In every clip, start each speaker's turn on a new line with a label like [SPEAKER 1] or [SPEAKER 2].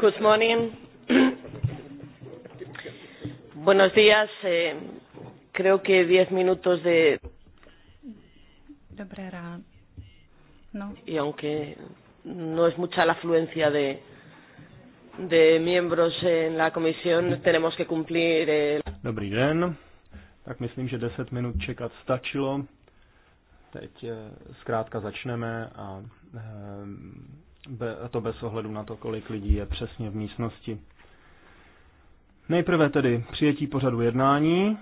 [SPEAKER 1] Good morning. Buenos días. Eh, creo que diez minutos de. No. Y aunque no es mucha la afluencia de, de miembros en la comisión, tenemos que cumplir. El...
[SPEAKER 2] Dobrý den tak myslím, že 10 minut čekat stačilo. Teď eh, zkrátka začneme eh, a to bez ohledu na to, kolik lidí je přesně v místnosti. Nejprve tedy přijetí pořadu jednání.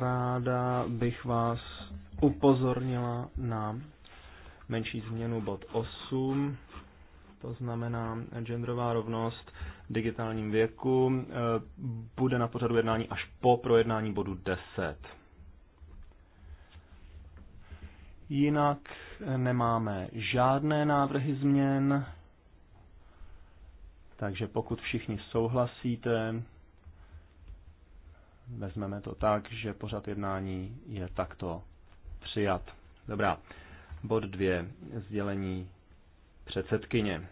[SPEAKER 2] Ráda bych vás upozornila na menší změnu bod 8 to znamená genderová rovnost v digitálním věku, eh, bude na pořadu jednání až po projednání bodu 10. Jinak nemáme žádné návrhy změn, takže pokud všichni souhlasíte, vezmeme to tak, že pořad jednání je takto přijat. Dobrá. Bod 2. Sdělení předsedkyně.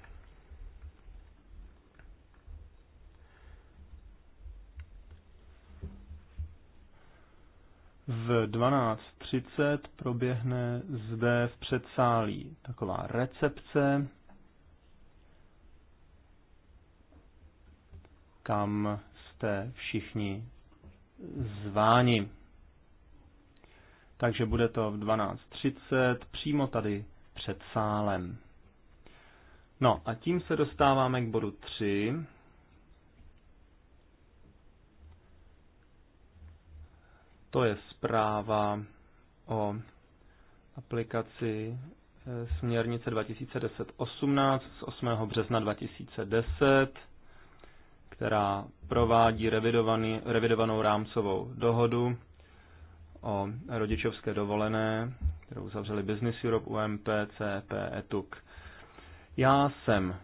[SPEAKER 2] V 12.30 proběhne zde v předsálí taková recepce, kam jste všichni zváni. Takže bude to v 12.30 přímo tady před sálem. No a tím se dostáváme k bodu 3. To je zpráva o aplikaci eh, směrnice 2010-18 z 8. března 2010, která provádí revidovaný, revidovanou rámcovou dohodu o rodičovské dovolené, kterou zavřeli Business Europe, UMP, CP, ETUK. Já jsem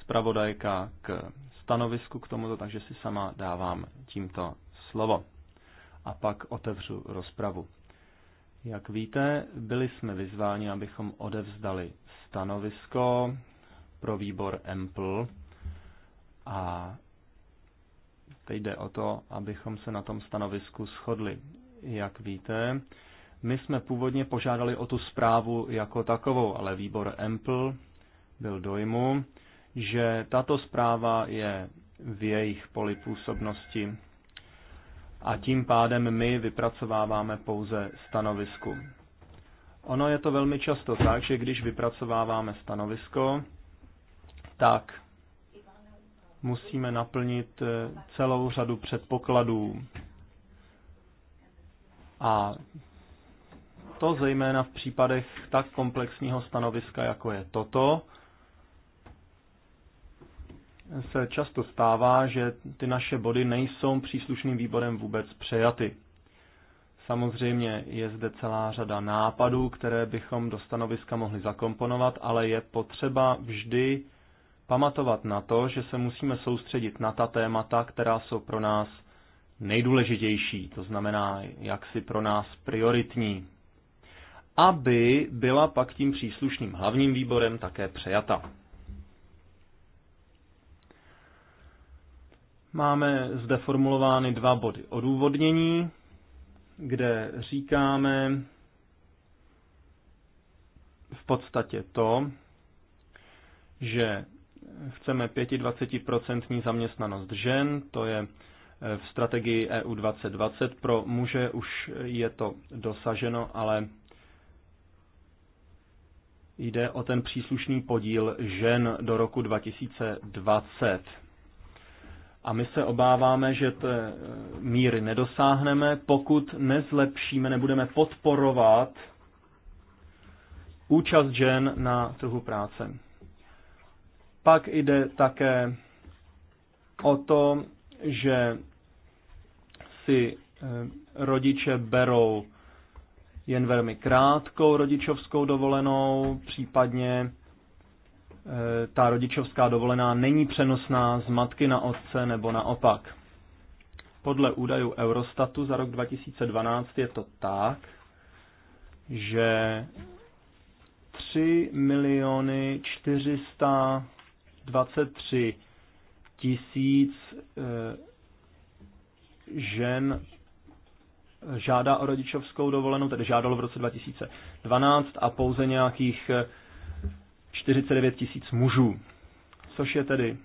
[SPEAKER 2] zpravodajka k stanovisku k tomuto, takže si sama dávám tímto slovo. A pak otevřu rozpravu. Jak víte, byli jsme vyzváni, abychom odevzdali stanovisko pro výbor EMPL a teď jde o to, abychom se na tom stanovisku shodli. Jak víte, my jsme původně požádali o tu zprávu jako takovou, ale výbor EMPL byl dojmu, že tato zpráva je v jejich poli působnosti a tím pádem my vypracováváme pouze stanovisku. Ono je to velmi často tak, že když vypracováváme stanovisko, tak musíme naplnit eh, celou řadu předpokladů. A to zejména v případech tak komplexního stanoviska, jako je toto, se často stává, že ty naše body nejsou příslušným výborem vůbec přejaty. Samozřejmě je zde celá řada nápadů, které bychom do stanoviska mohli zakomponovat, ale je potřeba vždy pamatovat na to, že se musíme soustředit na ta témata, která jsou pro nás nejdůležitější, to znamená jaksi pro nás prioritní aby byla pak tím příslušným hlavním výborem také přejata. Máme zde formulovány dva body odůvodnění, kde říkáme v podstatě to, že chceme 25% zaměstnanost žen, to je eh, v strategii EU 2020. Pro muže už je to dosaženo, ale jde o ten příslušný podíl žen do roku 2020. A my se obáváme, že té míry nedosáhneme, pokud nezlepšíme, nebudeme podporovat účast žen na trhu práce. Pak jde také o to, že si eh, rodiče berou jen velmi krátkou rodičovskou dovolenou, případně e, ta rodičovská dovolená není přenosná z matky na otce nebo naopak. Podle údajů Eurostatu za rok 2012 je to tak, že 3 miliony 423 tisíc e, žen žádá o rodičovskou dovolenou, tedy žádalo v roce 2012 a pouze nějakých 49 eh, tisíc mužů, což je tedy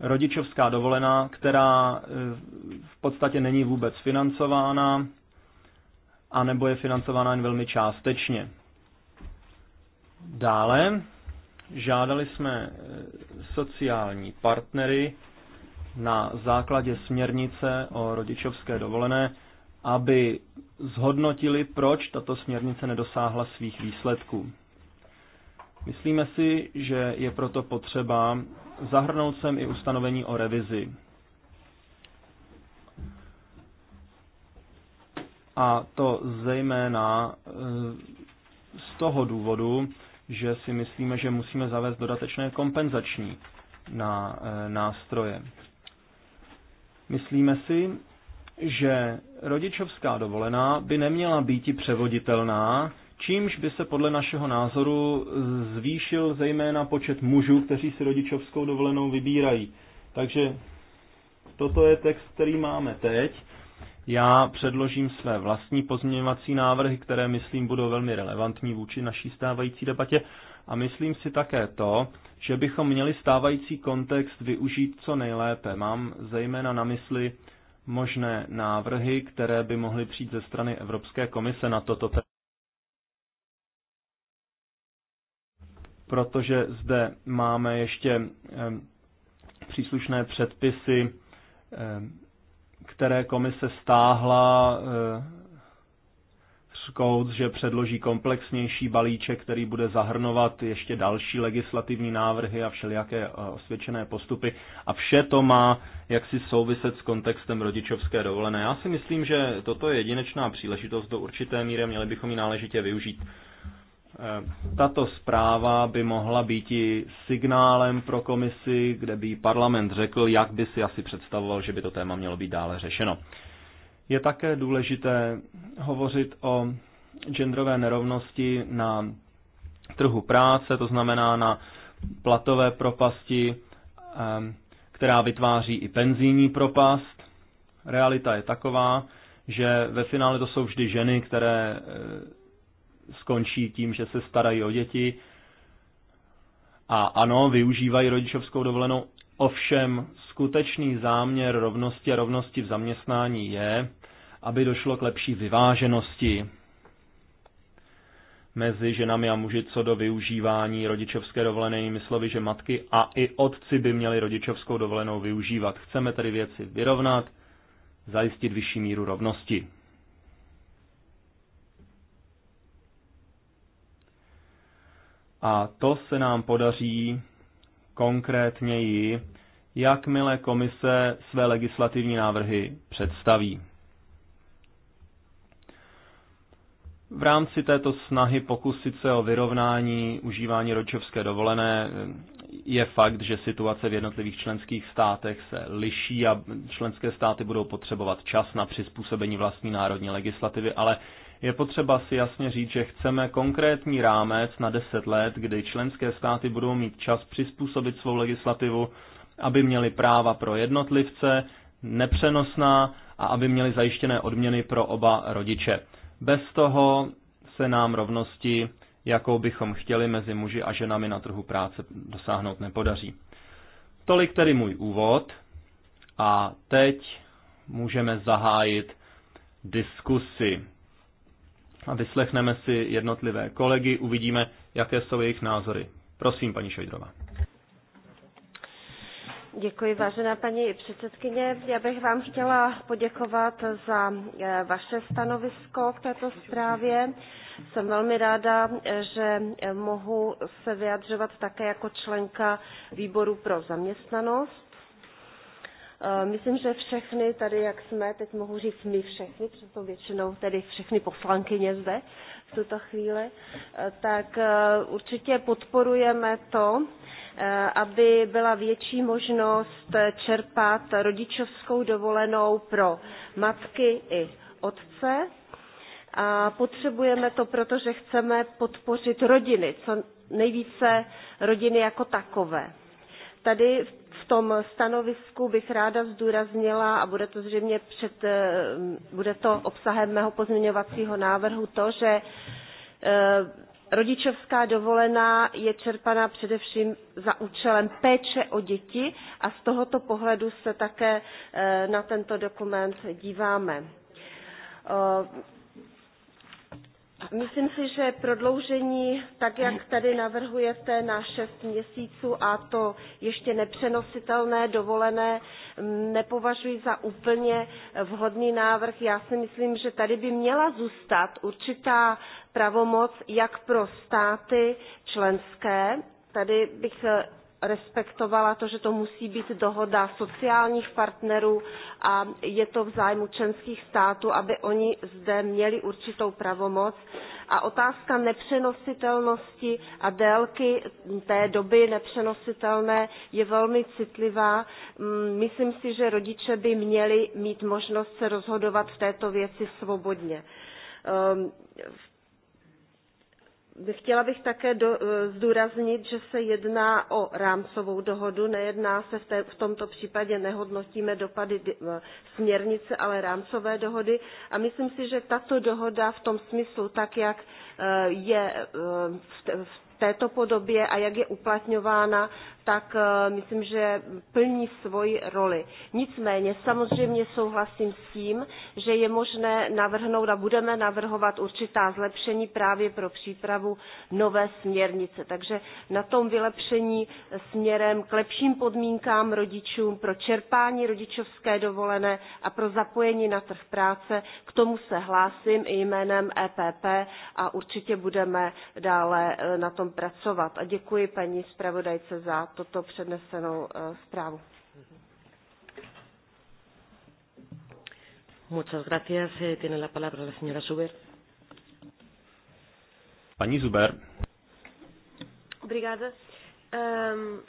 [SPEAKER 2] rodičovská dovolená, která eh, v podstatě není vůbec financována, anebo je financována jen velmi částečně. Dále žádali jsme eh, sociální partnery, na základě směrnice o rodičovské dovolené, aby zhodnotili, proč tato směrnice nedosáhla svých výsledků. Myslíme si, že je proto potřeba zahrnout sem i ustanovení o revizi. A to zejména eh, z toho důvodu, že si myslíme, že musíme zavést dodatečné kompenzační na eh, nástroje. Myslíme si, že rodičovská dovolená by neměla být převoditelná, čímž by se podle našeho názoru zvýšil zejména počet mužů, kteří si rodičovskou dovolenou vybírají. Takže toto je text, který máme teď. Já předložím své vlastní pozměňovací návrhy, které myslím budou velmi relevantní vůči naší stávající debatě a myslím si také to, že bychom měli stávající kontext využít co nejlépe. Mám zejména na mysli možné návrhy, které by mohly přijít ze strany Evropské komise na toto téma. Protože zde máme ještě příslušné předpisy, které komise stáhla Scouts, že předloží komplexnější balíček, který bude zahrnovat ještě další legislativní návrhy a všelijaké eh, osvědčené postupy. A vše to má jaksi souviset s kontextem rodičovské dovolené. Já si myslím, že toto je jedinečná příležitost do určité míry, měli bychom ji náležitě využít. Eh, tato zpráva by mohla být i signálem pro komisi, kde by parlament řekl, jak by si asi představoval, že by to téma mělo být dále řešeno. Je také důležité hovořit o genderové nerovnosti na trhu práce, to znamená na platové propasti, ehm, která vytváří i penzijní propast. Realita je taková, že ve finále to jsou vždy ženy, které eh, skončí tím, že se starají o děti a ano, využívají rodičovskou dovolenou, Ovšem skutečný záměr rovnosti a rovnosti v zaměstnání je, aby došlo k lepší vyváženosti mezi ženami a muži co do využívání rodičovské dovolené, jinými slovy, že matky a i otci by měli rodičovskou dovolenou využívat. Chceme tedy věci vyrovnat, zajistit vyšší míru rovnosti. A to se nám podaří konkrétněji, jakmile komise své legislativní návrhy představí. V rámci této snahy pokusit se o vyrovnání užívání rodičovské dovolené je fakt, že situace v jednotlivých členských státech se liší a členské státy budou potřebovat čas na přizpůsobení vlastní národní legislativy, ale je potřeba si jasně říct, že chceme konkrétní rámec na 10 let, kdy členské státy budou mít čas přizpůsobit svou legislativu, aby měli práva pro jednotlivce, nepřenosná a aby měli zajištěné odměny pro oba rodiče. Bez toho se nám rovnosti, jakou bychom chtěli mezi muži a ženami na trhu práce dosáhnout nepodaří. Tolik tedy můj úvod a teď můžeme zahájit diskusi a vyslechneme si jednotlivé kolegy, uvidíme, jaké jsou jejich názory. Prosím, paní Šojdrova.
[SPEAKER 3] Děkuji, vážená paní předsedkyně. Já bych vám chtěla poděkovat za eh, vaše stanovisko k této zprávě. Jsem velmi ráda, eh, že eh, mohu se vyjadřovat také jako členka výboru pro zaměstnanost Eh, myslím, že všechny tady, jak jsme, teď mohu říct my všechny, přesto většinou tedy všechny poslankyně zde v tuto chvíli, eh, tak eh, určitě podporujeme to, aby byla větší možnost čerpat rodičovskou dovolenou pro matky i otce. A potřebujeme to, protože chceme podpořit rodiny, co nejvíce rodiny jako takové. Tady v tom stanovisku bych ráda zdůraznila, a bude to zřejmě před, eh, bude to obsahem mého pozměňovacího návrhu, to, že eh, rodičovská dovolená je čerpaná především za účelem péče o děti a z tohoto pohledu se také eh, na tento dokument díváme. Myslím si, že prodloužení, tak jak tady navrhujete, na šest měsíců a to ještě nepřenositelné dovolené, mm, nepovažuji za úplně vhodný návrh. Já si myslím, že tady by měla zůstat určitá pravomoc jak pro státy členské, tady bych respektovala to, že to musí být dohoda sociálních partnerů a je to v zájmu členských států, aby oni zde měli určitou pravomoc. A otázka nepřenositelnosti a délky té doby nepřenositelné je velmi citlivá. Mm, myslím si, že rodiče by měli mít možnost se rozhodovat v této věci svobodně. Ehm, v Chtěla bych také do, eh, zdůraznit, že se jedná o rámcovou dohodu, nejedná se v, té, v tomto případě, nehodnotíme dopady eh, směrnice, ale rámcové dohody a myslím si, že tato dohoda v tom smyslu, tak jak eh, je v, v této podobě a jak je uplatňována, tak eh, myslím, že plní svoji roli. Nicméně samozřejmě souhlasím s tím, že je možné navrhnout a budeme navrhovat určitá zlepšení právě pro přípravu nové směrnice. Takže na tom vylepšení směrem k lepším podmínkám rodičům pro čerpání rodičovské dovolené a pro zapojení na trh práce, k tomu se hlásím i jménem EPP a určitě budeme dále eh, na tom pracovat. A děkuji paní zpravodajce za toto přednesenou eh, zprávu.
[SPEAKER 1] Muchas gracias. Eh, tiene la palabra la señora Suber.
[SPEAKER 2] Paní Zuber.
[SPEAKER 3] Obrigada. Um,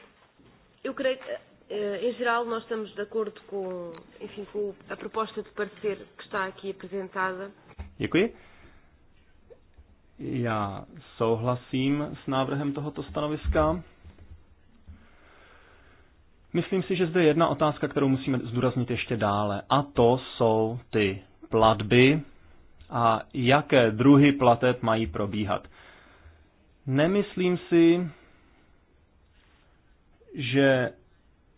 [SPEAKER 3] eu creio que, eh, em geral, nós estamos de acordo com, enfim, com a proposta de parecer que está aqui apresentada.
[SPEAKER 2] Děkuji. Já souhlasím s návrhem tohoto stanoviska. Myslím si, že zde je jedna otázka, kterou musíme zdůraznit ještě dále, a to jsou ty platby a jaké druhy plateb mají probíhat. Nemyslím si, že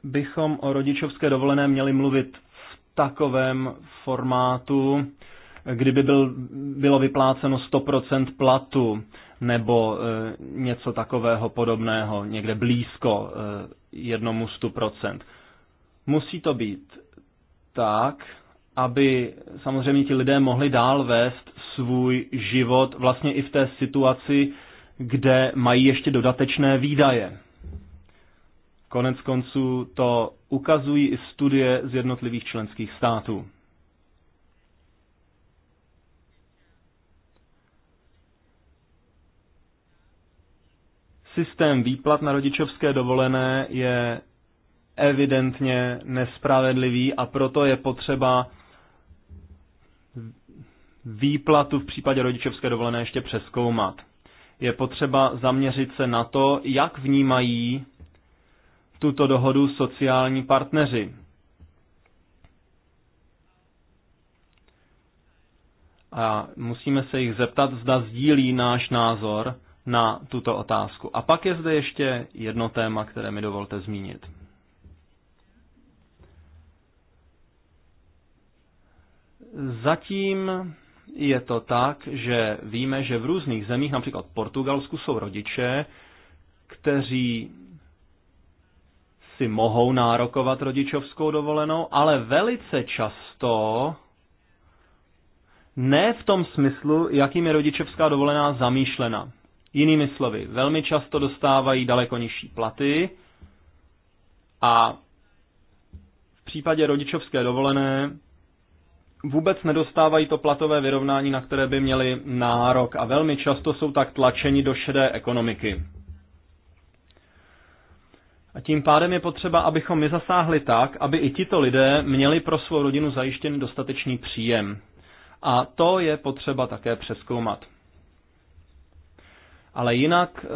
[SPEAKER 2] bychom o rodičovské dovolené měli mluvit v takovém formátu, kdyby byl, bylo vypláceno 100% platu nebo e, něco takového podobného, někde blízko e, jednomu 100%. Musí to být tak, aby samozřejmě ti lidé mohli dál vést svůj život vlastně i v té situaci, kde mají ještě dodatečné výdaje. Konec konců to ukazují i studie z jednotlivých členských států. systém výplat na rodičovské dovolené je evidentně nespravedlivý a proto je potřeba výplatu v případě rodičovské dovolené ještě přeskoumat. Je potřeba zaměřit se na to, jak vnímají tuto dohodu sociální partneři. A musíme se jich zeptat, zda sdílí náš názor, na tuto otázku. A pak je zde ještě jedno téma, které mi dovolte zmínit. Zatím je to tak, že víme, že v různých zemích, například v Portugalsku, jsou rodiče, kteří si mohou nárokovat rodičovskou dovolenou, ale velice často ne v tom smyslu, jakým je rodičovská dovolená zamýšlena. Jinými slovy, velmi často dostávají daleko nižší platy a v případě rodičovské dovolené vůbec nedostávají to platové vyrovnání, na které by měli nárok a velmi často jsou tak tlačeni do šedé ekonomiky. A tím pádem je potřeba, abychom my zasáhli tak, aby i tito lidé měli pro svou rodinu zajištěn dostatečný příjem. A to je potřeba také přeskoumat. Ale jinak eh,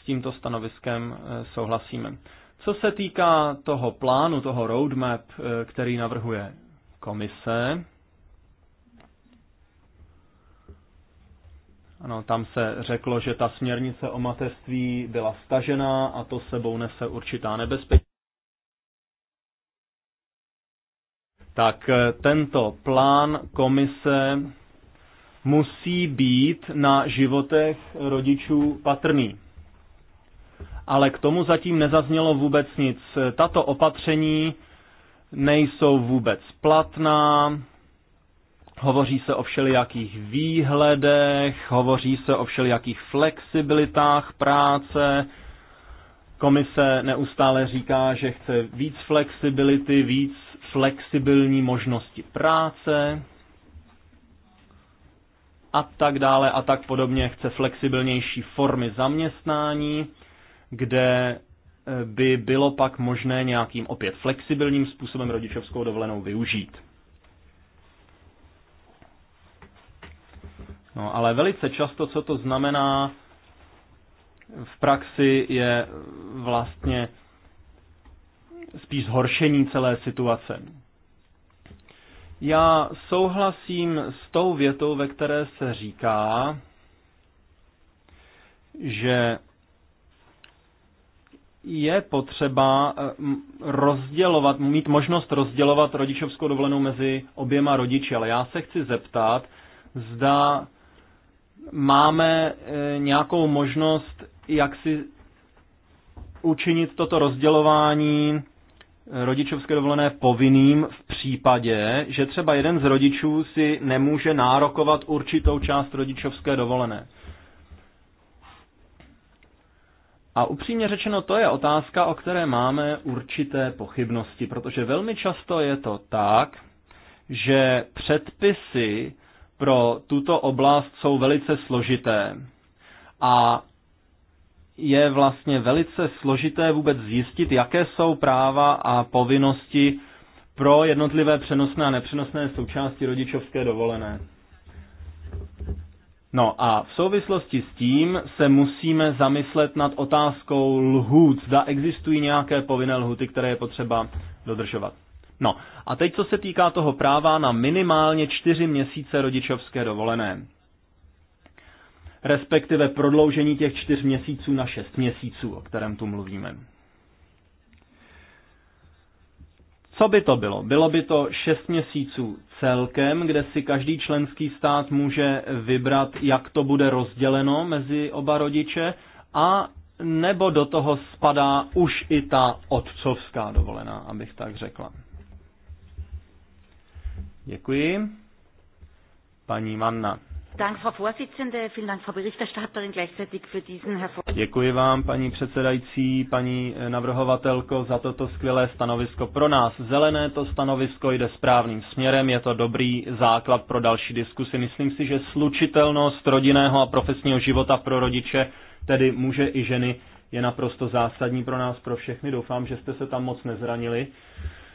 [SPEAKER 2] s tímto stanoviskem eh, souhlasíme. Co se týká toho plánu, toho roadmap, eh, který navrhuje komise, Ano, tam se řeklo, že ta směrnice o mateřství byla stažená a to sebou nese určitá nebezpečí. Tak tento plán komise musí být na životech rodičů patrný. Ale k tomu zatím nezaznělo vůbec nic. Tato opatření nejsou vůbec platná, hovoří se o všelijakých výhledech, hovoří se o všelijakých flexibilitách práce, Komise neustále říká, že chce víc flexibility, víc flexibilní možnosti práce, a tak dále a tak podobně. Chce flexibilnější formy zaměstnání, kde eh, by bylo pak možné nějakým opět flexibilním způsobem rodičovskou dovolenou využít. No, ale velice často, co to znamená v praxi, je vlastně spíš zhoršení celé situace. Já souhlasím s tou větou, ve které se říká, že je potřeba eh, rozdělovat, mít možnost rozdělovat rodičovskou dovolenou mezi oběma rodiči, ale já se chci zeptat, zda máme eh, nějakou možnost, jak si učinit toto rozdělování rodičovské dovolené povinným v případě, že třeba jeden z rodičů si nemůže nárokovat určitou část rodičovské dovolené. A upřímně řečeno, to je otázka, o které máme určité pochybnosti, protože velmi často je to tak, že předpisy pro tuto oblast jsou velice složité. A je vlastně velice složité vůbec zjistit, jaké jsou práva a povinnosti pro jednotlivé přenosné a nepřenosné součásti rodičovské dovolené. No a v souvislosti s tím se musíme zamyslet nad otázkou lhůt. Zda existují nějaké povinné lhuty, které je potřeba dodržovat. No a teď co se týká toho práva na minimálně čtyři měsíce rodičovské dovolené respektive prodloužení těch čtyř měsíců na šest měsíců, o kterém tu mluvíme. Co by to bylo? Bylo by to šest měsíců celkem, kde si každý členský stát může vybrat, jak to bude rozděleno mezi oba rodiče, a nebo do toho spadá už i ta otcovská dovolená, abych tak řekla. Děkuji. Paní Manna. Děkuji vám, paní předsedající, paní eh, navrhovatelko, za toto skvělé stanovisko. Pro nás zelené to stanovisko jde správným směrem, je to dobrý základ pro další diskusy. Myslím si, že slučitelnost rodinného a profesního života pro rodiče, tedy muže i ženy, je naprosto zásadní pro nás, pro všechny. Doufám, že jste se tam moc nezranili.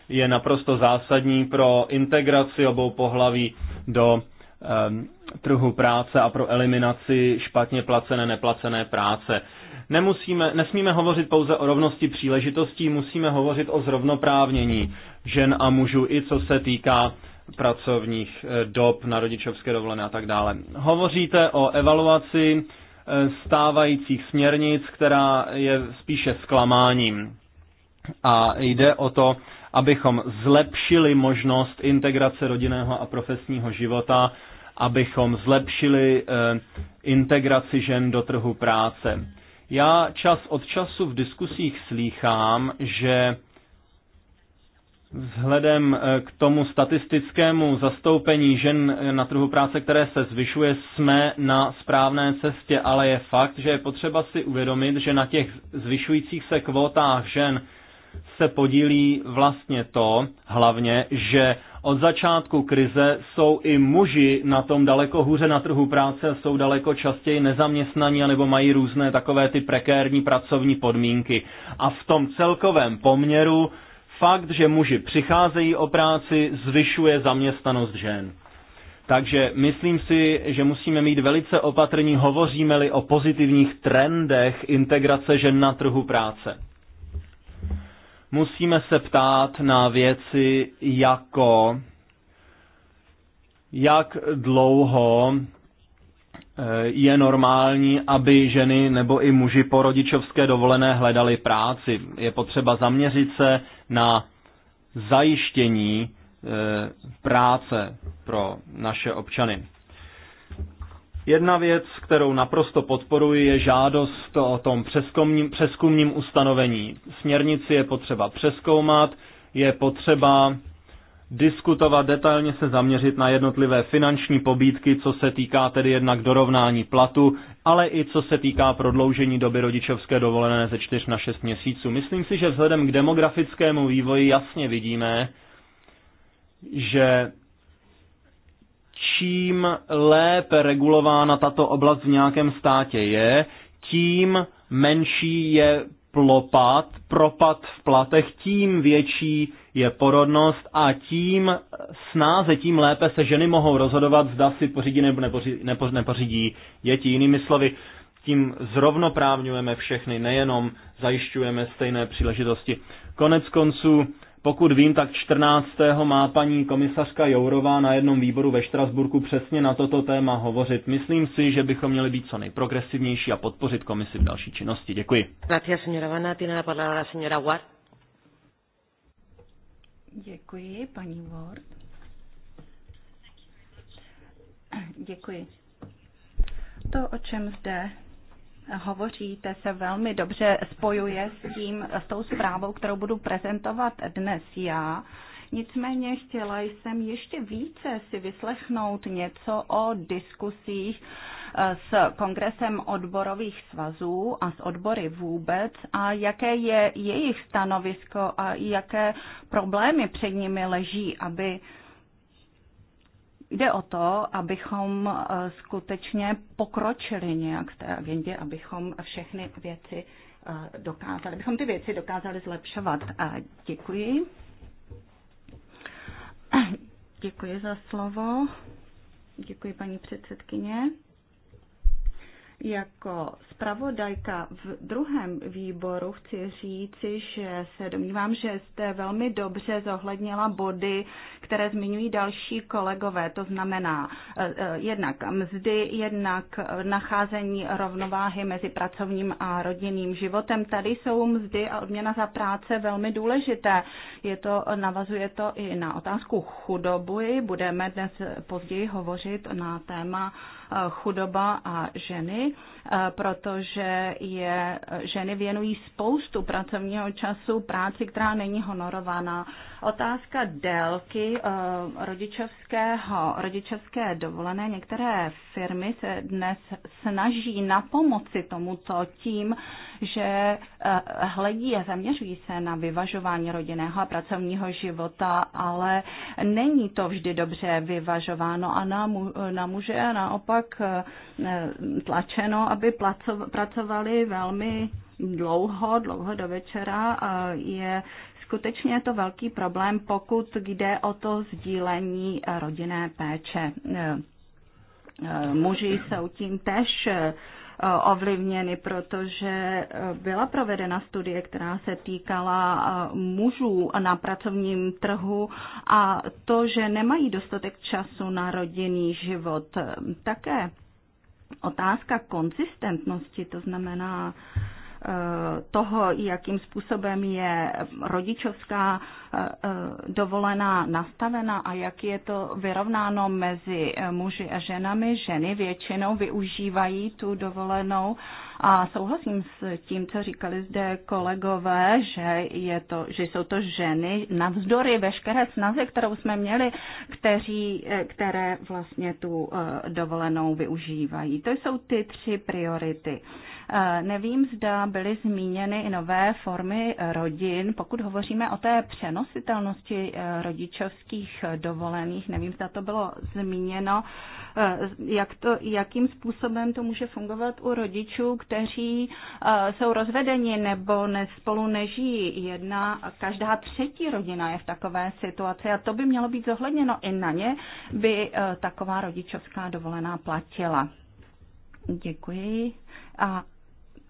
[SPEAKER 2] Je naprosto zásadní pro integraci obou pohlaví do Ehm, trhu práce a pro eliminaci špatně placené, neplacené práce. Nemusíme, nesmíme hovořit pouze o rovnosti příležitostí, musíme hovořit o zrovnoprávnění žen a mužů, i co se týká pracovních eh, dob na rodičovské dovolené a tak dále. Hovoříte o evaluaci eh, stávajících směrnic, která je spíše zklamáním. A jde o to, abychom zlepšili možnost integrace rodinného a profesního života abychom zlepšili eh, integraci žen do trhu práce. Já čas od času v diskusích slýchám, že Vzhledem eh, k tomu statistickému zastoupení žen eh, na trhu práce, které se zvyšuje, jsme na správné cestě, ale je fakt, že je potřeba si uvědomit, že na těch zvyšujících se kvótách žen se podílí vlastně to, hlavně, že od začátku krize jsou i muži na tom daleko hůře na trhu práce, jsou daleko častěji nezaměstnaní nebo mají různé takové ty prekérní pracovní podmínky. A v tom celkovém poměru fakt, že muži přicházejí o práci, zvyšuje zaměstnanost žen. Takže myslím si, že musíme mít velice opatrní, hovoříme-li o pozitivních trendech integrace žen na trhu práce. Musíme se ptát na věci jako jak dlouho eh, je normální, aby ženy nebo i muži po rodičovské dovolené hledali práci. Je potřeba zaměřit se na zajištění eh, práce pro naše občany. Jedna věc, kterou naprosto podporuji, je žádost o tom přeskumním, přeskumním ustanovení. Směrnici je potřeba přeskoumat, je potřeba diskutovat, detailně se zaměřit na jednotlivé finanční pobídky, co se týká tedy jednak dorovnání platu, ale i co se týká prodloužení doby rodičovské dovolené ze 4 na 6 měsíců. Myslím si, že vzhledem k demografickému vývoji jasně vidíme, že čím lépe regulována tato oblast v nějakém státě je, tím menší je plopat, propad v platech, tím větší je porodnost a tím snáze, tím lépe se ženy mohou rozhodovat, zda si pořídí nebo nepořídí, nepo, nepořídí děti. Jinými slovy, tím zrovnoprávňujeme všechny, nejenom zajišťujeme stejné příležitosti. Konec konců pokud vím, tak 14. má paní komisařka Jourová na jednom výboru ve Štrasburku přesně na toto téma hovořit. Myslím si, že bychom měli být co nejprogresivnější a podpořit komisi v další činnosti. Děkuji.
[SPEAKER 1] Ward.
[SPEAKER 4] Děkuji, paní Ward. Děkuji. To, o čem zde hovoříte, se velmi dobře spojuje s, tím, s tou zprávou, kterou budu prezentovat dnes já. Nicméně chtěla jsem ještě více si vyslechnout něco o diskusích eh, s Kongresem odborových svazů a s odbory vůbec a jaké je jejich stanovisko a jaké problémy před nimi leží, aby Jde o to, abychom eh, skutečně pokročili nějak v té agendě, abychom všechny věci eh, dokázali, abychom ty věci dokázali zlepšovat. A děkuji. Děkuji za slovo. Děkuji, paní předsedkyně. Jako zpravodajka v druhém výboru chci říci, že se domnívám, že jste velmi dobře zohlednila body, které zmiňují další kolegové, to znamená eh, eh, jednak mzdy, jednak nacházení rovnováhy mezi pracovním a rodinným životem. Tady jsou mzdy a odměna za práce velmi důležité. Je to, navazuje to i na otázku chudoby. Budeme dnes později hovořit na téma chudoba a ženy, eh, protože je, ženy věnují spoustu pracovního času práci, která není honorovaná. Otázka délky eh, rodičovského, rodičovské dovolené. Některé firmy se dnes snaží na pomoci tomuto tím, že eh, hledí a zaměřují se na vyvažování rodinného a pracovního života, ale není to vždy dobře vyvažováno a na, muže je naopak eh, tlačeno, aby pracovali velmi dlouho, dlouho do večera a je skutečně je to velký problém, pokud jde o to sdílení eh, rodinné péče. Muži jsou tím tež Eh, ovlivněny, protože eh, byla provedena studie, která se týkala eh, mužů na pracovním trhu a to, že nemají dostatek času na rodinný život. Také otázka konzistentnosti, to znamená, uh, Eh, toho, jakým způsobem je rodičovská eh, eh, dovolená nastavena a jak je to vyrovnáno mezi muži a ženami. Ženy většinou využívají tu dovolenou a souhlasím s tím, co říkali zde kolegové, že, je to, že jsou to ženy navzdory veškeré snaze, kterou jsme měli, kteří, eh, které vlastně tu eh, dovolenou využívají. To jsou ty tři priority. Eh, nevím, zda byly zmíněny i nové formy rodin. Pokud hovoříme o té přenositelnosti rodičovských dovolených, nevím, zda to bylo zmíněno, jak to, jakým způsobem to může fungovat u rodičů, kteří kteří eh, jsou rozvedeni nebo spolu nežijí. Jedna, každá třetí rodina je v takové situaci a to by mělo být zohledněno. I na ně by eh, taková rodičovská dovolená platila. Děkuji. A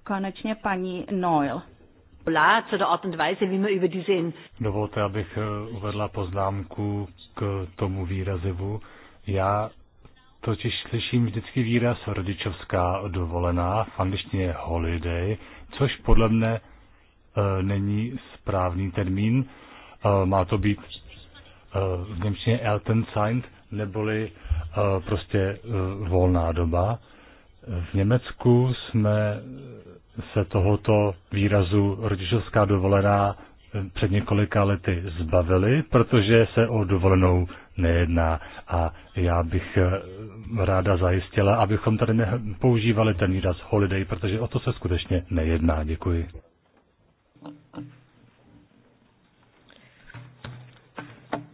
[SPEAKER 4] konečně paní Noel.
[SPEAKER 5] Dovolte, abych eh, uvedla poznámku k tomu výrazivu. Já totiž slyším vždycky výraz rodičovská dovolená, v angličtině je holiday, což podle mne e, není správný termín. E, má to být e, v Němčině Elternzeit, neboli e, prostě e, volná doba. V Německu jsme se tohoto výrazu rodičovská dovolená před několika lety zbavili, protože se o dovolenou nejedná. A já bych eh, ráda zajistila, abychom tady nepoužívali ten výraz holiday, protože o to se skutečně nejedná. Děkuji.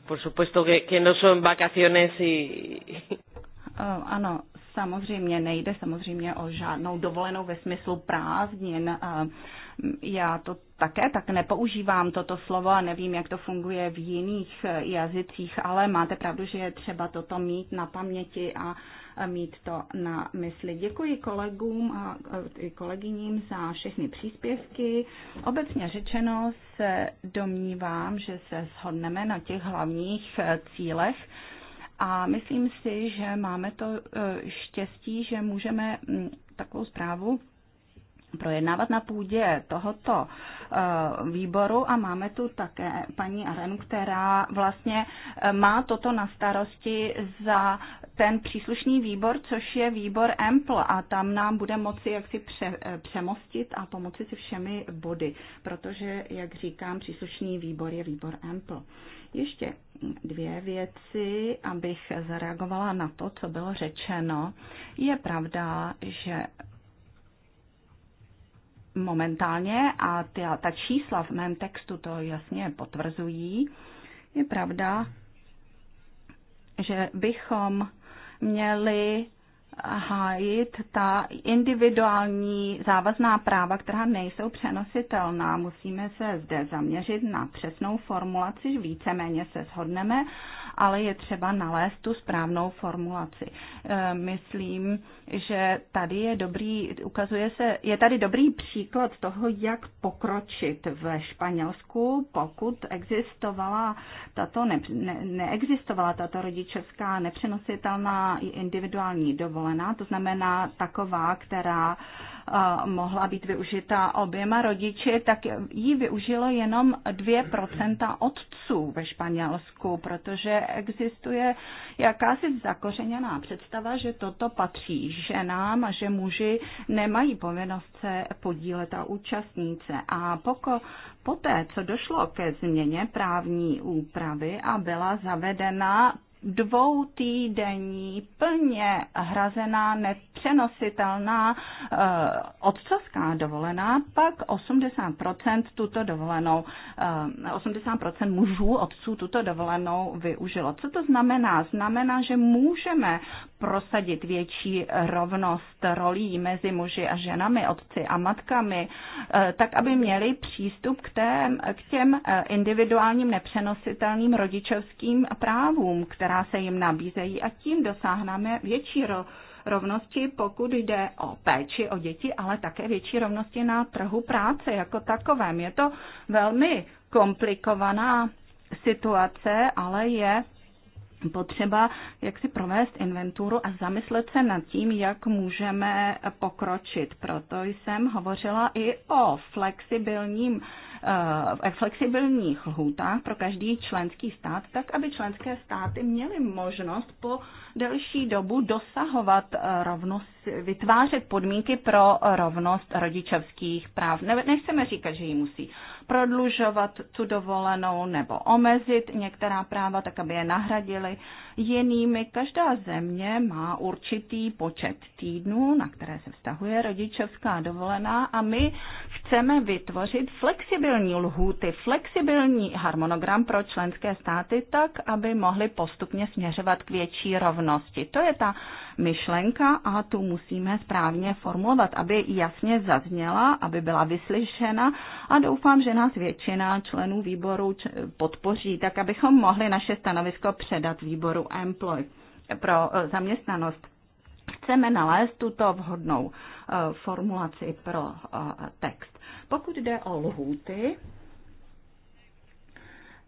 [SPEAKER 1] Por supuesto que, que no son vacaciones y... Eh,
[SPEAKER 4] ano, samozřejmě nejde samozřejmě o žádnou dovolenou ve smyslu prázdnin. Eh, já to také tak nepoužívám toto slovo a nevím, jak to funguje v jiných eh, jazycích, ale máte pravdu, že je třeba toto mít na paměti a mít to na mysli. Děkuji kolegům a eh, kolegyním za všechny příspěvky. Obecně řečeno se domnívám, že se shodneme na těch hlavních eh, cílech. A myslím si, že máme to štěstí, že můžeme mm, takovou zprávu projednávat na půdě tohoto eh, výboru a máme tu také paní Arenu, která vlastně eh, má toto na starosti za ten příslušný výbor, což je výbor EMPL a tam nám bude moci jaksi pře, eh, přemostit a pomoci si všemi body, protože, jak říkám, příslušný výbor je výbor EMPL. Ještě dvě věci, abych zareagovala na to, co bylo řečeno. Je pravda, že momentálně a ta, ta čísla v mém textu to jasně potvrzují. Je pravda, že bychom měli hájit ta individuální závazná práva, která nejsou přenositelná. Musíme se zde zaměřit na přesnou formulaci, víceméně se shodneme, ale je třeba nalézt tu správnou formulaci. E, myslím, že tady je dobrý, ukazuje se, je tady dobrý příklad toho, jak pokročit ve Španělsku, pokud existovala tato, ne, ne, neexistovala tato rodičovská nepřenositelná individuální dovolená dovolená, to znamená taková, která eh, mohla být využita oběma rodiči, tak ji využilo jenom 2% otců ve Španělsku, protože existuje jakási zakořeněná představa, že toto patří ženám a že muži nemají povinnost se podílet a účastnit se. A poko, poté, co došlo ke změně právní úpravy a byla zavedena dvoutýdenní plně hrazená nepřenositelná uh, otcovská dovolená, pak 80% tuto dovolenou, uh, eh, 80% mužů otců tuto dovolenou využilo. Co to znamená? Znamená, že můžeme prosadit větší rovnost rolí mezi muži a ženami, otci a matkami, eh, tak aby měli přístup k, tém, k těm eh, individuálním nepřenositelným rodičovským právům, která se jim nabízejí a tím dosáhneme větší rovnosti, pokud jde o péči o děti, ale také větší rovnosti na trhu práce jako takovém. Je to velmi komplikovaná situace, ale je potřeba jak si provést inventuru a zamyslet se nad tím, jak můžeme pokročit. Proto jsem hovořila i o flexibilním v eh, flexibilních lhůtách pro každý členský stát, tak aby členské státy měly možnost po delší dobu dosahovat eh, rovnost, vytvářet podmínky pro rovnost rodičovských práv. Ne, nechceme říkat, že ji musí prodlužovat tu dovolenou nebo omezit některá práva, tak aby je nahradili jinými. Každá země má určitý počet týdnů, na které se vztahuje rodičovská dovolená a my chceme vytvořit flexibilní lhůty, flexibilní harmonogram pro členské státy tak, aby mohly postupně směřovat k větší rovnosti. To je ta myšlenka a tu musíme správně formulovat, aby jasně zazněla, aby byla vyslyšena a doufám, že nás většina členů výboru podpoří, tak abychom mohli naše stanovisko předat výboru Employ pro eh, zaměstnanost. Chceme nalézt tuto vhodnou eh, formulaci pro eh, text. Pokud jde o lhůty,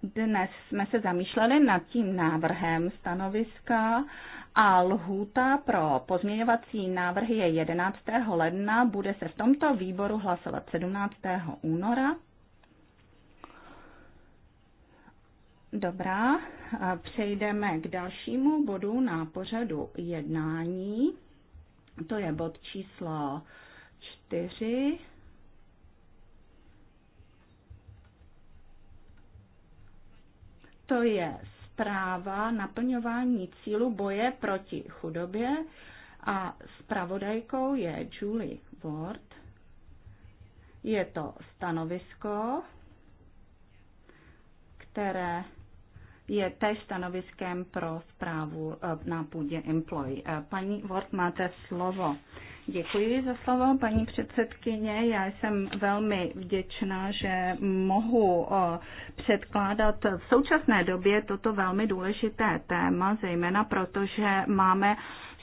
[SPEAKER 4] dnes jsme se zamýšleli nad tím návrhem stanoviska a lhůta pro pozměňovací návrhy je 11. ledna, bude se v tomto výboru hlasovat 17. února. Dobrá, přejdeme k dalšímu bodu na pořadu jednání. To je bod číslo 4. to je zpráva naplňování cílu boje proti chudobě a zpravodajkou je Julie Ward. Je to stanovisko, které je též stanoviskem pro zprávu eh, na půdě Employ. Eh, paní Ward, máte slovo. Děkuji za slovo, paní předsedkyně. Já jsem velmi vděčná, že mohu předkládat v současné době toto velmi důležité téma, zejména protože máme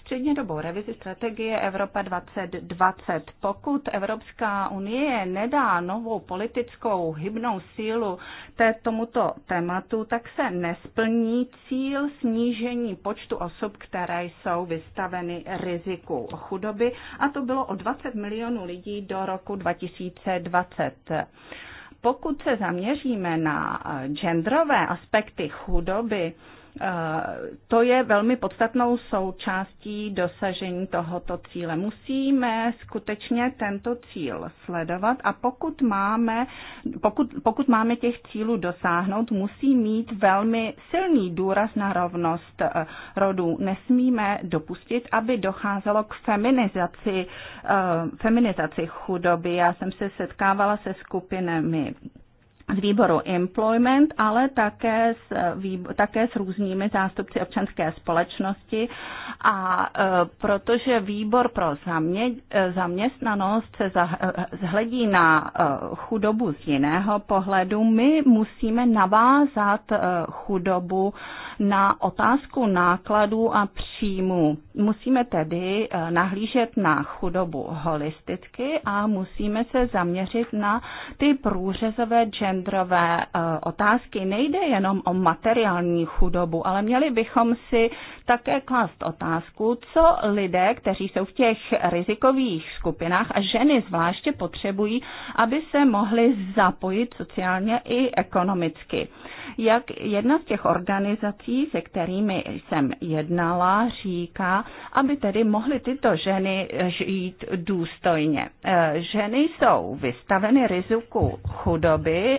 [SPEAKER 4] střednědobou revizi strategie Evropa 2020. Pokud Evropská unie nedá novou politickou hybnou sílu té, tomuto tématu, tak se nesplní cíl snížení počtu osob, které jsou vystaveny riziku chudoby, a to bylo o 20 milionů lidí do roku 2020 pokud se zaměříme na genderové aspekty chudoby, to je velmi podstatnou součástí dosažení tohoto cíle. Musíme skutečně tento cíl sledovat a pokud máme, pokud, pokud máme těch cílů dosáhnout, musí mít velmi silný důraz na rovnost eh, rodů. Nesmíme dopustit, aby docházelo k feminizaci, eh, feminizaci chudoby. Já jsem se setkávala se skupinami z výboru Employment, ale také s, také s různými zástupci občanské společnosti. A e, protože výbor pro zamě, e, zaměstnanost se zhledí e, na chudobu z jiného pohledu, my musíme navázat chudobu na otázku nákladů a příjmů. Musíme tedy nahlížet na chudobu holisticky a musíme se zaměřit na ty průřezové gender genderové eh, otázky, nejde jenom o materiální chudobu, ale měli bychom si také klást otázku, co lidé, kteří jsou v těch rizikových skupinách a ženy zvláště potřebují, aby se mohly zapojit sociálně i ekonomicky. Jak jedna z těch organizací, se kterými jsem jednala, říká, aby tedy mohly tyto ženy žít důstojně. Eh, ženy jsou vystaveny riziku chudoby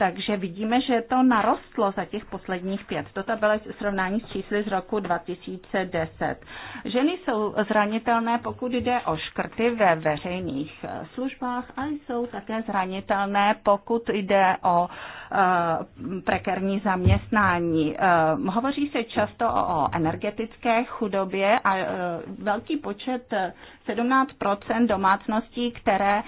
[SPEAKER 4] Takže vidíme, že to narostlo za těch posledních pět. Toto bylo srovnání s čísly z roku 2010. Ženy jsou zranitelné, pokud jde o škrty ve veřejných službách a jsou také zranitelné, pokud jde o uh, Eh, prekerní zaměstnání. Eh, hovoří se často o energetické chudobě a eh, velký počet, 17 domácností, které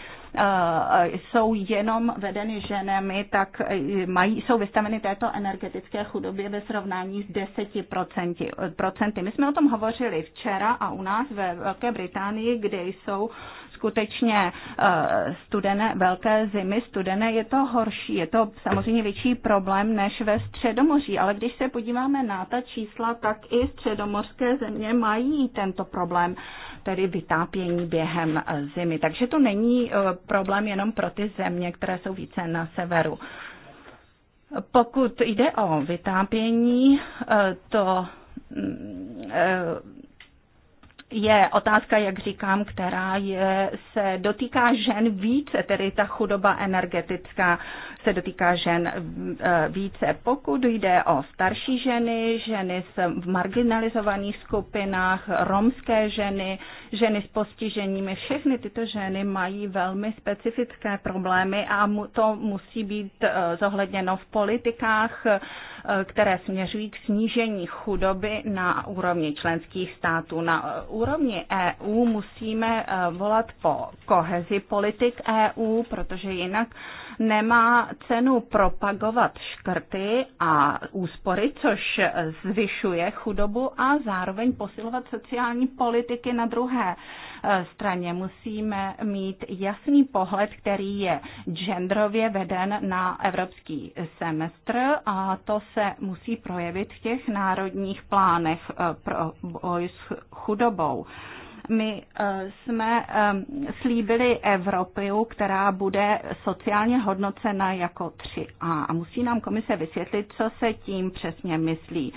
[SPEAKER 4] jsou jenom vedeny ženami, tak mají, jsou vystaveny této energetické chudobě ve srovnání s 10%. My jsme o tom hovořili včera a u nás ve Velké Británii, kde jsou skutečně eh, studené, velké zimy, studené, je to horší. Je to samozřejmě větší problém než ve Středomoří, ale když se podíváme na ta čísla, tak i středomorské země mají tento problém, tedy vytápění během eh, zimy. Takže to není eh, problém jenom pro ty země, které jsou více na severu. Pokud jde o vytápění, to mm, je otázka, jak říkám, která je, se dotýká žen více, tedy ta chudoba energetická se dotýká žen e, více. Pokud jde o starší ženy, ženy v marginalizovaných skupinách, romské ženy, ženy s postiženími, všechny tyto ženy mají velmi specifické problémy a to musí být e, zohledněno v politikách, e, které směřují k snížení chudoby na úrovni členských států. Na úrovni EU musíme volat po kohezi politik EU, protože jinak nemá cenu propagovat škrty a úspory, což zvyšuje chudobu a zároveň posilovat sociální politiky na druhé eh, straně. Musíme mít jasný pohled, který je genderově veden na evropský semestr a to se musí projevit v těch národních plánech eh, pro boj s chudobou. My eh, jsme eh, slíbili Evropu, která bude sociálně hodnocena jako 3A a musí nám komise vysvětlit, co se tím přesně myslí.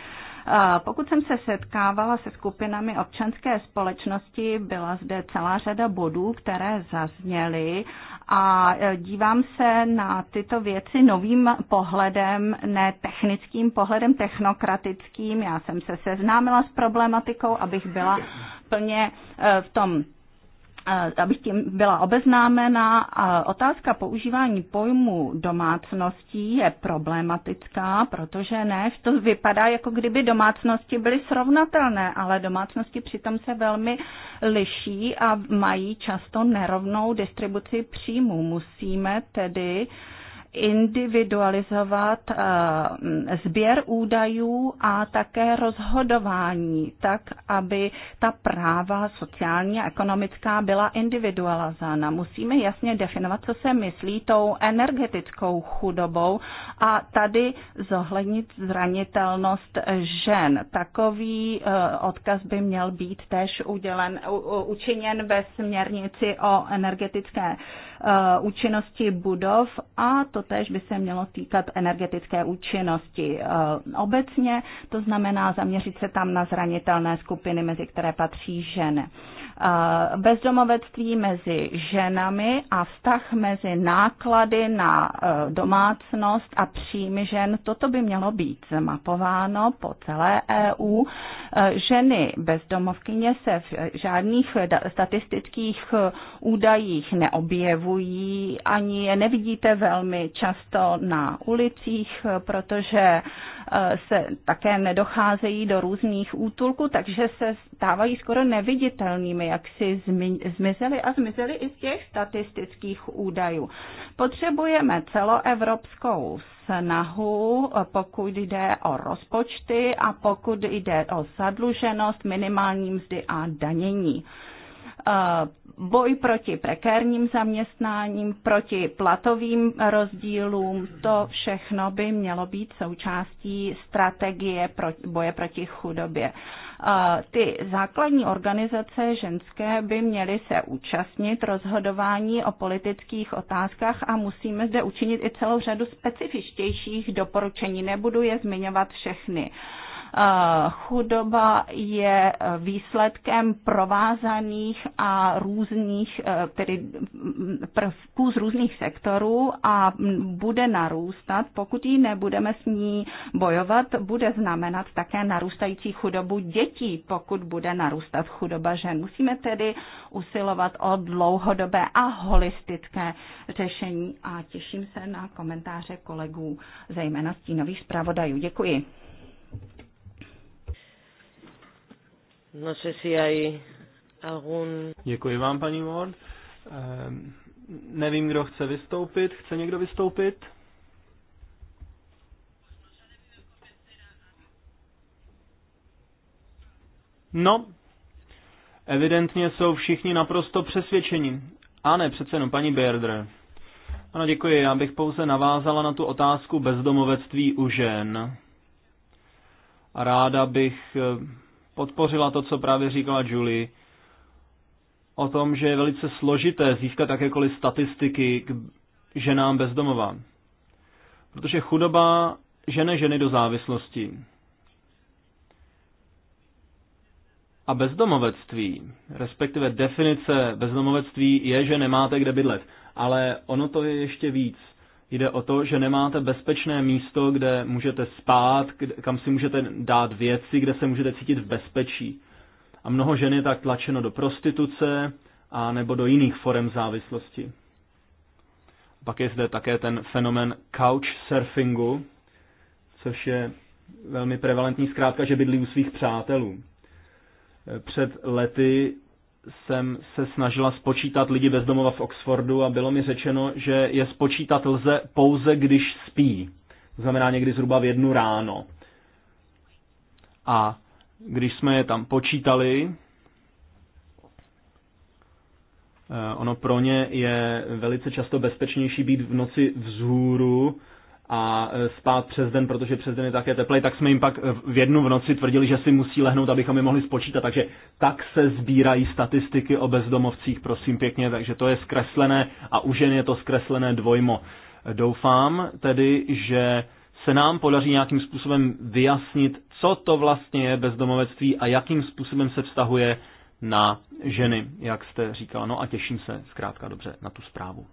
[SPEAKER 4] Eh, pokud jsem se setkávala se skupinami občanské společnosti, byla zde celá řada bodů, které zazněly a dívám se na tyto věci novým pohledem, ne technickým pohledem, technokratickým. Já jsem se seznámila s problematikou, abych byla plně eh, v tom eh, abych tím byla obeznámena, otázka používání pojmu domácností je problematická, protože ne, to vypadá, jako kdyby domácnosti byly srovnatelné, ale domácnosti přitom se velmi liší a mají často nerovnou distribuci příjmů. Musíme tedy uh, individualizovat eh, sběr údajů a také rozhodování, tak aby ta práva sociální a ekonomická byla individualizována. Musíme jasně definovat, co se myslí tou energetickou chudobou a tady zohlednit zranitelnost žen. Takový eh, odkaz by měl být též udělen, učiněn ve směrnici o energetické Uh, účinnosti budov a to tež by se mělo týkat energetické účinnosti uh, obecně, to znamená zaměřit se tam na zranitelné skupiny, mezi které patří ženy bezdomovectví mezi ženami a vztah mezi náklady na e, domácnost a příjmy žen. Toto by mělo být zmapováno po celé EU. E, ženy bezdomovkyně se v žádných e, statistických údajích neobjevují, ani je nevidíte velmi často na ulicích, protože se také nedocházejí do různých útulků, takže se stávají skoro neviditelnými jak jaksi zmizely a zmizely i z těch statistických údajů. Potřebujeme celoevropskou snahu, pokud jde o rozpočty a pokud jde o zadluženost, minimální mzdy a danění eh, boj proti prekérním zaměstnáním, proti platovým rozdílům, to všechno by mělo být součástí strategie boje proti chudobě ty základní organizace ženské by měly se účastnit rozhodování o politických otázkách a musíme zde učinit i celou řadu specifičtějších doporučení. Nebudu je zmiňovat všechny. Uh, Eh, chudoba je eh, výsledkem provázaných a různých, eh, tedy mm, prvků z různých sektorů a bude narůstat, pokud ji nebudeme s ní bojovat, bude znamenat také narůstající chudobu dětí, pokud bude narůstat chudoba žen. Musíme tedy usilovat o dlouhodobé a holistické řešení a těším se na komentáře kolegů, zejména stínových zpravodajů. Děkuji. No sé si hay algún...
[SPEAKER 2] Děkuji vám, paní Ward. Ehm, nevím, kdo chce vystoupit. Chce někdo vystoupit? No, evidentně jsou všichni naprosto přesvědčeni. A ne, přece jenom paní Berder. Ano, děkuji. Já bych pouze navázala na tu otázku bezdomovectví u žen. A ráda bych ehm, podpořila to, co právě říkala Julie, o tom, že je velice složité získat jakékoliv statistiky k ženám bezdomová. Protože chudoba žene ženy do závislosti. A bezdomovectví, respektive definice bezdomovectví je, že nemáte kde bydlet. Ale ono to je ještě víc. Jde o to, že nemáte bezpečné místo, kde můžete spát, kam si můžete dát věci, kde se můžete cítit v bezpečí. A mnoho žen je tak tlačeno do prostituce a nebo do jiných forem závislosti. Pak je zde také ten fenomen couch surfingu, což je velmi prevalentní zkrátka, že bydlí u svých přátelů. Před lety jsem se snažila spočítat lidi bez domova v Oxfordu a bylo mi řečeno, že je spočítat lze pouze, když spí. To znamená někdy zhruba v jednu ráno. A když jsme je tam počítali, eh, ono pro ně je velice často bezpečnější být v noci vzhůru, a e, spát přes den, protože přes den je také teplej, tak jsme jim pak e, v jednu v noci tvrdili, že si musí lehnout, abychom je mohli spočítat. Takže tak se sbírají statistiky o bezdomovcích, prosím pěkně, takže to je zkreslené a už jen je to zkreslené dvojmo. Doufám tedy, že se nám podaří nějakým způsobem vyjasnit, co to vlastně je bezdomovectví a jakým způsobem se vztahuje na ženy, jak jste říkala. No a těším se zkrátka dobře na tu zprávu.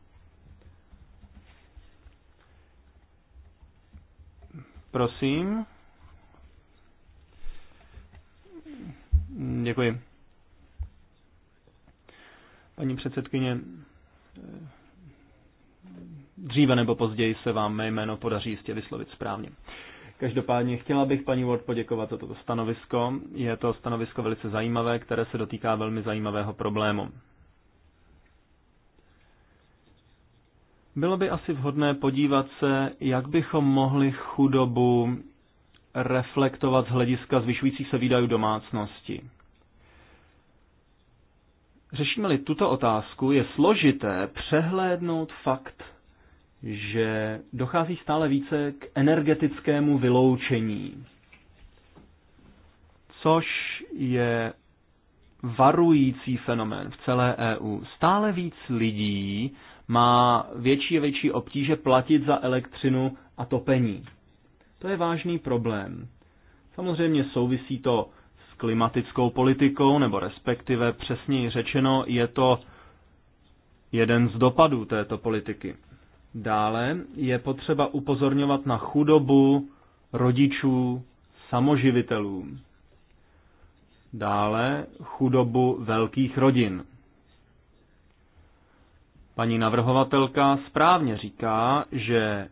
[SPEAKER 2] Prosím. Děkuji. Paní předsedkyně, dříve nebo později se vám mé jméno podaří jistě vyslovit správně. Každopádně chtěla bych paní Ward poděkovat za toto stanovisko. Je to stanovisko velice zajímavé, které se dotýká velmi zajímavého problému. Bylo by asi vhodné podívat se, jak bychom mohli chudobu reflektovat z hlediska zvyšujících se výdajů domácnosti. Řešíme-li tuto otázku, je složité přehlédnout fakt, že dochází stále více k energetickému vyloučení, což je varující fenomén v celé EU. Stále víc lidí má větší a větší obtíže platit za elektřinu a topení. To je vážný problém. Samozřejmě souvisí to s klimatickou politikou, nebo respektive přesněji řečeno, je to jeden z dopadů této politiky. Dále je potřeba upozorňovat na chudobu rodičů samoživitelů. Dále chudobu velkých rodin. Paní navrhovatelka správně říká, že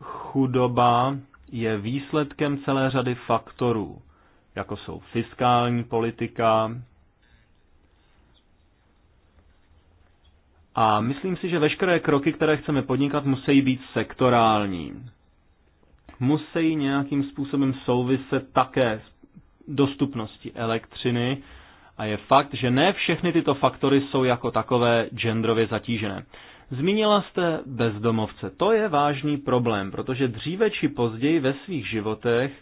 [SPEAKER 2] chudoba je výsledkem celé řady faktorů, jako jsou fiskální politika. A myslím si, že veškeré kroky, které chceme podnikat, musí být sektorální. Musí nějakým způsobem souviset také s dostupností elektřiny, a je fakt, že ne všechny tyto faktory jsou jako takové genderově zatížené. Zmínila jste bezdomovce. To je vážný problém, protože dříve či později ve svých životech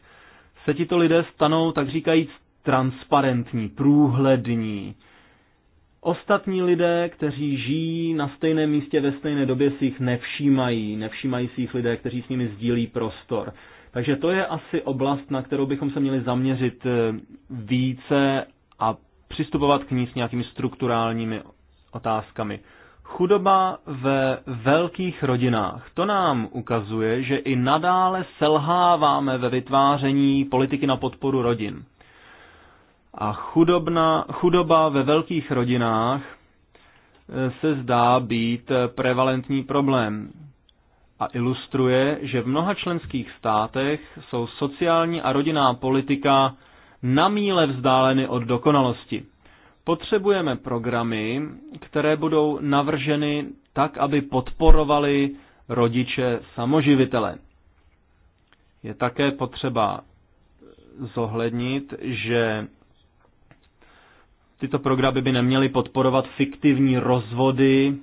[SPEAKER 2] se tito lidé stanou, tak říkajíc, transparentní, průhlední. Ostatní lidé, kteří žijí na stejném místě ve stejné době, si jich nevšímají. Nevšímají si jich lidé, kteří s nimi sdílí prostor. Takže to je asi oblast, na kterou bychom se měli zaměřit eh, více přistupovat k ní s nějakými strukturálními otázkami. Chudoba ve velkých rodinách. To nám ukazuje, že i nadále selháváme ve vytváření politiky na podporu rodin. A chudobna, chudoba ve velkých rodinách e, se zdá být prevalentní problém a ilustruje, že v mnoha členských státech jsou sociální a rodinná politika na míle vzdáleny od dokonalosti. Potřebujeme programy, které budou navrženy tak, aby podporovali rodiče samoživitele. Je také potřeba zohlednit, že tyto programy by neměly podporovat fiktivní rozvody,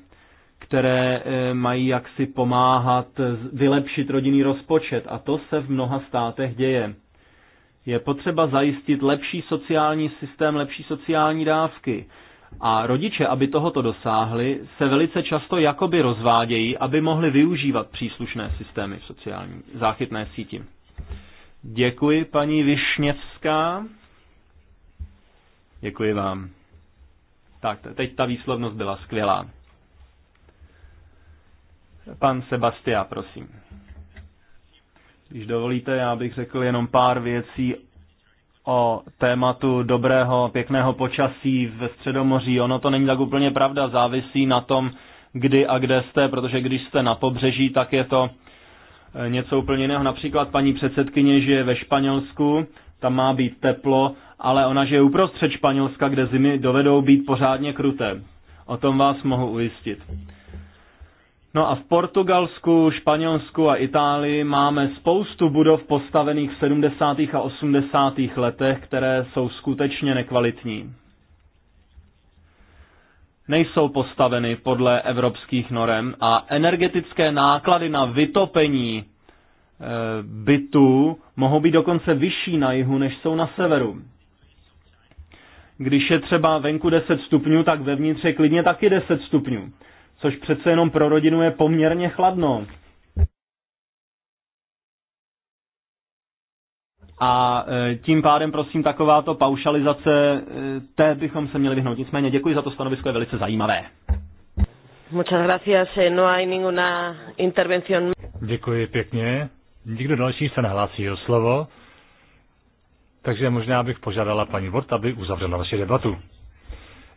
[SPEAKER 2] které eh, mají jaksi pomáhat vylepšit rodinný rozpočet. A to se v mnoha státech děje. Je potřeba zajistit lepší sociální systém, lepší sociální dávky. A rodiče, aby tohoto dosáhli, se velice často jakoby rozvádějí, aby mohli využívat příslušné systémy v sociální záchytné síti. Děkuji, paní Višněvská. Děkuji vám. Tak, teď ta výslovnost byla skvělá. Pan Sebastia, prosím. Když dovolíte, já bych řekl jenom pár věcí o tématu dobrého, pěkného počasí ve Středomoří. Ono to není tak úplně pravda, závisí na tom, kdy a kde jste, protože když jste na pobřeží, tak je to eh, něco úplně jiného. Například paní předsedkyně žije ve Španělsku, tam má být teplo, ale ona žije uprostřed Španělska, kde zimy dovedou být pořádně kruté. O tom vás mohu ujistit. No a v Portugalsku, Španělsku a Itálii máme spoustu budov postavených v 70. a 80. letech, které jsou skutečně nekvalitní. Nejsou postaveny podle evropských norem a energetické náklady na vytopení e, bytů mohou být dokonce vyšší na jihu, než jsou na severu. Když je třeba venku 10 stupňů, tak vevnitř je klidně taky 10 stupňů což přece jenom pro rodinu je poměrně chladno. A e, tím pádem, prosím, takováto paušalizace, e, té bychom se měli vyhnout. Nicméně děkuji za to stanovisko, je velice zajímavé.
[SPEAKER 1] Muchas gracias. Eh, no hay ninguna intervención.
[SPEAKER 5] Děkuji pěkně. Nikdo další se nehlásí o slovo. Takže možná bych požádala paní Vort, aby uzavřela naši debatu.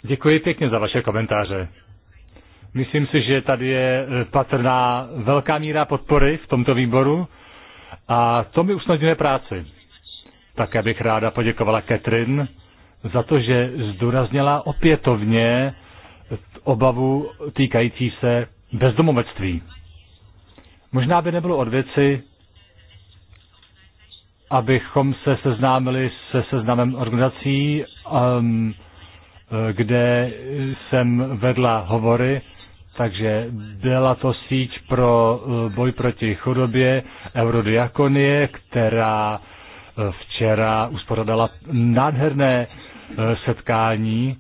[SPEAKER 5] Děkuji pěkně za vaše komentáře. Myslím si, že tady je eh, patrná velká míra podpory v tomto výboru a to mi usnadňuje práci. Tak bych ráda poděkovala Katrin za to, že zdůraznila opětovně obavu týkající se bezdomovectví. Možná by nebylo od věci, abychom se seznámili se seznamem organizací, um, kde jsem vedla hovory takže byla to síť pro eh, boj proti chudobě Eurodiakonie, která eh, včera uspořádala nádherné eh, setkání.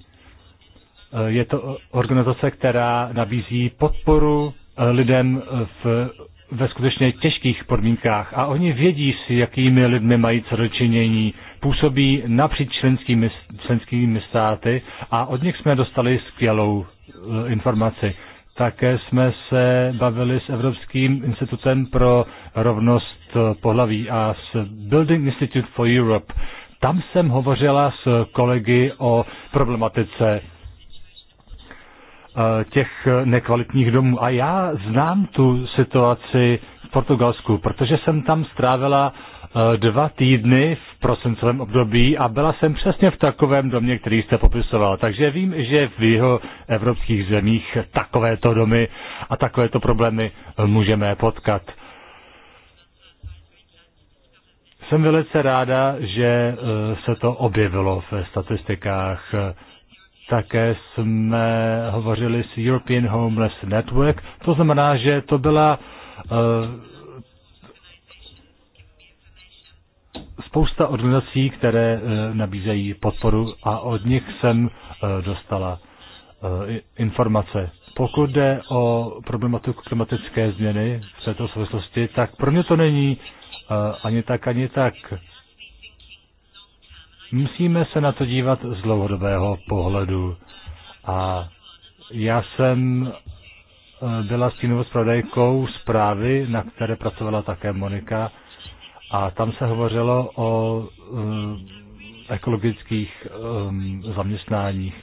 [SPEAKER 5] Je to organizace, která nabízí podporu lidem v, ve skutečně těžkých podmínkách a oni vědí, s jakými lidmi mají co dočinění. Působí napříč členskými, členskými státy a od nich jsme dostali skvělou informaci. Také jsme se bavili s Evropským institutem pro rovnost eh, pohlaví a s Building Institute for Europe. Tam jsem hovořila s kolegy o problematice eh, těch nekvalitních domů. A já znám tu situaci v Portugalsku, protože jsem tam strávila Eh, dva týdny v prosincovém období a byla jsem přesně v takovém domě, který jste popisoval. Takže vím, že v jeho evropských zemích takovéto domy a takovéto problémy můžeme potkat. Jsem velice ráda, že eh, se to objevilo ve statistikách. Také jsme hovořili s European Homeless Network, to znamená, že to byla eh, spousta organizací, které eh, nabízejí podporu a od nich jsem eh, dostala eh, informace. Pokud jde o problematiku klimatické změny v této souvislosti, tak pro mě to není ani tak, ani tak. Musíme se na to dívat z dlouhodobého pohledu. A já jsem byla tím zpravodajkou zprávy, na které pracovala také Monika a tam se hovořilo o eh, ekologických eh, zaměstnáních.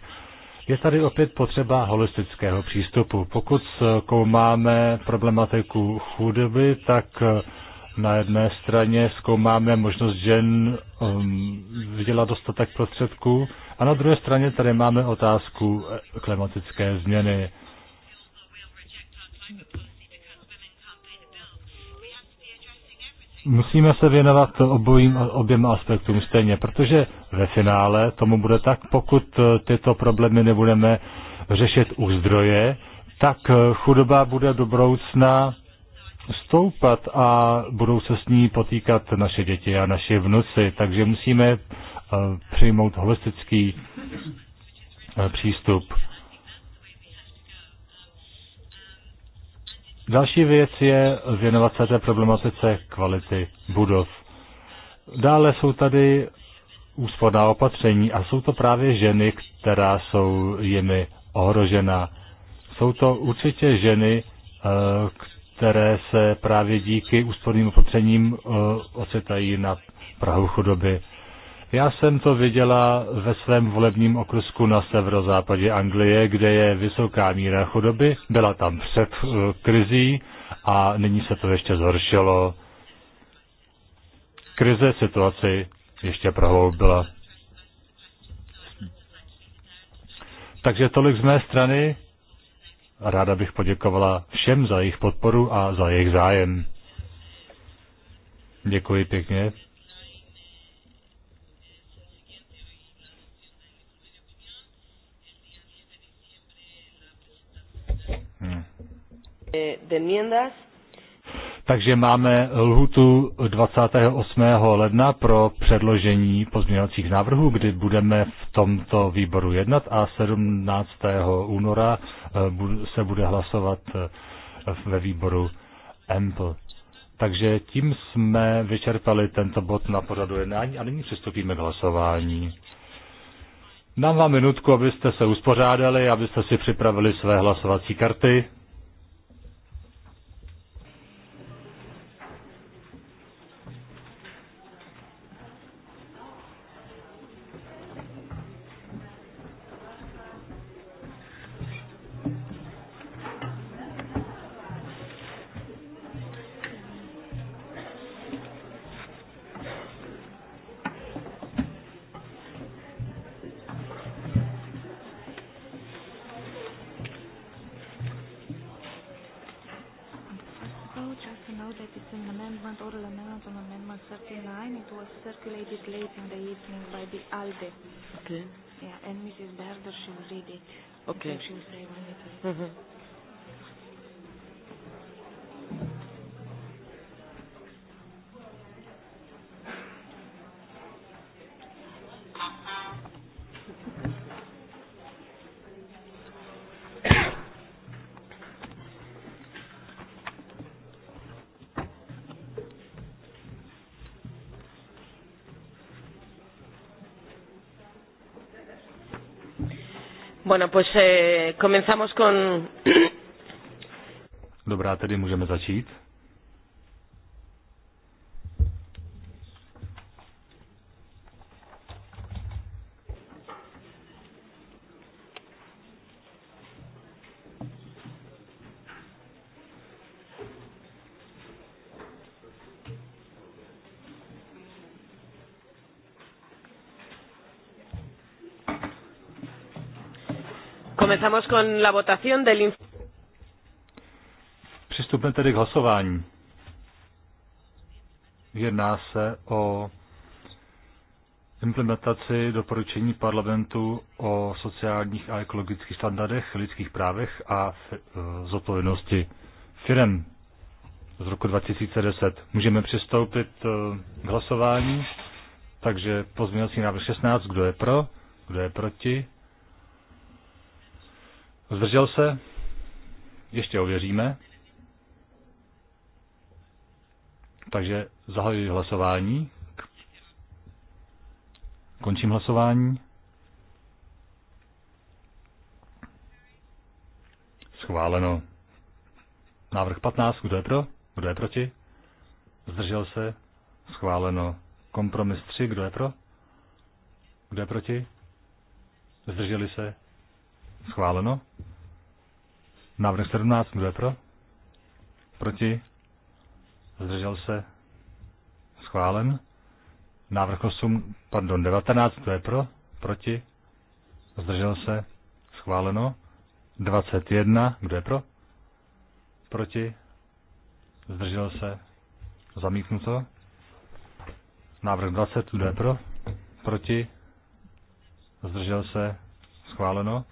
[SPEAKER 5] Je tady opět potřeba holistického přístupu. Pokud zkoumáme problematiku chudoby, tak eh, na jedné straně zkoumáme možnost žen um, vydělat dostatek prostředků a na druhé straně tady máme otázku klimatické změny. musíme se věnovat obojím oběma aspektům stejně, protože ve finále tomu bude tak, pokud eh, tyto problémy nebudeme řešit u zdroje, tak eh, chudoba bude do budoucna stoupat a budou se s ní potýkat naše děti a naše vnuci, takže musíme eh, přijmout holistický přístup. Další věc je věnovat se té problematice kvality budov. Dále jsou tady úsporná opatření a jsou to právě ženy, která jsou jimi ohrožena. Jsou to určitě ženy, eh, které se právě díky úsporným opatřením eh, ocitají na prahu chudoby. Já jsem to viděla ve svém volebním okrusku na severozápadě Anglie, kde je vysoká míra chudoby. Byla tam před eh, krizí a nyní se to ještě zhoršilo. Krize situaci ještě prohloubila. Takže tolik z mé strany. Ráda bych poděkovala všem za jejich podporu a za jejich zájem. Děkuji pěkně.
[SPEAKER 1] de enmiendas.
[SPEAKER 5] Takže máme lhutu 28. ledna pro předložení pozměňovacích návrhů, kdy budeme v tomto výboru jednat a 17. února eh, se bude hlasovat eh, ve výboru EMPL. Takže tím jsme vyčerpali tento bod na pořadu jednání a nyní přistoupíme k hlasování. Dám vám minutku, abyste se uspořádali, abyste si připravili své hlasovací karty.
[SPEAKER 3] Tuesday. Okay. Yeah, and Mrs. Berger, she will read it. Okay. So she say when it is. Mm-hmm.
[SPEAKER 1] Bueno, pues eh, comenzamos con...
[SPEAKER 5] Dobrá, tedy můžeme začít.
[SPEAKER 1] Empezamos con la votación del
[SPEAKER 5] Přistupme tedy k hlasování. Jedná se o implementaci doporučení parlamentu o sociálních a ekologických standardech, lidských právech a eh, zodpovědnosti firem z roku 2010. Můžeme přistoupit eh, k hlasování. Takže pozměňovací návrh 16, kdo je pro, kdo je proti, Zdržel se? Ještě ověříme. Takže zahajuji hlasování. Končím hlasování. Schváleno. Návrh 15. Kdo je pro? Kdo je proti? Zdržel se? Schváleno. Kompromis 3. Kdo je pro? Kdo je proti? Zdrželi se? Schváleno. Návrh 17. Kdo je pro? Proti? Zdržel se? Schválen. Návrh 8, pardon, 19. Kdo je pro? Proti? Zdržel se? Schváleno. 21. Kdo je pro? Proti? Zdržel se? Zamítnuto. Návrh 20. Kdo je pro? Proti? Zdržel se? Schváleno.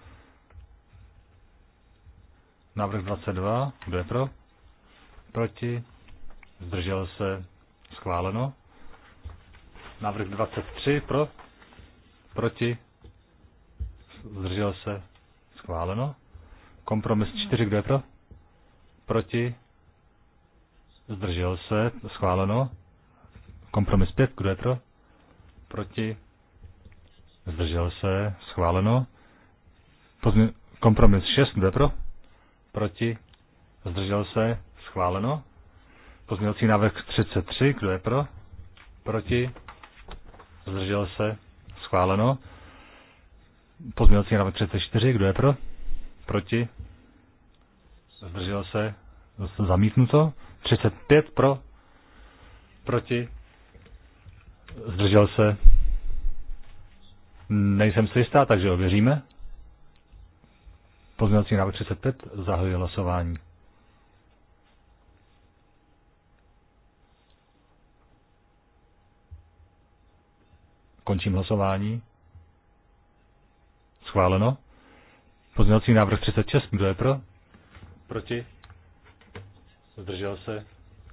[SPEAKER 5] Návrh 22. Kdo je pro? Proti? Zdržel se? Schváleno. Návrh 23. Pro? Proti? Zdržel se? Schváleno. Kompromis 4. Kdo je pro? Proti? Zdržel se? Schváleno. Kompromis 5. Kdo je pro? Proti? Zdržel se? Schváleno. Pozmi- kompromis 6. Kdo je pro? Proti? Zdržel se? Schváleno. Pozměňovací návrh 33. Kdo je pro? Proti? Zdržel se? Schváleno. Pozměňovací návrh 34. Kdo je pro? Proti? Zdržel se? Zamítnuto. 35 pro? Proti? Zdržel se? Nejsem si jistá, takže ověříme. Pozměňovací návrh 35 zahajuje hlasování. Končím hlasování. Schváleno. Pozměňovací návrh 36. Kdo je pro? Proti? Zdržel se?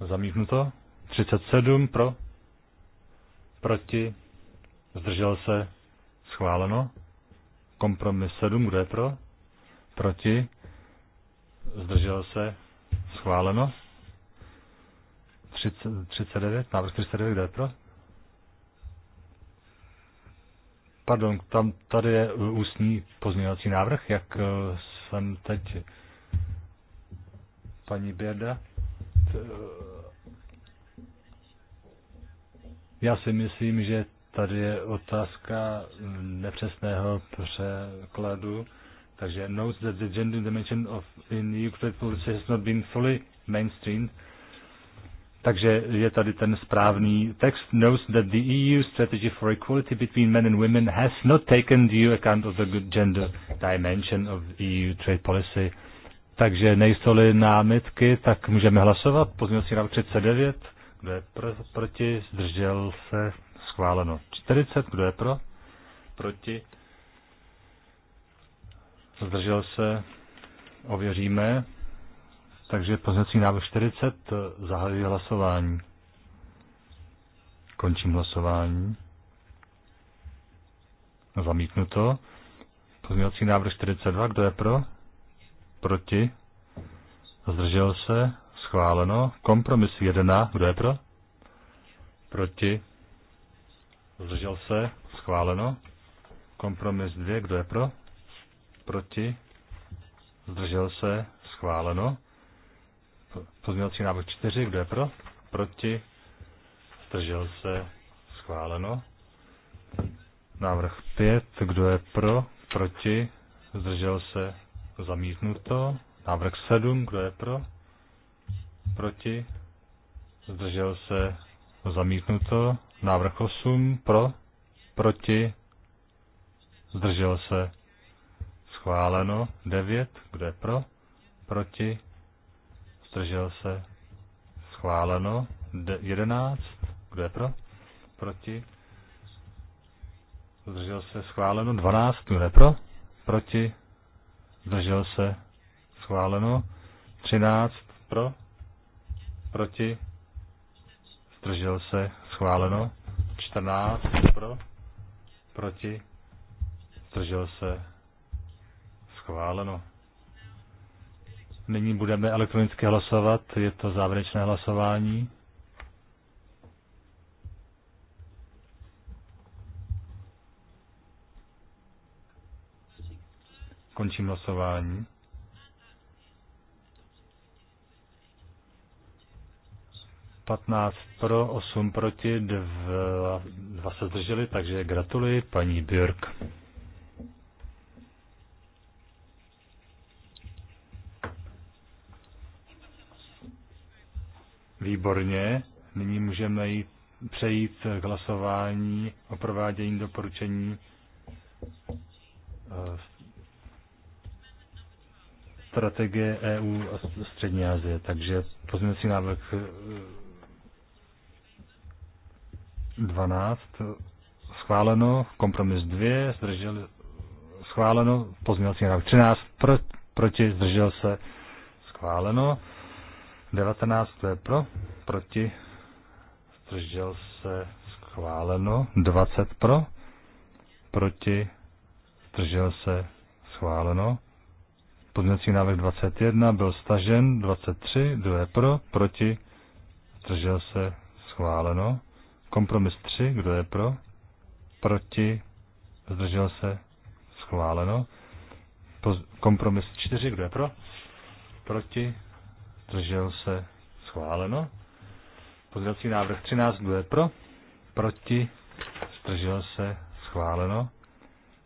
[SPEAKER 5] Zamítnuto. 37 pro? Proti? Zdržel se? Schváleno. Kompromis 7. Kdo je pro? Proti? Zdržel se? Schváleno? 39? Návrh 39, kdo je pro? Pardon, tam, tady je ústní pozměňovací návrh, jak eh, jsem teď paní Běda. Já si myslím, že tady je otázka nepřesného překladu takže notes that the gender dimension of in EU trade policy has not been fully mainstreamed. Takže je tady ten správný text. Notes that the EU strategy for equality between men and women has not taken due account of the gender dimension of EU trade policy. Takže nejsou-li námitky, tak můžeme hlasovat. Pozměňovací návrh 39. Kdo je pro, proti? Zdržel se? Schváleno. 40. Kdo je pro? Proti? zdržel se, ověříme. Takže poznací návrh 40, zahajuji hlasování. Končím hlasování. Zamítnuto. Pozměňovací návrh 42, kdo je pro? Proti? Zdržel se? Schváleno. Kompromis 1, kdo je pro? Proti? Zdržel se? Schváleno. Kompromis 2, kdo je pro? proti, zdržel se, schváleno. Pozměňovací návrh 4, kdo je pro, proti, zdržel se, schváleno. Návrh 5, kdo je pro, proti, zdržel se, zamítnuto. Návrh 7, kdo je pro, proti, zdržel se, zamítnuto. Návrh 8, pro, proti, zdržel se, Schváleno. 9. Kdo je pro? Proti? Zdržel se? Schváleno. 11. Kdo je pro? Proti? Zdržel se? Schváleno. 12. Kdo je pro? Proti? Zdržel se? Schváleno. 13. Pro? Proti? Zdržel se? Schváleno. 14. Pro? Proti? Zdržel se? Schváleno. Nyní budeme elektronicky hlasovat. Je to závěrečné hlasování. Končím hlasování. Patnáct pro, osm proti, dva, dva se zdrželi, takže gratuluji paní Björk. Výborně. Nyní můžeme jít, přejít k hlasování o provádění doporučení. Eh, strategie EU a Střední Asie. Takže pozměňovací návrh 12 eh, schváleno, kompromis 2, zdržel, schváleno, pozměňovací návrh 13 pro, proti, zdržel se, schváleno. 19, to je pro, proti, zdržel se, schváleno. 20 pro, proti, zdržel se, schváleno. Pozměňovací návrh 21 byl stažen, 23, kdo je pro, proti, zdržel se, schváleno. Kompromis 3, kdo je pro, proti, zdržel se, schváleno. Kompromis 4, kdo je pro, proti, zdržel se, schváleno. Pozdravací návrh 13, kdo je pro, proti, zdržel se, schváleno.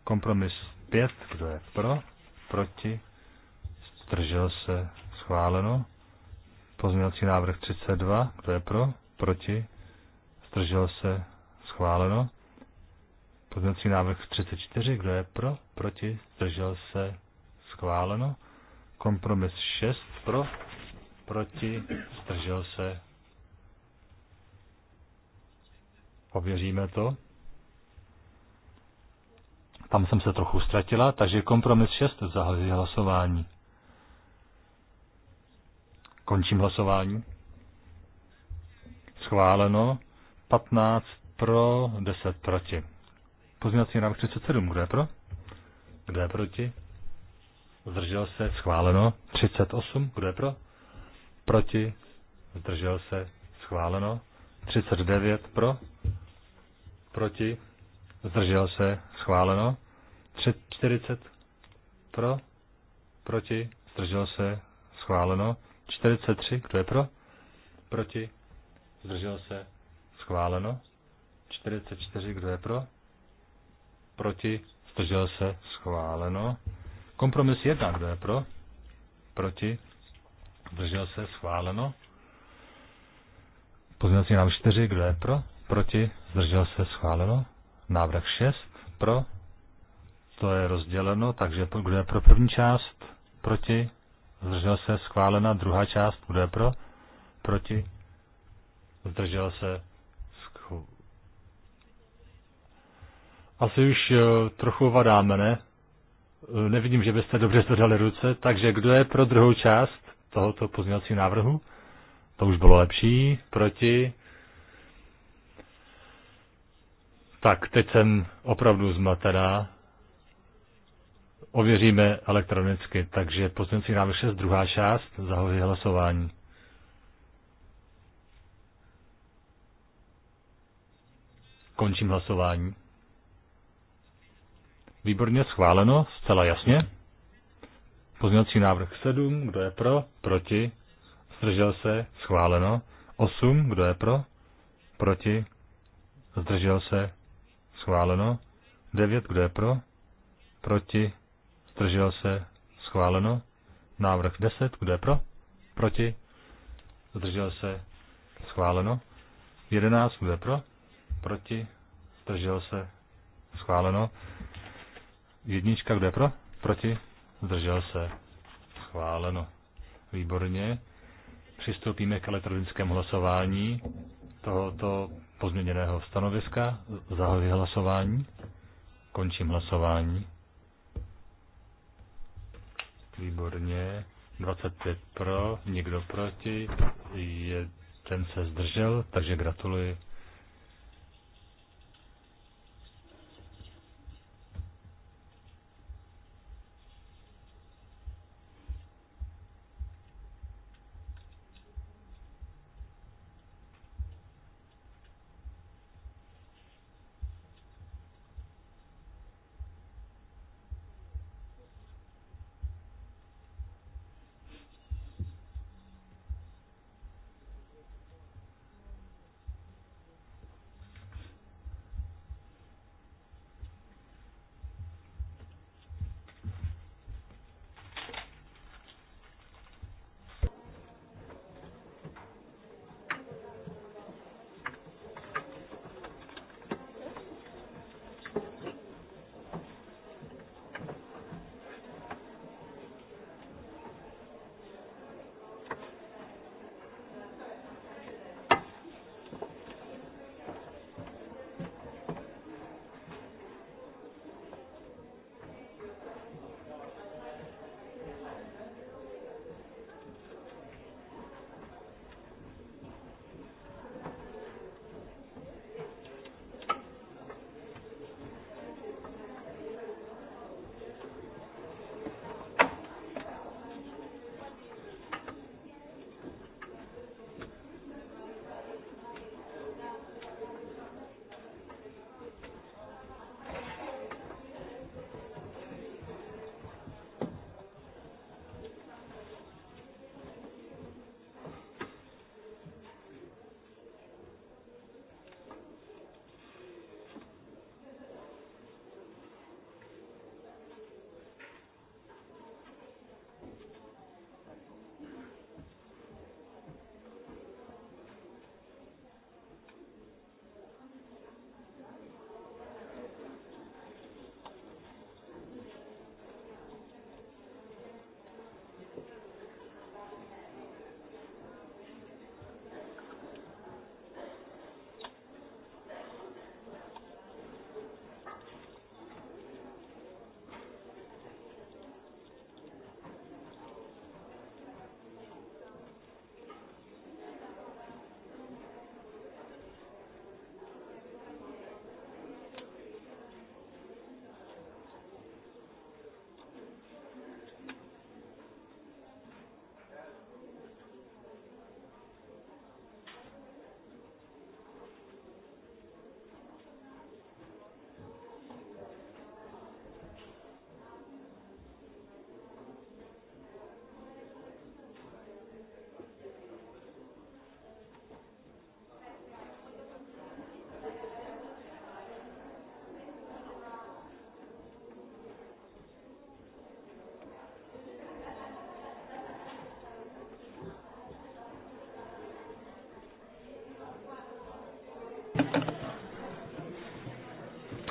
[SPEAKER 5] Kompromis 5, kdo je pro, proti, zdržel se, schváleno. Pozměňovací návrh 32, kdo je pro, proti, zdržel se, schváleno. Pozměňovací návrh 34, kdo je pro, proti, zdržel se, schváleno. Kompromis 6, pro, proti, zdržel se. Pověříme to. Tam jsem se trochu ztratila, takže kompromis 6 zahajuji hlasování. Končím hlasování. Schváleno. 15 pro, 10 proti. Pozměňovací návrh 37. Kdo je pro? Kdo je proti? Zdržel se. Schváleno. 38. Kdo je pro? proti, zdržel se, schváleno. 39 pro, proti, zdržel se, schváleno. 40 pro, proti, zdržel se, schváleno. 43, kdo je pro? Proti, zdržel se, schváleno. 44, kdo je pro? Proti, zdržel se, schváleno. Kompromis 1, kdo je pro? Proti, zdržel se, schváleno. Pozměňovací návrh 4, kdo je pro, proti, zdržel se, schváleno. Návrh 6, pro, to je rozděleno, takže kdo je pro první část, proti, zdržel se, schválena, druhá část, kdo je pro, proti, zdržel se, Asi už eh, trochu vadáme, ne? Eh, nevidím, že byste dobře zdržali ruce, takže kdo je pro druhou část? tohoto pozměňovacího návrhu. To už bylo lepší. Proti. Tak, teď jsem opravdu zmatená. Ověříme elektronicky. Takže pozměňovací návrh 6, druhá část, zahoří hlasování. Končím hlasování. Výborně schváleno, zcela jasně. Pozměňovací návrh 7, kdo je pro, proti, zdržel se, schváleno. 8, kdo je pro, proti, zdržel se, schváleno. 9, kdo je pro, proti, zdržel se, schváleno. Návrh 10, kdo je pro, proti, zdržel se, schváleno. 11, kdo je pro, proti, zdržel se, schváleno. Jednička, kdo je pro, proti, zdržel se, schváleno. Výborně. Přistoupíme k elektronickému hlasování tohoto pozměněného stanoviska. Zahajuji hlasování. Končím hlasování. Výborně. 25 pro, nikdo proti, jeden se zdržel, takže gratuluji.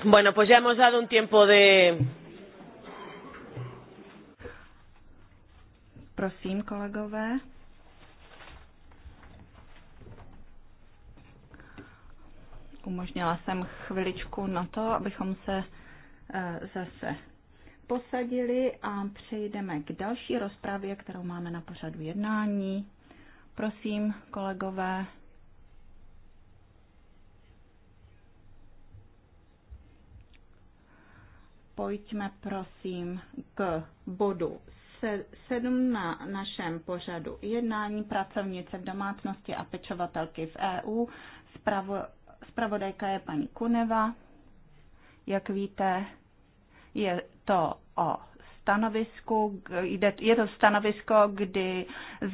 [SPEAKER 1] Bueno, pues ya hemos dado un tiempo de.
[SPEAKER 4] Prosím, kolegové. Umožnila jsem chviličku na to, abychom se eh, zase posadili a přejdeme k další rozpravě, kterou máme na pořadu jednání. Prosím, kolegové, pojďme prosím k bodu sedm na našem pořadu jednání pracovnice v domácnosti a pečovatelky v EU. Spravo, spravodajka je paní Kuneva. Jak víte, je to o stanovisku, jde, je to stanovisko, kdy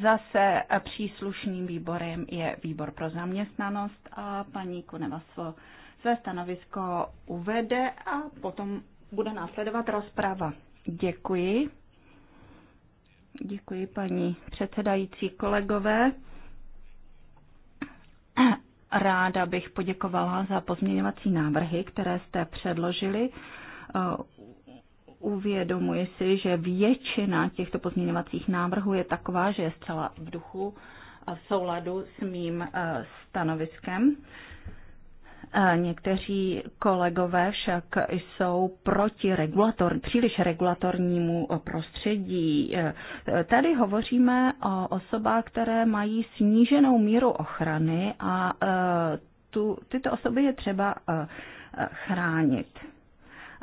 [SPEAKER 4] zase příslušným výborem je výbor pro zaměstnanost a paní Kuneva své stanovisko uvede a potom bude následovat rozprava. Děkuji. Děkuji, paní předsedající, kolegové. Ráda bych poděkovala za pozměňovací návrhy, které jste předložili. Uvědomuji si, že většina těchto pozměňovacích návrhů je taková, že je zcela v duchu a v souladu s mým eh, stanoviskem. Někteří kolegové však jsou proti regulator, příliš regulatornímu prostředí. E, tady hovoříme o osobách, které mají sníženou míru ochrany a e, tu, tyto osoby je třeba e, chránit.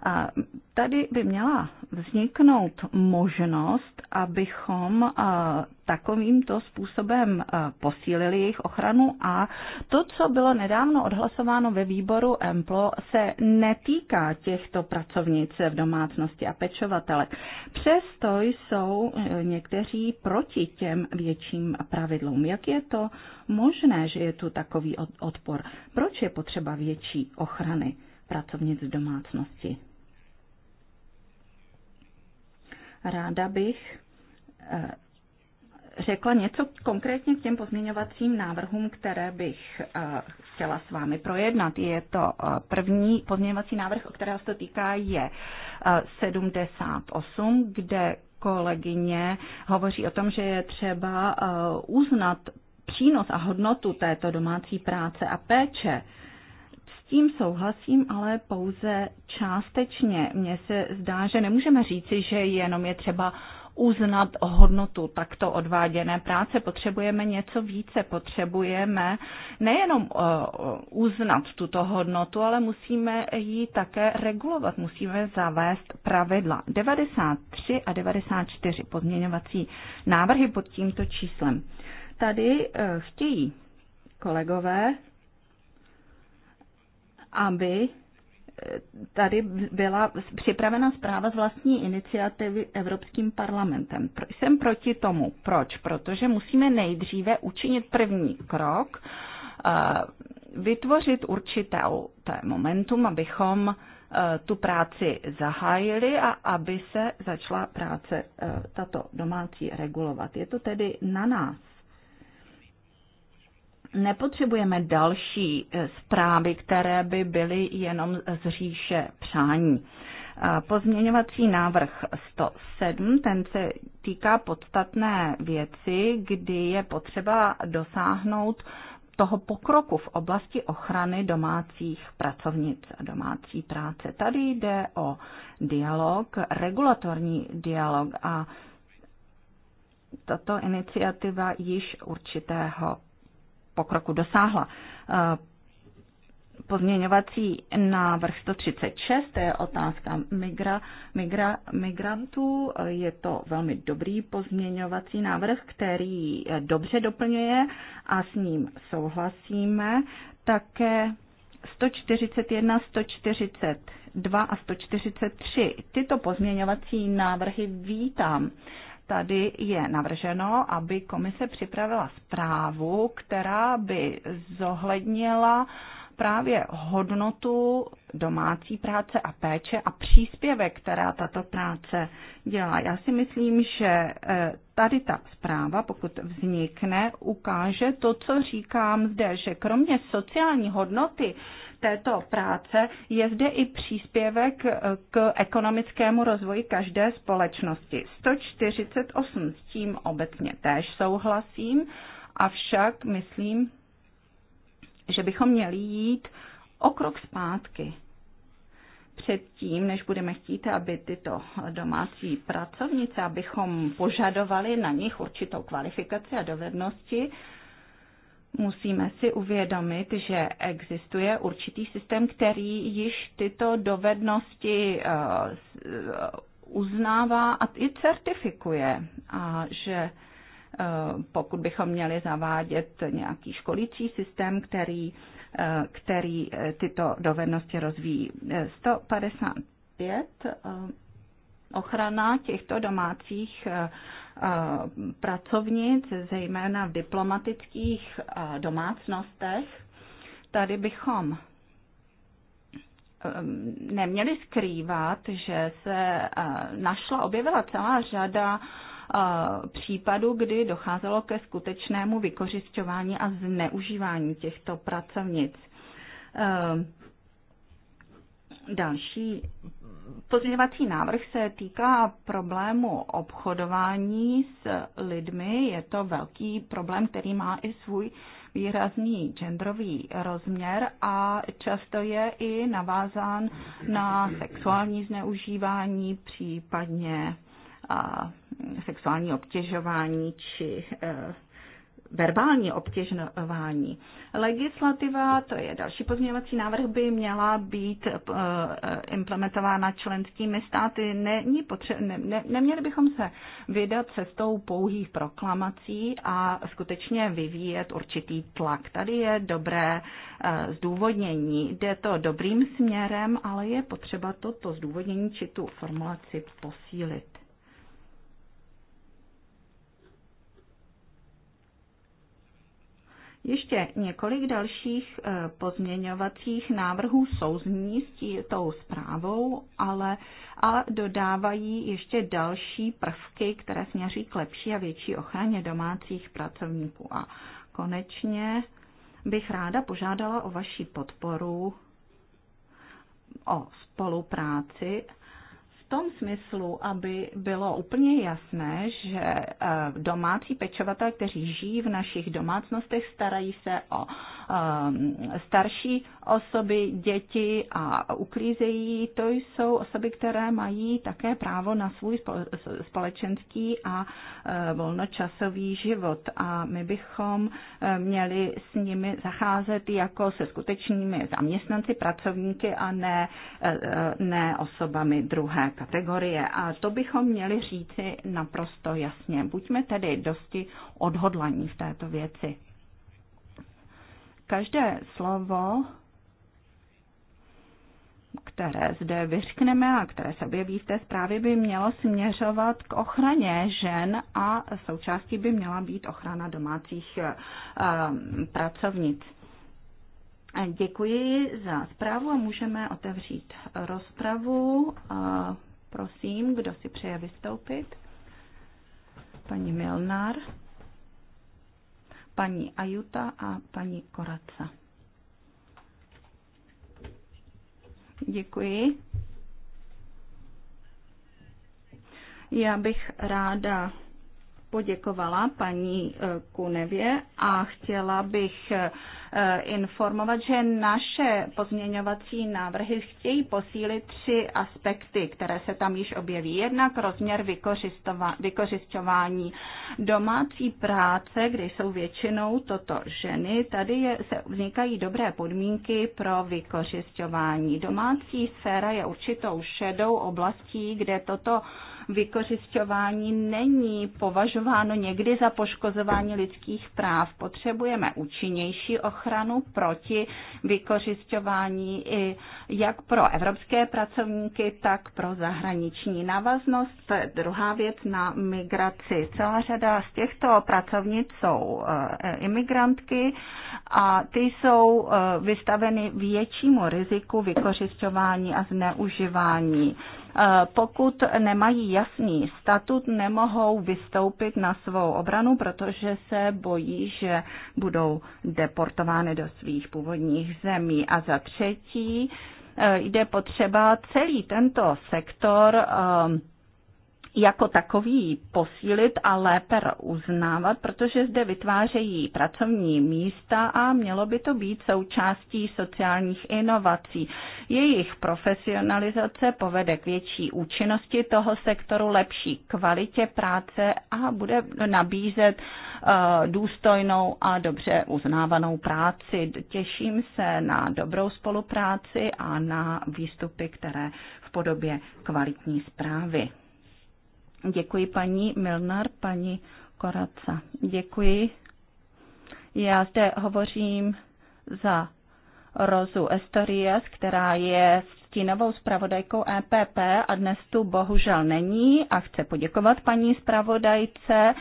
[SPEAKER 4] A tady by měla vzniknout možnost, abychom takovýmto způsobem posílili jejich ochranu a to, co bylo nedávno odhlasováno ve výboru EMPLO, se netýká těchto pracovnic v domácnosti a pečovatele. Přesto jsou e, někteří proti těm větším pravidlům. Jak je to možné, že je tu takový odpor? Proč je potřeba větší ochrany pracovnic v domácnosti? Ráda bych eh, řekla něco konkrétně k těm pozměňovacím návrhům, které bych eh, chtěla s vámi projednat. Je to eh, první pozměňovací návrh, o kterého se to týká, je 78, kde kolegyně hovoří o tom, že je třeba uznat přínos a hodnotu této domácí práce a péče tím souhlasím, ale pouze částečně. Mně se zdá, že nemůžeme říci, že jenom je třeba uznat hodnotu takto odváděné práce. Potřebujeme něco více. Potřebujeme nejenom eh, uznat tuto hodnotu, ale musíme ji také regulovat. Musíme zavést pravidla. 93 a 94 pozměňovací návrhy pod tímto číslem. Tady eh, chtějí kolegové aby eh, tady byla připravena zpráva z vlastní iniciativy Evropským parlamentem. Jsem proti tomu. Proč? Protože musíme nejdříve učinit první krok, eh, vytvořit určité momentum, abychom eh, tu práci zahájili a aby se začala práce tato domácí regulovat. Je to tedy na nás nepotřebujeme další eh, zprávy, které by byly jenom z říše přání. Eh, pozměňovací návrh 107, ten se týká podstatné věci, kdy je potřeba dosáhnout toho pokroku v oblasti ochrany domácích pracovnic a domácí práce. Tady jde o dialog, regulatorní dialog a tato iniciativa již určitého pokroku dosáhla. Eh, pozměňovací návrh 136, to je otázka migra, migra, migrantů. Eh, je to velmi dobrý pozměňovací návrh, který eh, dobře doplňuje a s ním souhlasíme. Také 141, 142 a 143. Tyto pozměňovací návrhy vítám tady je navrženo, aby komise připravila zprávu, která by zohlednila právě hodnotu domácí práce a péče a příspěvek, která tato práce dělá. Já si myslím, že eh, tady ta zpráva, pokud vznikne, ukáže to, co říkám zde, že kromě sociální hodnoty, této práce je zde i příspěvek eh, k ekonomickému rozvoji každé společnosti. 148 s tím obecně též souhlasím, avšak myslím, že bychom měli jít o krok zpátky předtím, než budeme chtít, aby tyto domácí pracovnice, abychom požadovali na nich určitou kvalifikaci a dovednosti, musíme si uvědomit, že existuje určitý systém, který již tyto dovednosti eh, eh, uznává a i certifikuje a že eh, pokud bychom měli zavádět nějaký školící systém, který, který tyto dovednosti rozvíjí. 155 ochrana těchto domácích pracovnic, zejména v diplomatických domácnostech. Tady bychom um, neměli skrývat, že se našla, objevila celá řada případů, kdy docházelo ke skutečnému vykořišťování a zneužívání těchto pracovnic. Um, další Pozměňovací návrh se týká problému obchodování s lidmi. Je to velký problém, který má i svůj výrazný genderový rozměr a často je i navázán na sexuální zneužívání, případně sexuální obtěžování či eh, verbální obtěžování. Legislativa, to je další pozměňovací návrh, by měla být eh, implementována členskými státy. Není potře- ne, ne, neměli bychom se vydat cestou pouhých proklamací a skutečně vyvíjet určitý tlak. Tady je dobré eh, zdůvodnění. Jde to dobrým směrem, ale je potřeba toto zdůvodnění či tu formulaci posílit. Ještě několik dalších eh, pozměňovacích návrhů souzní s tou zprávou, ale a dodávají ještě další prvky, které směří k lepší a větší ochraně domácích pracovníků. A konečně bych ráda požádala o vaši podporu o spolupráci v tom smyslu, aby bylo úplně jasné, že eh, domácí pečovatelé, kteří žijí v našich domácnostech, starají se o eh, starší osoby, děti a uklízejí. To jsou osoby, které mají také právo na svůj společenský a eh, volnočasový život. A my bychom měli s nimi zacházet jako se skutečnými zaměstnanci, pracovníky a ne, ne osobami druhé kategorie. A to bychom měli říci naprosto jasně. Buďme tedy dosti odhodlaní v této věci. Každé slovo, které zde vyřkneme a které se objeví v té zprávě, by mělo směřovat k ochraně žen a součástí by měla být ochrana domácích eh, pracovnic. Děkuji za zprávu a můžeme otevřít rozpravu. Eh, Prosím, kdo si přeje vystoupit? Paní Milnár, paní Ajuta a paní Koraca. Děkuji. Já bych ráda poděkovala paní eh, Kunevě a chtěla bych eh, informovat, že naše pozměňovací návrhy chtějí posílit tři aspekty, které se tam již objeví. Jednak rozměr vykořišťování domácí práce, kde jsou většinou toto ženy. Tady je, se vznikají dobré podmínky pro vykořišťování. Domácí sféra je určitou šedou oblastí, kde toto vykořišťování není považováno někdy za poškozování lidských práv. Potřebujeme účinnější ochranu proti vykořišťování i jak pro evropské pracovníky, tak pro zahraniční je Druhá věc na migraci. Celá řada z těchto pracovnic jsou eh, imigrantky a ty jsou eh, vystaveny většímu riziku vykořišťování a zneužívání. Pokud nemají jasný statut, nemohou vystoupit na svou obranu, protože se bojí, že budou deportovány do svých původních zemí. A za třetí eh, jde potřeba celý tento sektor eh, jako takový posílit a lépe uznávat, protože zde vytvářejí pracovní místa a mělo by to být součástí sociálních inovací. Jejich profesionalizace povede k větší účinnosti toho sektoru, lepší kvalitě práce a bude nabízet eh, důstojnou a dobře uznávanou práci. Těším se na dobrou spolupráci a na výstupy, které v podobě kvalitní zprávy. Děkuji paní Milnar, paní Koraca. Děkuji. Já zde hovořím za Rozu Estorias, která je stínovou zpravodajkou EPP a dnes tu bohužel není a chce poděkovat paní zpravodajce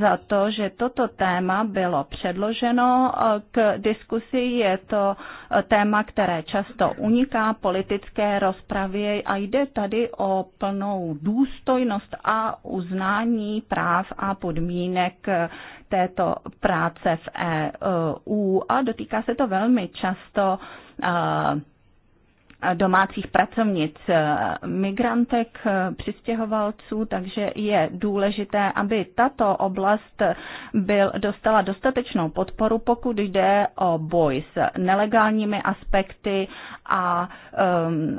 [SPEAKER 4] za to, že toto téma bylo předloženo e, k diskusi. Je to e, téma, které často uniká politické rozpravě a jde tady o plnou důstojnost a uznání práv a podmínek e, této práce v EU a dotýká se to velmi často domácích pracovnic, eh, migrantek, eh, přistěhovalců, takže je důležité, aby tato oblast byl, dostala dostatečnou podporu, pokud jde o boj s nelegálními aspekty a um,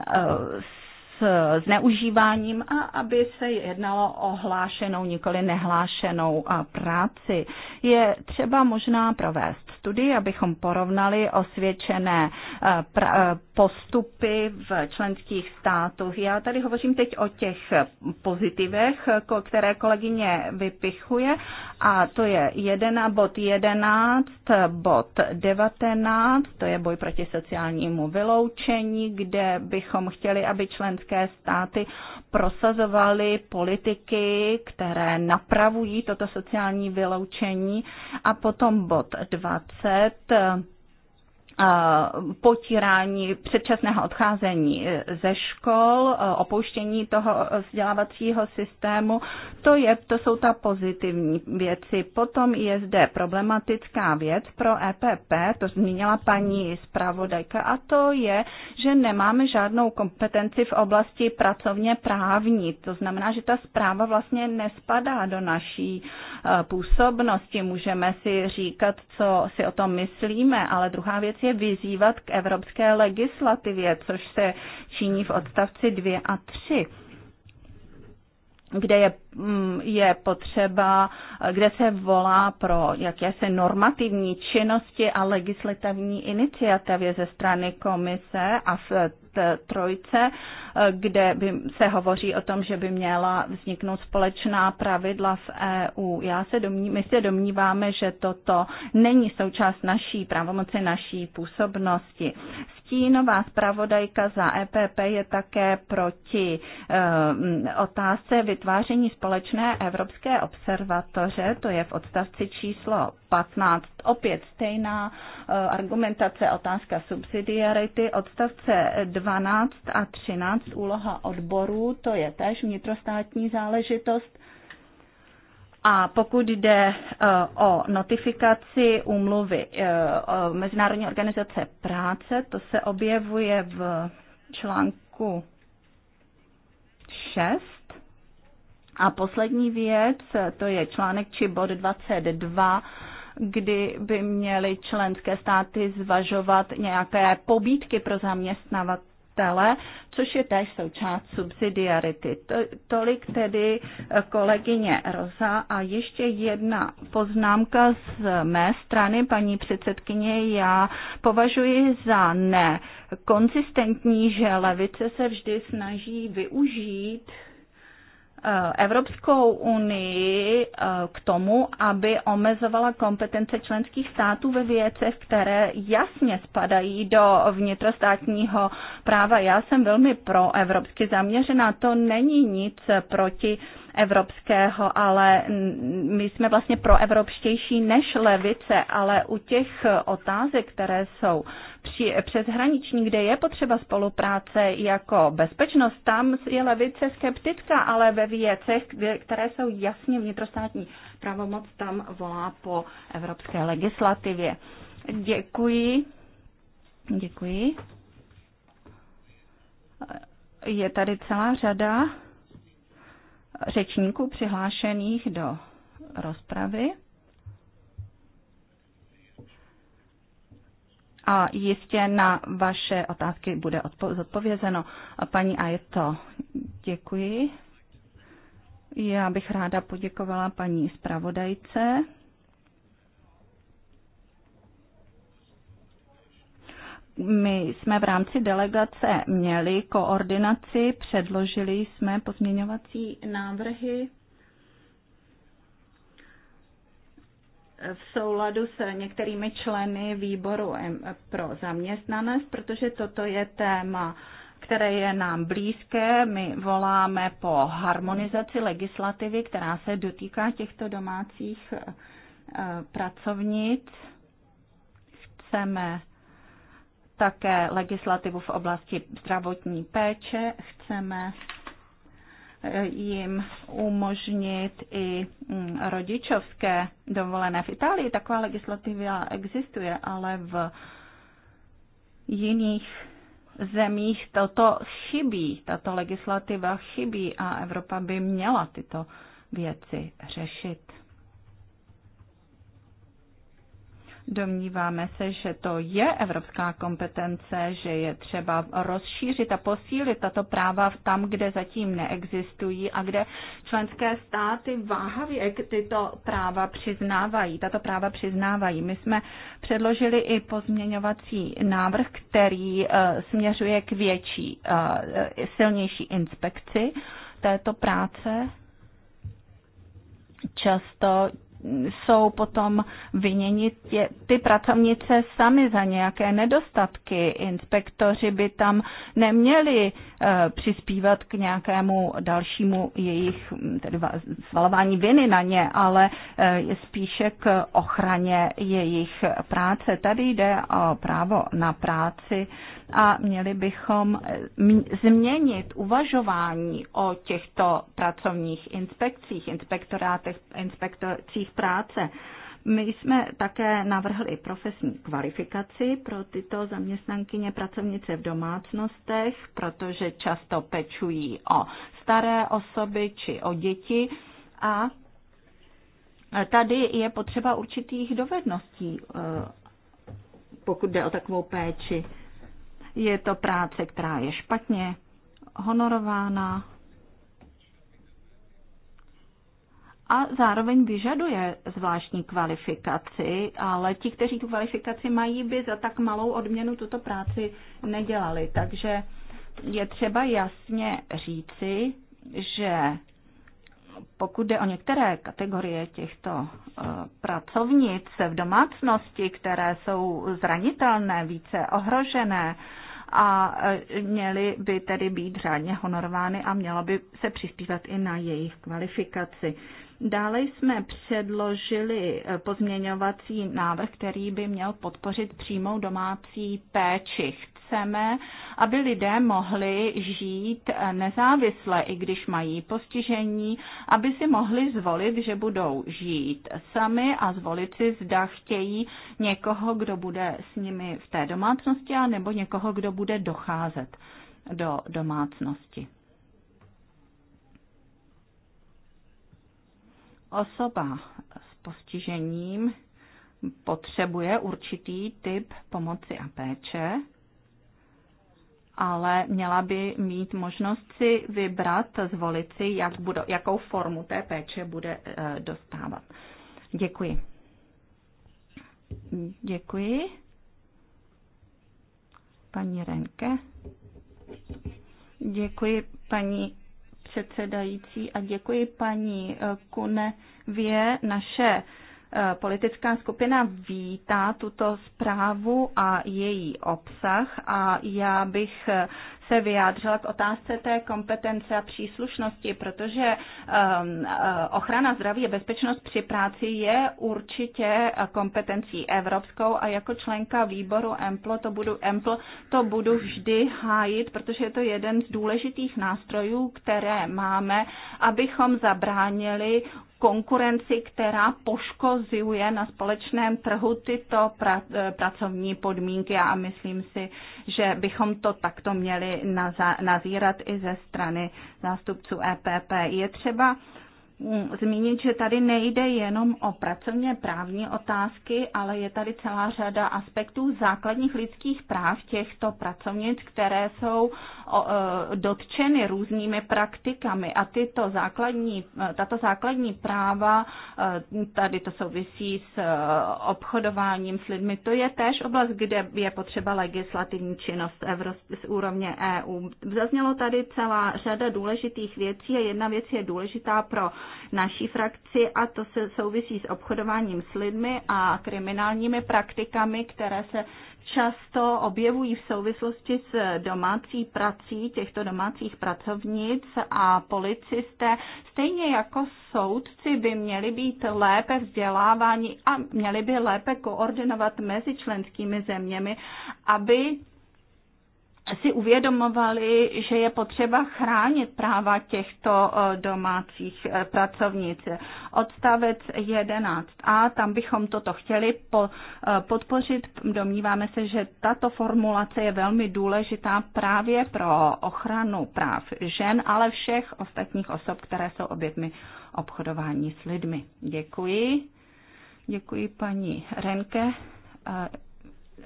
[SPEAKER 4] zneužíváním a aby se jednalo o hlášenou, nikoli nehlášenou práci. Je třeba možná provést studii, abychom porovnali osvědčené eh, eh, postupy v členských státech. Já tady hovořím teď o těch pozitivech, které kolegyně vypichuje a to je 1 bod 11, bod 19, to je boj proti sociálnímu vyloučení, kde bychom chtěli, aby členské členské státy prosazovaly politiky, které napravují toto sociální vyloučení. A potom bod 20 potírání předčasného odcházení e, ze škol, e, opouštění toho e, vzdělávacího systému. To, je, to jsou ta pozitivní věci. Potom je zde problematická věc pro EPP, to zmínila paní zpravodajka, a to je, že nemáme žádnou kompetenci v oblasti pracovně právní. To znamená, že ta zpráva vlastně nespadá do naší působnosti. Můžeme si říkat, co si o tom myslíme, ale druhá věc je, ještě vlastně vyzývat k evropské legislativě, což se činí v odstavci 2 a 3 kde je Mm, je potřeba, kde se volá pro jakési normativní činnosti a legislativní iniciativy ze strany komise a v trojce, kde by se hovoří o tom, že by měla vzniknout společná pravidla v EU. Já se domní, my se domníváme, že toto není součást naší pravomoci, naší působnosti. Stínová zpravodajka za EPP je také proti eh, otázce vytváření společné evropské observatoře, to je v odstavci číslo 15, opět stejná eh, argumentace, otázka subsidiarity, odstavce 12 a 13, úloha odborů, to je též vnitrostátní záležitost. A pokud jde eh, o notifikaci úmluvy eh, Mezinárodní organizace práce, to se objevuje v článku 6 a poslední věc, to je článek či bod 22, kdy by měly členské státy zvažovat nějaké pobídky pro zaměstnavat tele, což je též součást subsidiarity. To, tolik tedy eh, kolegyně Roza. A ještě jedna poznámka z mé strany, paní předsedkyně. Já považuji za ne že levice se vždy snaží využít Eh, Evropskou unii eh, k tomu, aby omezovala kompetence členských států ve věcech, které jasně spadají do vnitrostátního práva. Já jsem velmi pro evropsky zaměřená. To není nic proti evropského, ale my jsme vlastně proevropštější než levice, ale u těch otázek, které jsou při, přeshraniční, kde je potřeba spolupráce jako bezpečnost, tam je levice skeptická, ale ve věcech, které jsou jasně vnitrostátní pravomoc, tam volá po evropské legislativě. Děkuji. Děkuji. Je tady celá řada řečníků přihlášených do rozpravy. A jistě na vaše otázky bude zodpovězeno. Paní to. děkuji. Já bych ráda poděkovala paní zpravodajce. My jsme v rámci delegace měli koordinaci, předložili jsme pozměňovací návrhy v souladu s některými členy výboru pro zaměstnanost, protože toto je téma, které je nám blízké. My voláme po harmonizaci legislativy, která se dotýká těchto domácích eh, pracovnic. Chceme také legislativu v oblasti zdravotní péče. Chceme eh, jim umožnit i mm, rodičovské dovolené. V Itálii taková legislativa existuje, ale v jiných zemích toto chybí, tato legislativa chybí a Evropa by měla tyto věci řešit. Domníváme se, že to je evropská kompetence, že je třeba rozšířit a posílit tato práva tam, kde zatím neexistují a kde členské státy váhavě tyto práva přiznávají. Tato práva přiznávají. My jsme předložili i pozměňovací návrh, který eh, směřuje k větší, eh, silnější inspekci této práce. Často jsou potom vyněni tě, ty pracovnice sami za nějaké nedostatky. Inspektoři by tam neměli e, přispívat k nějakému dalšímu jejich hm, tedy svalování viny na ně, ale e, spíše k ochraně jejich práce. Tady jde o právo na práci a měli bychom eh, změnit uvažování o těchto pracovních inspekcích, inspektorátech, inspektorcích práce. My jsme také navrhli profesní kvalifikaci pro tyto zaměstnankyně pracovnice v domácnostech, protože často pečují o staré osoby či o děti a tady je potřeba určitých dovedností, eh, pokud jde o takovou péči je to práce, která je špatně honorována a zároveň vyžaduje zvláštní kvalifikaci, ale ti, kteří tu kvalifikaci mají, by za tak malou odměnu tuto práci nedělali. Takže je třeba jasně říci, že pokud jde o některé kategorie těchto eh, pracovnic v domácnosti, které jsou zranitelné, více ohrožené, a eh, měly by tedy být řádně honorovány a měla by se přispívat i na jejich kvalifikaci. Dále jsme předložili eh, pozměňovací návrh, který by měl podpořit přímou domácí péči chceme, aby lidé mohli žít nezávisle, i když mají postižení, aby si mohli zvolit, že budou žít sami a zvolit si, zda chtějí někoho, kdo bude s nimi v té domácnosti, a nebo někoho, kdo bude docházet do domácnosti. Osoba s postižením potřebuje určitý typ pomoci a péče, ale měla by mít možnost si vybrat, zvolit si, jak budou, jakou formu té péče bude eh, dostávat. Děkuji. Děkuji. Paní Renke. Děkuji, paní předsedající, a děkuji paní eh, Kunevě. Naše E, politická skupina vítá tuto zprávu a její obsah a já bych se vyjádřila k otázce té kompetence a příslušnosti, protože e, e, ochrana zdraví a bezpečnost při práci je určitě kompetencí evropskou a jako členka výboru EMPL to budu, EMPL to budu vždy hájit, protože je to jeden z důležitých nástrojů, které máme, abychom zabránili konkurenci, která poškozuje na společném trhu tyto pra, eh, pracovní podmínky a myslím si, že bychom to takto měli nazírat i ze strany zástupců EPP. Je třeba zmínit, že tady nejde jenom o pracovně právní otázky, ale je tady celá řada aspektů základních lidských práv těchto pracovnic, které jsou e, dotčeny různými praktikami a tyto základní, e, tato základní práva, e, tady to souvisí s obchodováním s lidmi, to je též oblast, kde je potřeba legislativní činnost z úrovně EU. Zaznělo tady celá řada důležitých věcí a jedna věc je důležitá pro naší frakci a to se souvisí s obchodováním s lidmi a kriminálními praktikami, které se často objevují v souvislosti s domácí prací těchto domácích pracovnic a policisté, stejně jako soudci by měli být lépe vzděláváni a měli by lépe koordinovat mezi členskými zeměmi, aby si uvědomovali, že je potřeba chránit práva těchto eh, domácích eh, pracovnic. Odstavec 11a, tam bychom toto chtěli eh, podpořit. Domníváme se, že tato formulace je velmi důležitá právě pro ochranu práv žen, ale všech ostatních osob, které jsou obětmi obchodování s lidmi. Děkuji. Děkuji paní Renke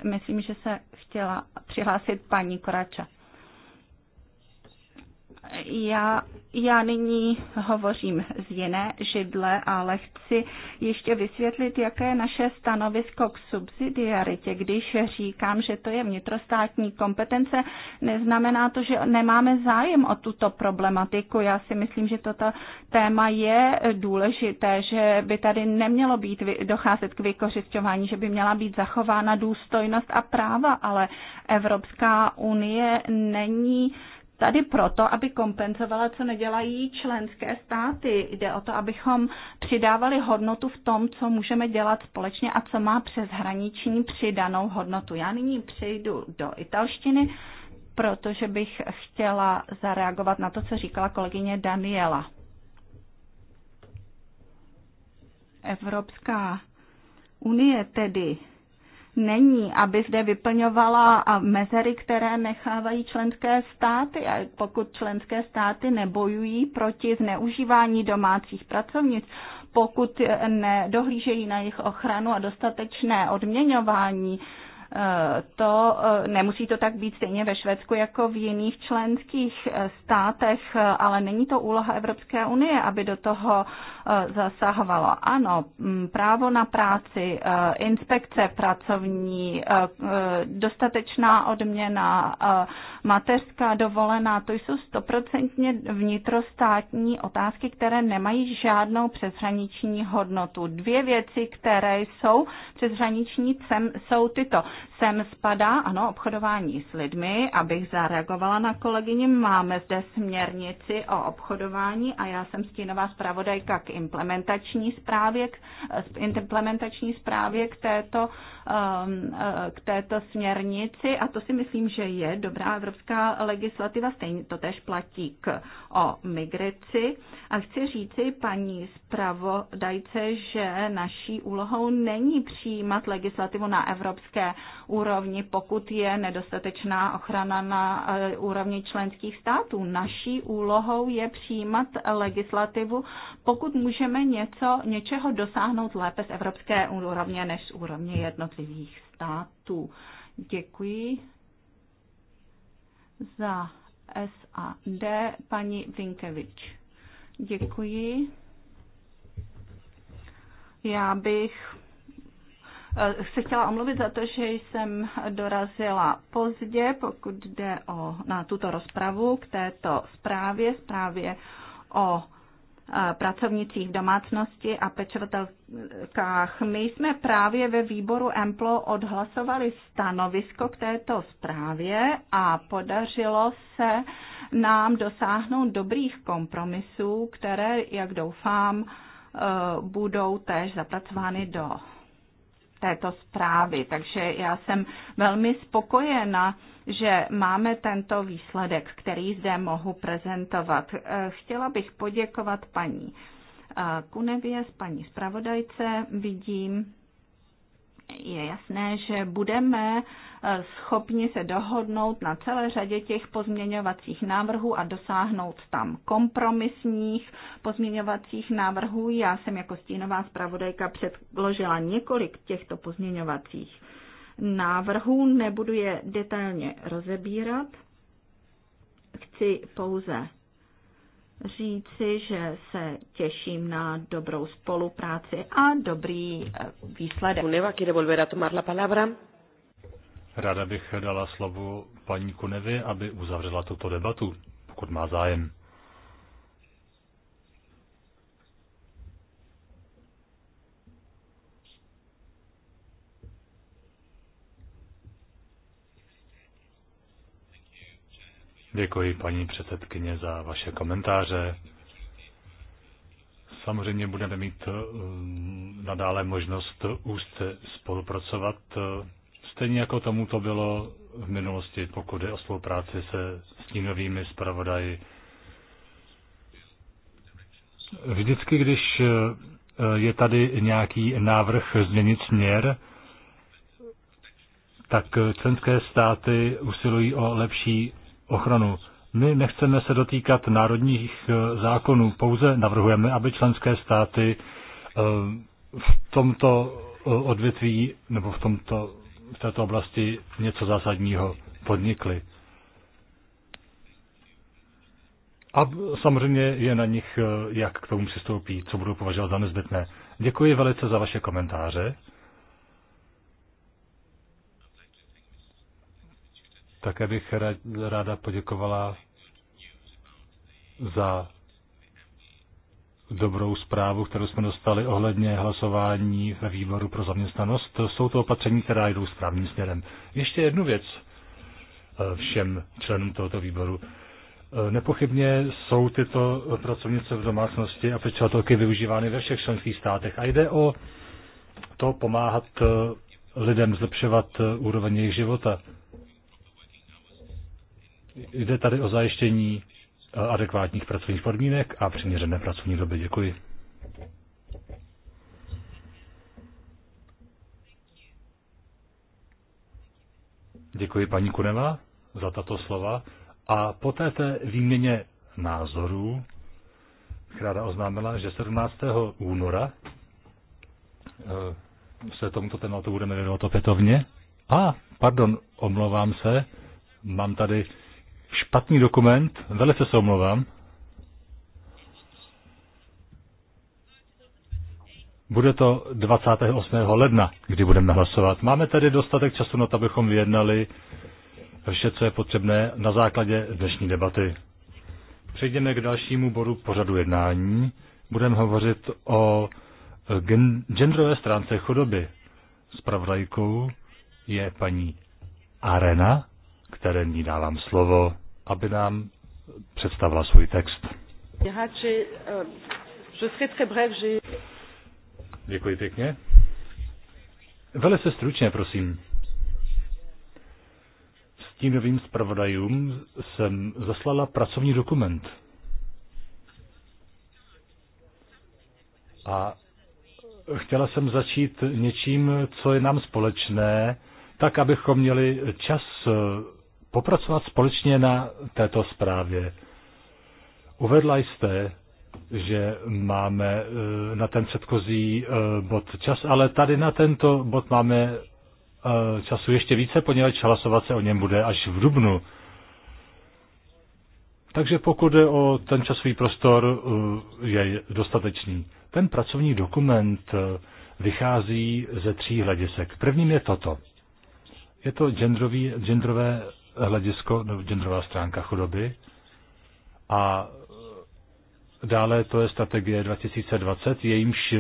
[SPEAKER 4] myslím, že se chtěla přihlásit paní Korača. Já, já nyní hovořím z jiné židle, ale chci ještě vysvětlit, jaké je naše stanovisko k subsidiaritě. Když říkám, že to je vnitrostátní kompetence, neznamená to, že nemáme zájem o tuto problematiku. Já si myslím, že toto téma je důležité, že by tady nemělo být docházet k vykořišťování, že by měla být zachována důstojnost a práva, ale Evropská unie není tady proto, aby kompenzovala, co nedělají členské státy. Jde o to, abychom přidávali hodnotu v tom, co můžeme dělat společně a co má přeshraniční přidanou hodnotu. Já nyní přejdu do italštiny, protože bych chtěla zareagovat na to, co říkala kolegyně Daniela. Evropská unie tedy není, aby zde vyplňovala mezery, které nechávají členské státy. A pokud členské státy nebojují proti zneužívání domácích pracovnic, pokud nedohlížejí na jejich ochranu a dostatečné odměňování, Eh, to eh, nemusí to tak být stejně ve Švédsku jako v jiných členských eh, státech, ale není to úloha Evropské unie, aby do toho zasahovalo. Ano, mm, právo na práci, inspekce pracovní, dostatečná odměna, mateřská dovolená, to jsou stoprocentně vnitrostátní otázky, které nemají žádnou přeshraniční hodnotu. Dvě věci, které jsou přeshraniční, jsou tyto sem spadá, ano, obchodování s lidmi, abych zareagovala na kolegyně, Máme zde směrnici o obchodování a já jsem stínová zpravodajka k implementační zprávě, k eh, implementační zprávě k této, ehm, eh, k této směrnici a to si myslím, že je dobrá evropská legislativa, stejně to tež platí k, o migraci. A chci říci paní zpravodajce, že naší úlohou není přijímat legislativu na evropské úrovni, pokud je nedostatečná ochrana na eh, úrovni členských států. Naší úlohou je přijímat legislativu, pokud můžeme něco, něčeho dosáhnout lépe z evropské úrovně než z úrovně jednotlivých států. Děkuji za SAD paní Vinkevič. Děkuji. Já bych Eh, se chtěla omluvit za to, že jsem dorazila pozdě, pokud jde o, na tuto rozpravu k této zprávě, zprávě o eh, pracovnicích v domácnosti a pečovatelkách. My jsme právě ve výboru EMPLO odhlasovali stanovisko k této zprávě a podařilo se nám dosáhnout dobrých kompromisů, které, jak doufám, eh, budou též zapracovány do této zprávy. Takže já jsem velmi spokojena, že máme tento výsledek, který zde mohu prezentovat. Eh, chtěla bych poděkovat paní eh, Kunevě, paní zpravodajce. Vidím, je jasné, že budeme eh, schopni se dohodnout na celé řadě těch pozměňovacích návrhů a dosáhnout tam kompromisních pozměňovacích návrhů. Já jsem jako stínová zpravodajka předložila několik těchto pozměňovacích návrhů, nebudu je detailně rozebírat. Chci pouze říci, že se těším na dobrou spolupráci a dobrý eh, výsledek.
[SPEAKER 5] Ráda bych dala slovo paní Kunevi, aby uzavřela tuto debatu, pokud má zájem. Děkuji paní předsedkyně za vaše komentáře. Samozřejmě budeme mít eh, nadále možnost úzce spolupracovat, eh, stejně jako tomu to bylo v minulosti, pokud je o spolupráci se stínovými zpravodaji. Vždycky, když eh, je tady nějaký návrh změnit směr, tak členské státy usilují o lepší ochranu. My nechceme se dotýkat národních eh, zákonů, pouze navrhujeme, aby členské státy eh, v tomto eh, odvětví nebo v, tomto, v této oblasti něco zásadního podnikly. A samozřejmě je na nich, jak k tomu přistoupí, co budou považovat za nezbytné. Děkuji velice za vaše komentáře. Také bych ráda poděkovala za dobrou zprávu, kterou jsme dostali ohledně hlasování ve výboru pro zaměstnanost. Jsou to opatření, která jdou správným směrem. Ještě jednu věc eh, všem členům tohoto výboru. Eh, nepochybně jsou tyto pracovnice v domácnosti a pečovatelky využívány ve všech členských státech a jde o to pomáhat eh, lidem zlepšovat úroveň jejich života. Jde tady o zajištění e, adekvátních pracovních podmínek a přiměřené pracovní doby. Děkuji. Děkuji paní Kuneva za tato slova. A po této výměně názorů bych ráda oznámila, že 17. února e, se tomuto tématu budeme věnovat opětovně. A, ah, pardon, omlouvám se, mám tady špatný dokument, velice se omlouvám. Bude to 28. ledna, kdy budeme hlasovat. Máme tedy dostatek času na to, abychom vyjednali vše, co je potřebné na základě dnešní debaty. Přejdeme k dalšímu bodu pořadu jednání. Budeme hovořit o genderové stránce chudoby. Spravodajkou je paní Arena, které ní dávám slovo aby nám představila svůj text. Eh, Děkuji pěkně. Velice stručně, prosím. S tím novým zpravodajům jsem zaslala pracovní dokument. A chtěla jsem začít něčím, co je nám společné, tak abychom měli čas eh, popracovat společně na této zprávě. Uvedla jste, že máme eh, na ten předchozí eh, bod čas, ale tady na tento bod máme eh, času ještě více, poněvadž hlasovat se o něm bude až v dubnu. Takže pokud je o ten časový prostor, je dostatečný. Ten pracovní dokument vychází ze tří hledisek. Prvním je toto. Je to genderový, genderové hledisko, no, genderová stránka chudoby. A e, dále to je strategie 2020, jejímž e,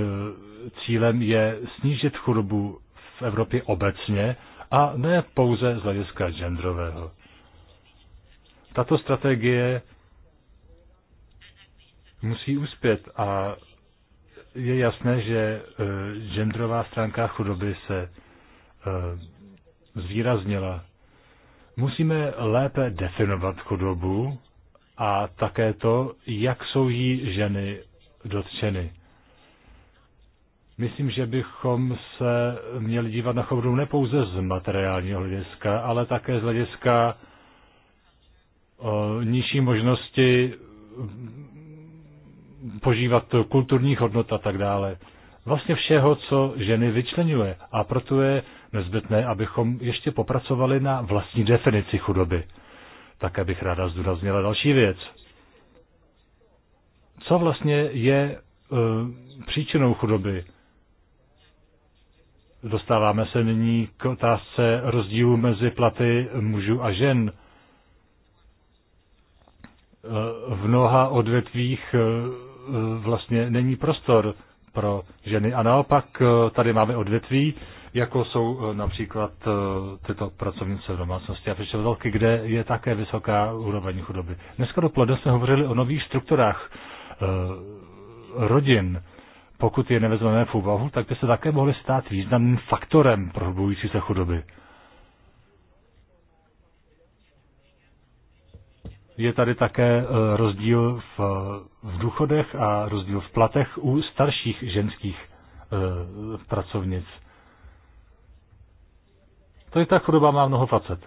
[SPEAKER 5] cílem je snížit chudobu v Evropě obecně a ne pouze z hlediska genderového. Tato strategie musí uspět a je jasné, že e, genderová stránka chudoby se zvýraznila Musíme lépe definovat chudobu a také to, jak jsou jí ženy dotčeny. Myslím, že bychom se měli dívat na chudobu nepouze z materiálního hlediska, ale také z hlediska nižší možnosti mm, požívat kulturních hodnot a tak dále. Vlastně všeho, co ženy vyčlenuje. A proto je nezbytné, abychom ještě popracovali na vlastní definici chudoby. Také bych ráda zdůraznila další věc. Co vlastně je e, příčinou chudoby? Dostáváme se nyní k otázce rozdílu mezi platy mužů a žen. E, v mnoha odvětvích e, vlastně není prostor pro ženy. A naopak e, tady máme odvětví, jako jsou eh, například eh, tyto pracovnice v domácnosti a pečovatelky, kde je také vysoká úroveň chudoby. Dneska dopoledne jsme hovořili o nových strukturách eh, rodin. Pokud je nevezmeme v úvahu, tak by se také mohly stát významným faktorem prohlubující se chudoby. je tady také rozdíl v, v důchodech a rozdíl v platech u starších ženských e, pracovnic. To je ta chudoba má mnoho facet.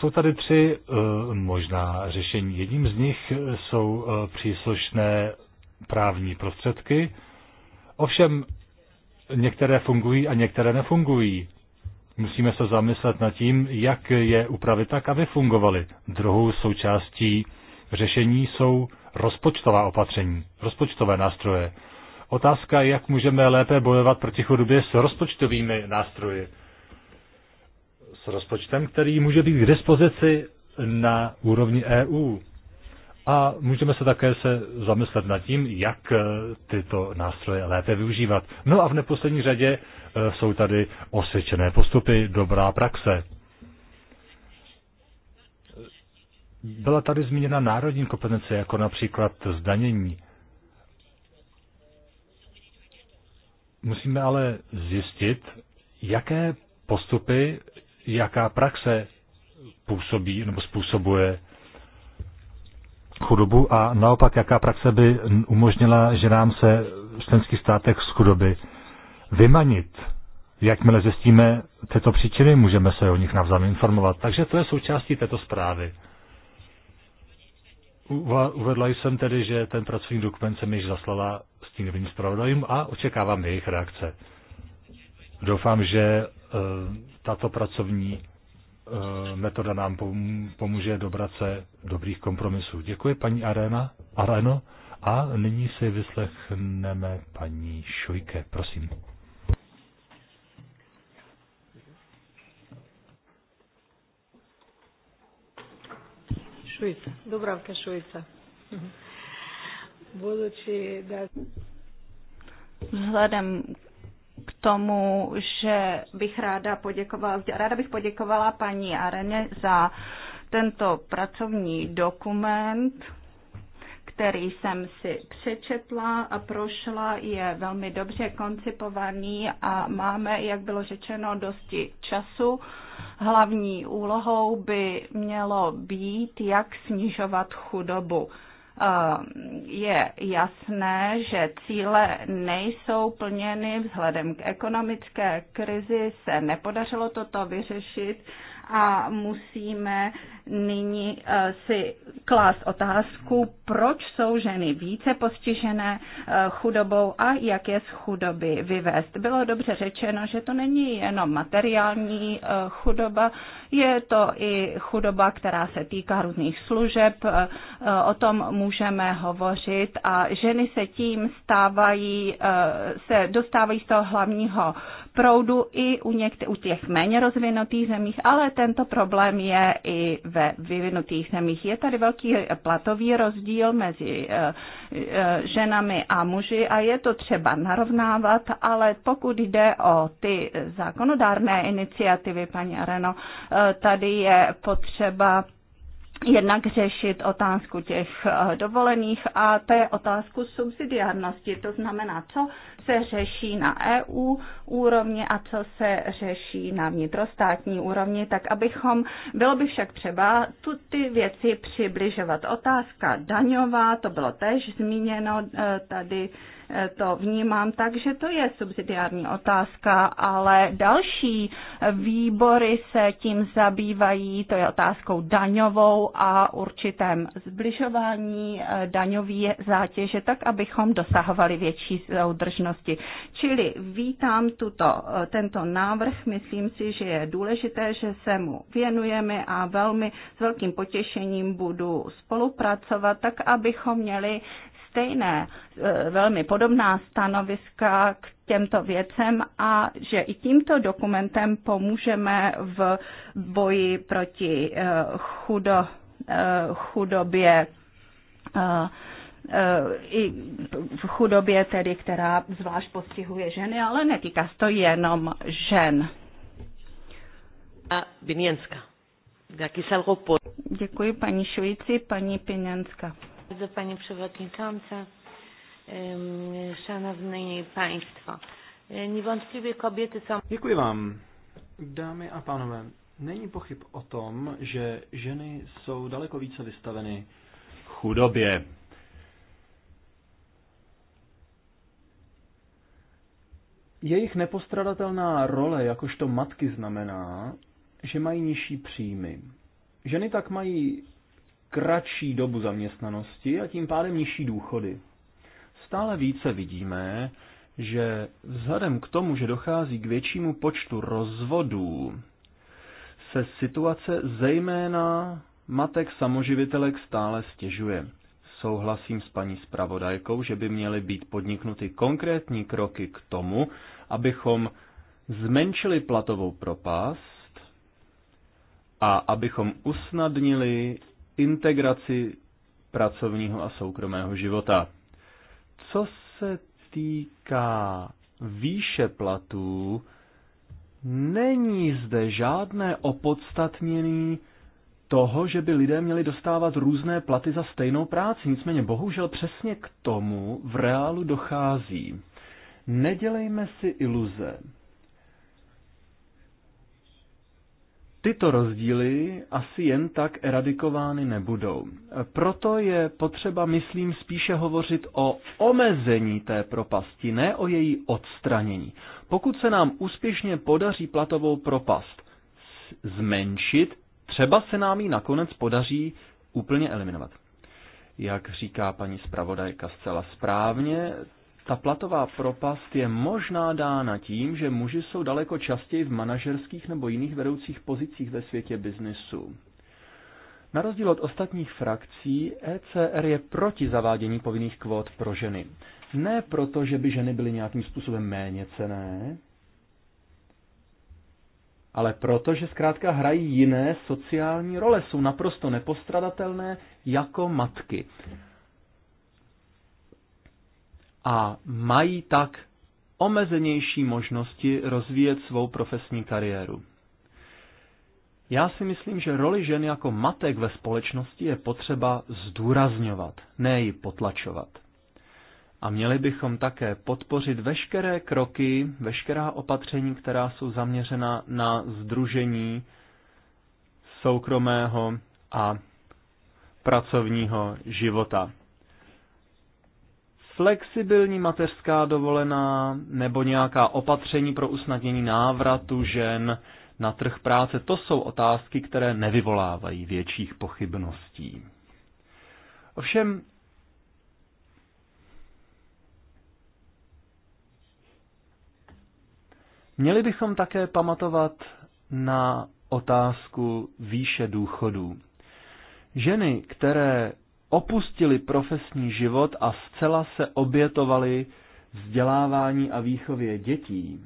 [SPEAKER 5] Jsou tady tři eh, možná řešení. Jedním z nich eh, jsou eh, příslušné právní prostředky. Ovšem některé fungují a některé nefungují. Musíme se zamyslet nad tím, jak je upravit tak, aby fungovaly. Druhou součástí řešení jsou rozpočtová opatření, rozpočtové nástroje. Otázka jak můžeme lépe bojovat proti chudobě s rozpočtovými nástroji. S rozpočtem, který může být k dispozici na úrovni EU. A můžeme se také se zamyslet nad tím, jak eh, tyto nástroje lépe využívat. No a v neposlední řadě eh, jsou tady osvědčené postupy, dobrá praxe. Byla tady zmíněna národní kompetence, jako například zdanění. Musíme ale zjistit, jaké postupy, jaká praxe působí nebo způsobuje chudobu a naopak, jaká praxe by umožnila, že nám se v členských státech z chudoby vymanit. Jakmile zjistíme tyto příčiny, můžeme se o nich navzájem informovat. Takže to je součástí této zprávy. Uvedla jsem tedy, že ten pracovní dokument jsem již zaslala novým zpravodajům a očekávám jejich reakce. Doufám, že eh, tato pracovní eh, metoda nám pomůže dobrat se dobrých kompromisů. Děkuji, paní Arena, Areno. A nyní si vyslechneme paní Šujke, prosím.
[SPEAKER 4] Šujica, Dubravka Šujica. Mhm.
[SPEAKER 1] Budući da...
[SPEAKER 4] Vzhledem k tomu, že bych ráda poděkovala, ráda bych poděkovala paní Areně za tento pracovní dokument, který jsem si přečetla a prošla, je velmi dobře koncipovaný a máme, jak bylo řečeno, dosti času. Hlavní úlohou by mělo být, jak snižovat chudobu ehm, je jasné, že cíle nejsou plněny vzhledem k ekonomické krizi, se nepodařilo toto vyřešit a musíme nyní eh, si klást otázku, proč jsou ženy více postižené eh, chudobou a jak je z chudoby vyvést. Bylo dobře řečeno, že to není jenom materiální eh, chudoba, je to i chudoba, která se týká různých služeb, o tom můžeme hovořit a ženy se tím stávají, se dostávají z toho hlavního proudu i u, někde, u těch méně rozvinutých zemích, ale tento problém je i ve ve vyvinutých zemích. Je tady velký platový rozdíl mezi eh, eh, ženami a muži a je to třeba narovnávat, ale pokud jde o ty zákonodárné iniciativy, paní Areno, eh, tady je potřeba jednak řešit otázku těch dovolených a té otázku subsidiárnosti. To znamená, co se řeší na EU úrovni a co se řeší na vnitrostátní úrovni, tak abychom, bylo by však třeba tu ty věci přibližovat. Otázka daňová, to bylo tež zmíněno eh, tady to vnímám tak, že to je subsidiární otázka, ale další výbory se tím zabývají, to je otázkou daňovou a určitém zbližování eh, daňové zátěže, tak abychom dosahovali větší soudržnosti. Čili vítám tuto, eh, tento návrh, myslím si, že je důležité, že se mu věnujeme a velmi s velkým potěšením budu spolupracovat, tak abychom měli stejné, e, velmi podobná stanoviska k těmto věcem a že i tímto dokumentem pomůžeme v boji proti e, chudo, e, chudobě i v chudobě tedy, která zvlášť postihuje ženy, ale netýká se to jenom žen.
[SPEAKER 1] A Binienska.
[SPEAKER 4] Děkuji paní Švíci, paní Pinienska.
[SPEAKER 1] Bardzo panie Przewodnicząca, Szanowni Państwo. E, niewątpliwie kobiety
[SPEAKER 2] są... Děkuji vám. Dámy a pánové, není pochyb o tom, že ženy jsou daleko více vystaveny chudobě. Jejich nepostradatelná role jakožto matky znamená, že mají nižší příjmy. Ženy tak mají kratší dobu zaměstnanosti a tím pádem nižší důchody. Stále více vidíme, že vzhledem k tomu, že dochází k většímu počtu rozvodů, se situace zejména matek samoživitelek stále stěžuje. Souhlasím s paní zpravodajkou, že by měly být podniknuty konkrétní kroky k tomu, abychom zmenšili platovou propast a abychom usnadnili integraci pracovního a soukromého života. Co se týká výše platů, není zde žádné opodstatnění toho, že by lidé měli dostávat různé platy za stejnou práci. Nicméně bohužel přesně k tomu v reálu dochází. Nedělejme si iluze, Tyto rozdíly asi jen tak eradikovány nebudou. Proto je potřeba, myslím, spíše hovořit o omezení té propasti, ne o její odstranění. Pokud se nám úspěšně podaří platovou propast zmenšit, třeba se nám ji nakonec podaří úplně eliminovat. Jak říká paní zpravodajka zcela správně, ta platová propast je možná dána tím, že muži jsou daleko častěji v manažerských nebo jiných vedoucích pozicích ve světě biznesu. Na rozdíl od ostatních frakcí, ECR je proti zavádění povinných kvót pro ženy. Ne proto, že by ženy byly nějakým způsobem méně cené, ale proto, že zkrátka hrají jiné sociální role, jsou naprosto nepostradatelné jako matky a mají tak omezenější možnosti rozvíjet svou profesní kariéru. Já si myslím, že roli žen jako matek ve společnosti je potřeba zdůrazňovat, ne ji potlačovat. A měli bychom také podpořit veškeré kroky, veškerá opatření, která jsou zaměřena na združení soukromého a pracovního života flexibilní mateřská dovolená nebo nějaká opatření pro usnadnění návratu žen na trh práce, to jsou otázky, které nevyvolávají větších pochybností. Ovšem, měli bychom také pamatovat na otázku výše důchodů. Ženy, které opustili profesní život a zcela se obětovali vzdělávání a výchově dětí.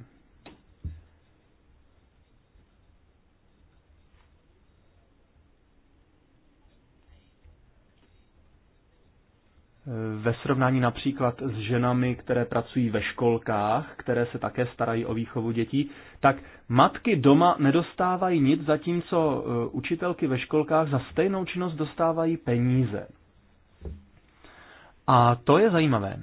[SPEAKER 2] Ve srovnání například s ženami, které pracují ve školkách, které se také starají o výchovu dětí, tak matky doma nedostávají nic, zatímco eh, učitelky ve školkách za stejnou činnost dostávají peníze. A to je zajímavé.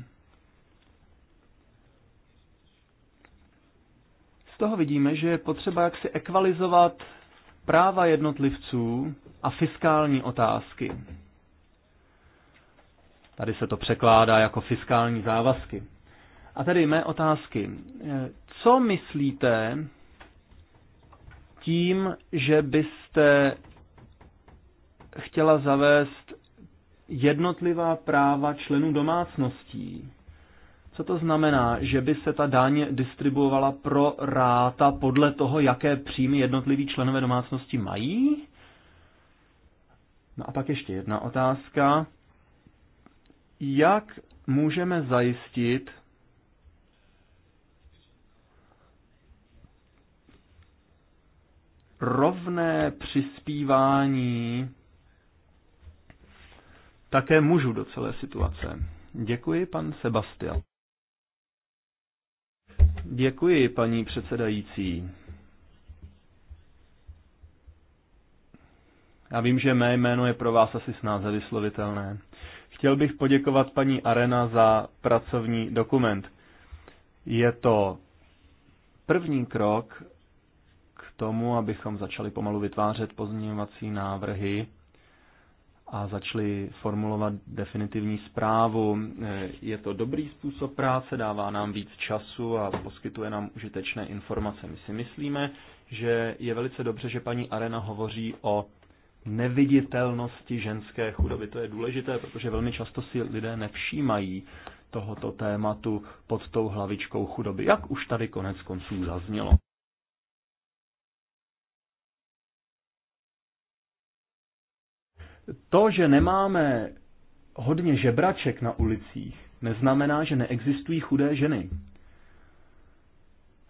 [SPEAKER 2] Z toho vidíme, že je potřeba jaksi ekvalizovat práva jednotlivců a fiskální otázky. Tady se to překládá jako fiskální závazky. A tady mé otázky. Eh, co myslíte tím, že byste chtěla zavést jednotlivá práva členů domácností. Co to znamená, že by se ta daň distribuovala pro ráta podle toho, jaké příjmy jednotliví členové domácnosti mají? No a pak ještě jedna otázka. Jak můžeme zajistit, rovné přispívání také mužů do celé situace. Děkuji, pan Sebastian. Děkuji, paní předsedající. Já vím, že mé jméno je pro vás asi snáze vyslovitelné. Chtěl bych poděkovat paní Arena za pracovní dokument. Je to první krok k tomu, abychom začali pomalu vytvářet pozměňovací návrhy, a začali formulovat definitivní zprávu. Je to dobrý způsob práce, dává nám víc času a poskytuje nám užitečné informace. My si myslíme, že je velice dobře, že paní Arena hovoří o neviditelnosti ženské chudoby. To je důležité, protože velmi často si lidé nevšímají tohoto tématu pod tou hlavičkou chudoby, jak už tady konec konců zaznělo. To, že nemáme hodně žebraček na ulicích, neznamená, že neexistují chudé ženy.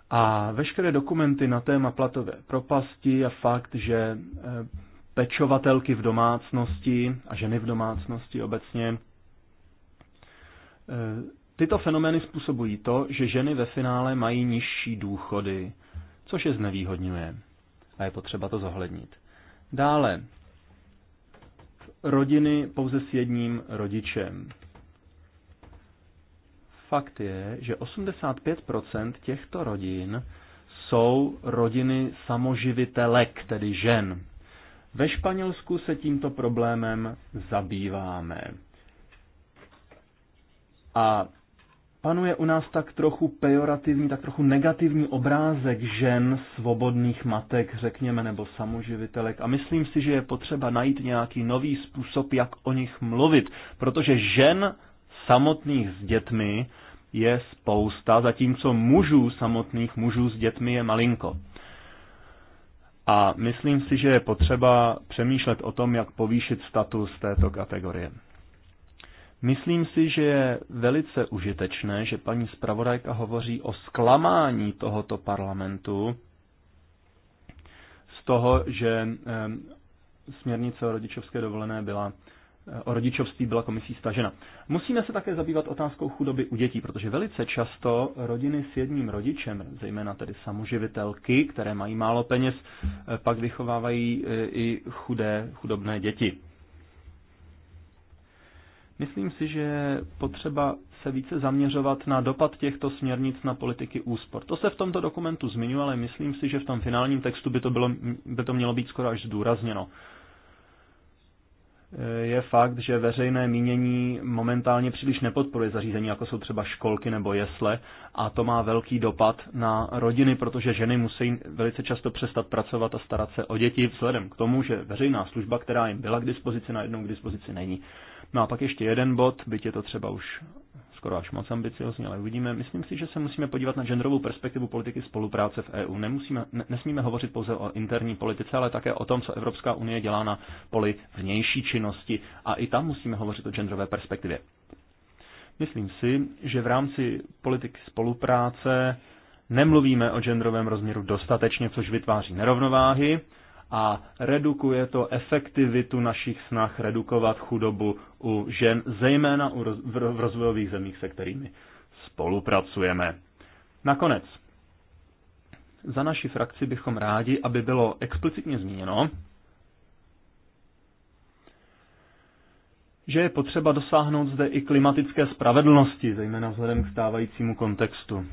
[SPEAKER 2] A veškeré dokumenty na téma platové propasti a fakt, že eh, pečovatelky v domácnosti a ženy v domácnosti obecně, eh, tyto fenomény způsobují to, že ženy ve finále mají nižší důchody, což je znevýhodňuje. A je potřeba to zohlednit. Dále, rodiny pouze s jedním rodičem. Fakt je, že 85% těchto rodin jsou rodiny samoživitelek, tedy žen. Ve Španělsku se tímto problémem zabýváme. A panuje u nás tak trochu pejorativní, tak trochu negativní obrázek žen, svobodných matek, řekněme, nebo samoživitelek. A myslím si, že je potřeba najít nějaký nový způsob, jak o nich mluvit, protože žen samotných s dětmi je spousta, zatímco mužů samotných mužů s dětmi je malinko. A myslím si, že je potřeba přemýšlet o tom, jak povýšit status této kategorie. Myslím si, že je velice užitečné, že paní zpravodajka hovoří o zklamání tohoto parlamentu z toho, že směrnice o rodičovské dovolené byla eh, o rodičovství byla komisí stažena. Musíme se také zabývat otázkou chudoby u dětí, protože velice často rodiny s jedním rodičem, zejména tedy samoživitelky, které mají málo peněz, eh, pak vychovávají eh, i chudé, chudobné děti. Myslím si, že je potřeba se více zaměřovat na dopad těchto směrnic na politiky úspor. To se v tomto dokumentu zmiňuje, ale myslím si, že v tom finálním textu by to, bylo, by to mělo být skoro až zdůrazněno. Je fakt, že veřejné mínění momentálně příliš nepodporuje zařízení, jako jsou třeba školky nebo jesle, a to má velký dopad na rodiny, protože ženy musí velice často přestat pracovat a starat se o děti, vzhledem k tomu, že veřejná služba, která jim byla k dispozici, najednou k dispozici není. No a pak ještě jeden bod, byť je to třeba už skoro až moc ambiciozní, ale uvidíme. Myslím si, že se musíme podívat na genderovou perspektivu politiky spolupráce v EU. Nemusíme, ne, nesmíme hovořit pouze o interní politice, ale také o tom, co Evropská unie dělá na poli vnější činnosti. A i tam musíme hovořit o genderové perspektivě. Myslím si, že v rámci politiky spolupráce nemluvíme o genderovém rozměru dostatečně, což vytváří nerovnováhy a redukuje to efektivitu našich snah redukovat chudobu u žen, zejména u roz, v, v rozvojových zemích, se kterými spolupracujeme. Nakonec, za naši frakci bychom rádi, aby bylo explicitně zmíněno, že je potřeba dosáhnout zde i klimatické spravedlnosti, zejména vzhledem k stávajícímu kontextu.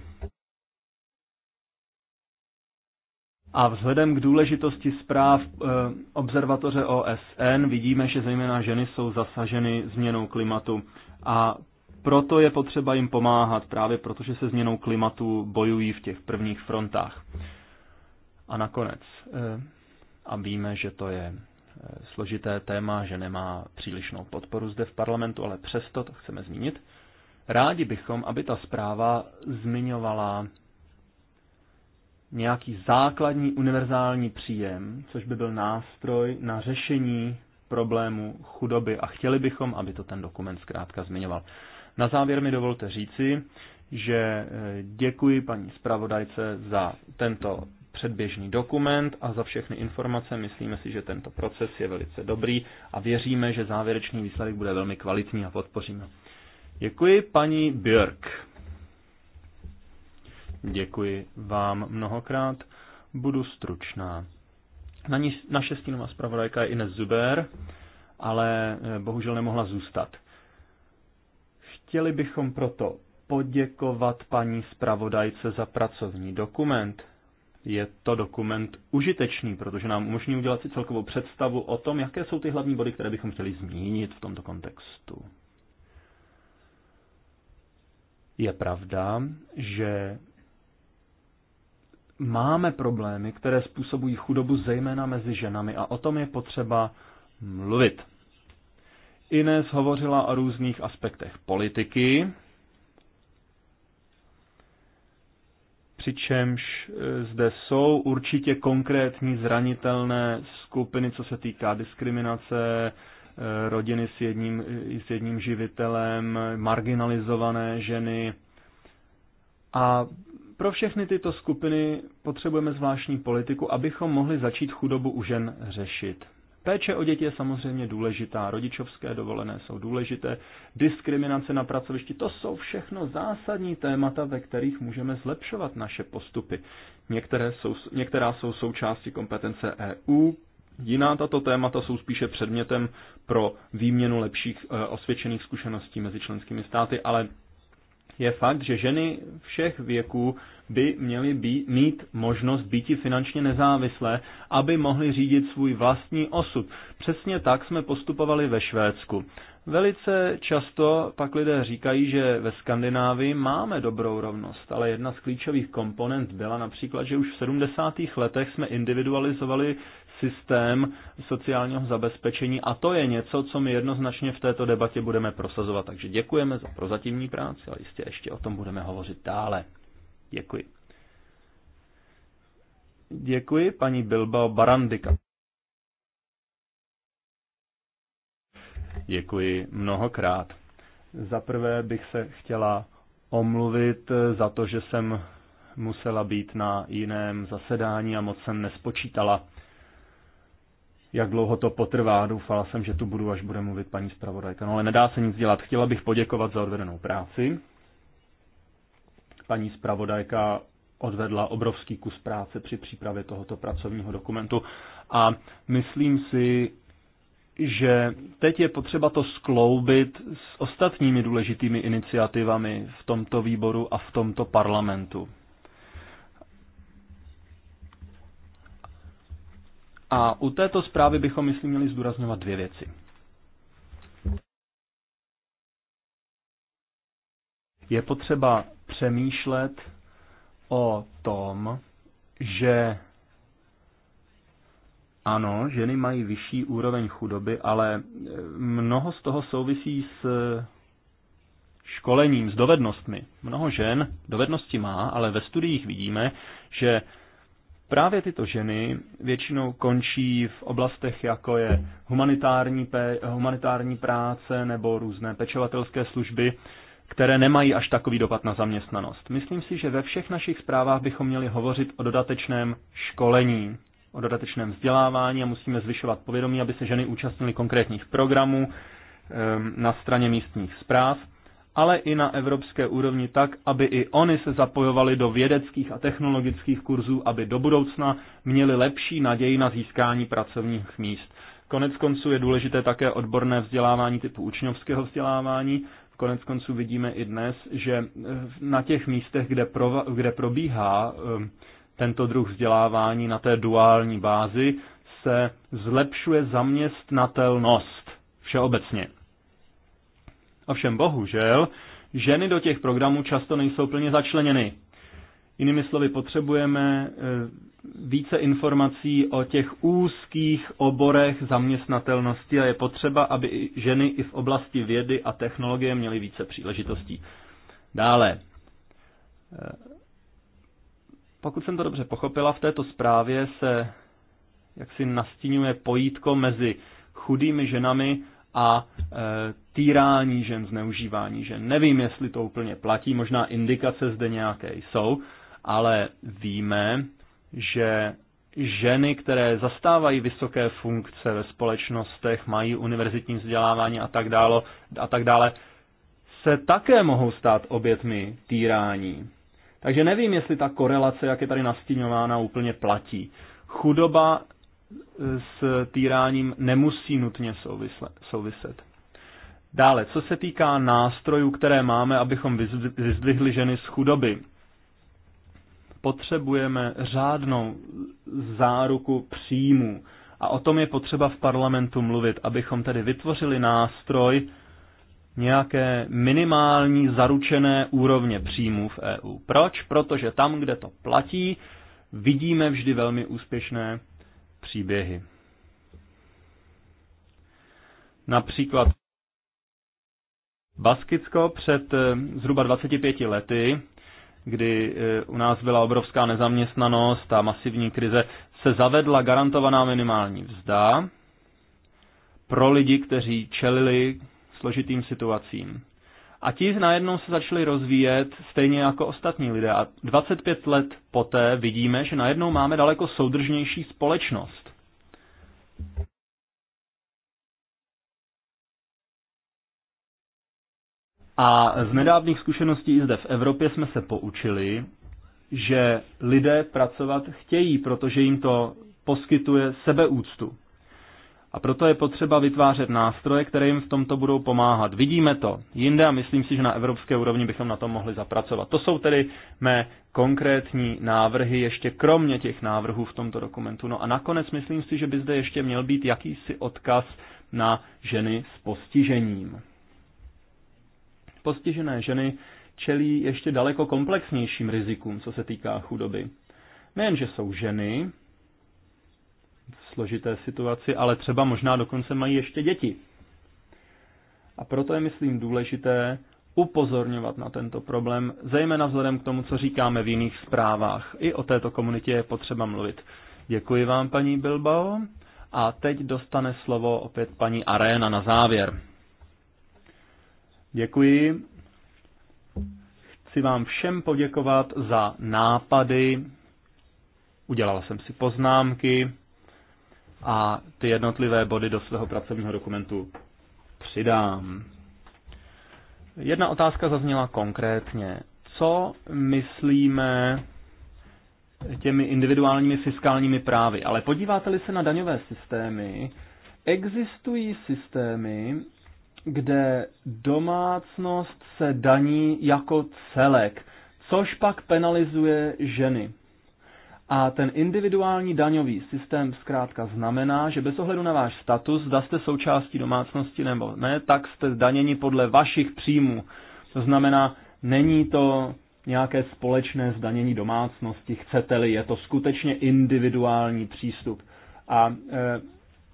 [SPEAKER 2] A vzhledem k důležitosti zpráv eh, observatoře OSN vidíme, že zejména ženy jsou zasaženy změnou klimatu a proto je potřeba jim pomáhat, právě protože se změnou klimatu bojují v těch prvních frontách. A nakonec, eh, a víme, že to je eh, složité téma, že nemá přílišnou podporu zde v parlamentu, ale přesto to chceme zmínit, rádi bychom, aby ta zpráva zmiňovala nějaký základní univerzální příjem, což by byl nástroj na řešení problému chudoby a chtěli bychom, aby to ten dokument zkrátka zmiňoval. Na závěr mi dovolte říci, že e, děkuji paní zpravodajce za tento předběžný dokument a za všechny informace. Myslíme si, že tento proces je velice dobrý a věříme, že závěrečný výsledek bude velmi kvalitní a podpoříme. Děkuji paní Björk. Děkuji vám mnohokrát. Budu stručná. Na ní, naše stínová zpravodajka je Ines Zuber, ale eh, bohužel nemohla zůstat. Chtěli bychom proto poděkovat paní zpravodajce za pracovní dokument. Je to dokument užitečný, protože nám umožní udělat si celkovou představu o tom, jaké jsou ty hlavní body, které bychom chtěli zmínit v tomto kontextu. Je pravda, že máme problémy, které způsobují chudobu zejména mezi ženami a o tom je potřeba mluvit. Ines hovořila o různých aspektech politiky, přičemž e, zde jsou určitě konkrétní zranitelné skupiny, co se týká diskriminace, e, rodiny s jedním, e, s jedním živitelem, marginalizované ženy. A pro všechny tyto skupiny potřebujeme zvláštní politiku, abychom mohli začít chudobu u žen řešit. Péče o děti je samozřejmě důležitá, rodičovské dovolené jsou důležité, diskriminace na pracovišti, to jsou všechno zásadní témata, ve kterých můžeme zlepšovat naše postupy. Některé jsou, některá jsou součástí kompetence EU, jiná tato témata jsou spíše předmětem pro výměnu lepších e, osvědčených zkušeností mezi členskými státy, ale je fakt, že ženy všech věků by měly být, mít možnost být finančně nezávislé, aby mohly řídit svůj vlastní osud. Přesně tak jsme postupovali ve Švédsku. Velice často pak lidé říkají, že ve Skandinávii máme dobrou rovnost, ale jedna z klíčových komponent byla například, že už v 70. letech jsme individualizovali systém sociálního zabezpečení a to je něco, co my jednoznačně v této debatě budeme prosazovat. Takže děkujeme za prozatímní práci a jistě ještě o tom budeme hovořit dále. Děkuji. Děkuji paní Bilbao Barandika. Děkuji mnohokrát. Za prvé bych se chtěla omluvit za to, že jsem musela být na jiném zasedání a moc jsem nespočítala jak dlouho to potrvá. Doufala jsem, že tu budu, až bude mluvit paní zpravodajka. No ale nedá se nic dělat. Chtěla bych poděkovat za odvedenou práci. Paní zpravodajka odvedla obrovský kus práce při přípravě tohoto pracovního dokumentu a myslím si, že teď je potřeba to skloubit s ostatními důležitými iniciativami v tomto výboru a v tomto parlamentu. A u této zprávy bychom, myslím, měli zdůrazňovat dvě věci. Je potřeba přemýšlet o tom, že ano, ženy mají vyšší úroveň chudoby, ale e, mnoho z toho souvisí s školením, s dovednostmi. Mnoho žen dovednosti má, ale ve studiích vidíme, že Právě tyto ženy většinou končí v oblastech, jako je humanitární, pe- humanitární práce nebo různé pečovatelské služby, které nemají až takový dopad na zaměstnanost. Myslím si, že ve všech našich zprávách bychom měli hovořit o dodatečném školení, o dodatečném vzdělávání a musíme zvyšovat povědomí, aby se ženy účastnily konkrétních programů ehm, na straně místních zpráv ale i na evropské úrovni tak, aby i oni se zapojovali do vědeckých a technologických kurzů, aby do budoucna měli lepší naději na získání pracovních míst. Konec konců je důležité také odborné vzdělávání typu učňovského vzdělávání. Konec konců vidíme i dnes, že eh, na těch místech, kde, pro, kde probíhá eh, tento druh vzdělávání na té duální bázi, se zlepšuje zaměstnatelnost všeobecně. Ovšem bohužel, ženy do těch programů často nejsou plně začleněny. Jinými slovy, potřebujeme e, více informací o těch úzkých oborech zaměstnatelnosti a je potřeba, aby ženy i v oblasti vědy a technologie měly více příležitostí. Dále, e, pokud jsem to dobře pochopila, v této zprávě se jaksi nastínuje pojítko mezi chudými ženami a e, týrání žen, zneužívání žen. Nevím, jestli to úplně platí, možná indikace zde nějaké jsou, ale víme, že ženy, které zastávají vysoké funkce ve společnostech, mají univerzitní vzdělávání a tak dále, a tak dále se také mohou stát obětmi týrání. Takže nevím, jestli ta korelace, jak je tady nastíňována, úplně platí. Chudoba s týráním nemusí nutně souviset. Dále, co se týká nástrojů, které máme, abychom vyzdvihli ženy z chudoby, potřebujeme řádnou záruku příjmů. A o tom je potřeba v parlamentu mluvit, abychom tedy vytvořili nástroj nějaké minimální zaručené úrovně příjmů v EU. Proč? Protože tam, kde to platí, vidíme vždy velmi úspěšné příběhy. Například Baskicko před eh, zhruba 25 lety, kdy eh, u nás byla obrovská nezaměstnanost a masivní krize, se zavedla garantovaná minimální vzda pro lidi, kteří čelili složitým situacím. A ti najednou se začali rozvíjet stejně jako ostatní lidé. A 25 let poté vidíme, že najednou máme daleko soudržnější společnost. A z nedávných zkušeností i zde v Evropě jsme se poučili, že lidé pracovat chtějí, protože jim to poskytuje sebeúctu. A proto je potřeba vytvářet nástroje, které jim v tomto budou pomáhat. Vidíme to jinde a myslím si, že na evropské úrovni bychom na tom mohli zapracovat. To jsou tedy mé konkrétní návrhy, ještě kromě těch návrhů v tomto dokumentu. No a nakonec myslím si, že by zde ještě měl být jakýsi odkaz na ženy s postižením. Postižené ženy čelí ještě daleko komplexnějším rizikům, co se týká chudoby. Nejenže jsou ženy v složité situaci, ale třeba možná dokonce mají ještě děti. A proto je, myslím, důležité upozorňovat na tento problém, zejména vzhledem k tomu, co říkáme v jiných zprávách. I o této komunitě je potřeba mluvit. Děkuji vám, paní Bilbao. A teď dostane slovo opět paní Arena na závěr. Děkuji. Chci vám všem poděkovat za nápady. Udělal jsem si poznámky a ty jednotlivé body do svého pracovního dokumentu přidám. Jedna otázka zazněla konkrétně. Co myslíme těmi individuálními fiskálními právy? Ale podíváte-li se na daňové systémy, existují systémy, kde domácnost se daní jako celek, což pak penalizuje ženy. A ten individuální daňový systém zkrátka znamená, že bez ohledu na váš status, zda jste součástí domácnosti nebo ne, tak jste zdaněni podle vašich příjmů. To znamená, není to nějaké společné zdanění domácnosti, chcete-li, je to skutečně individuální přístup. A e,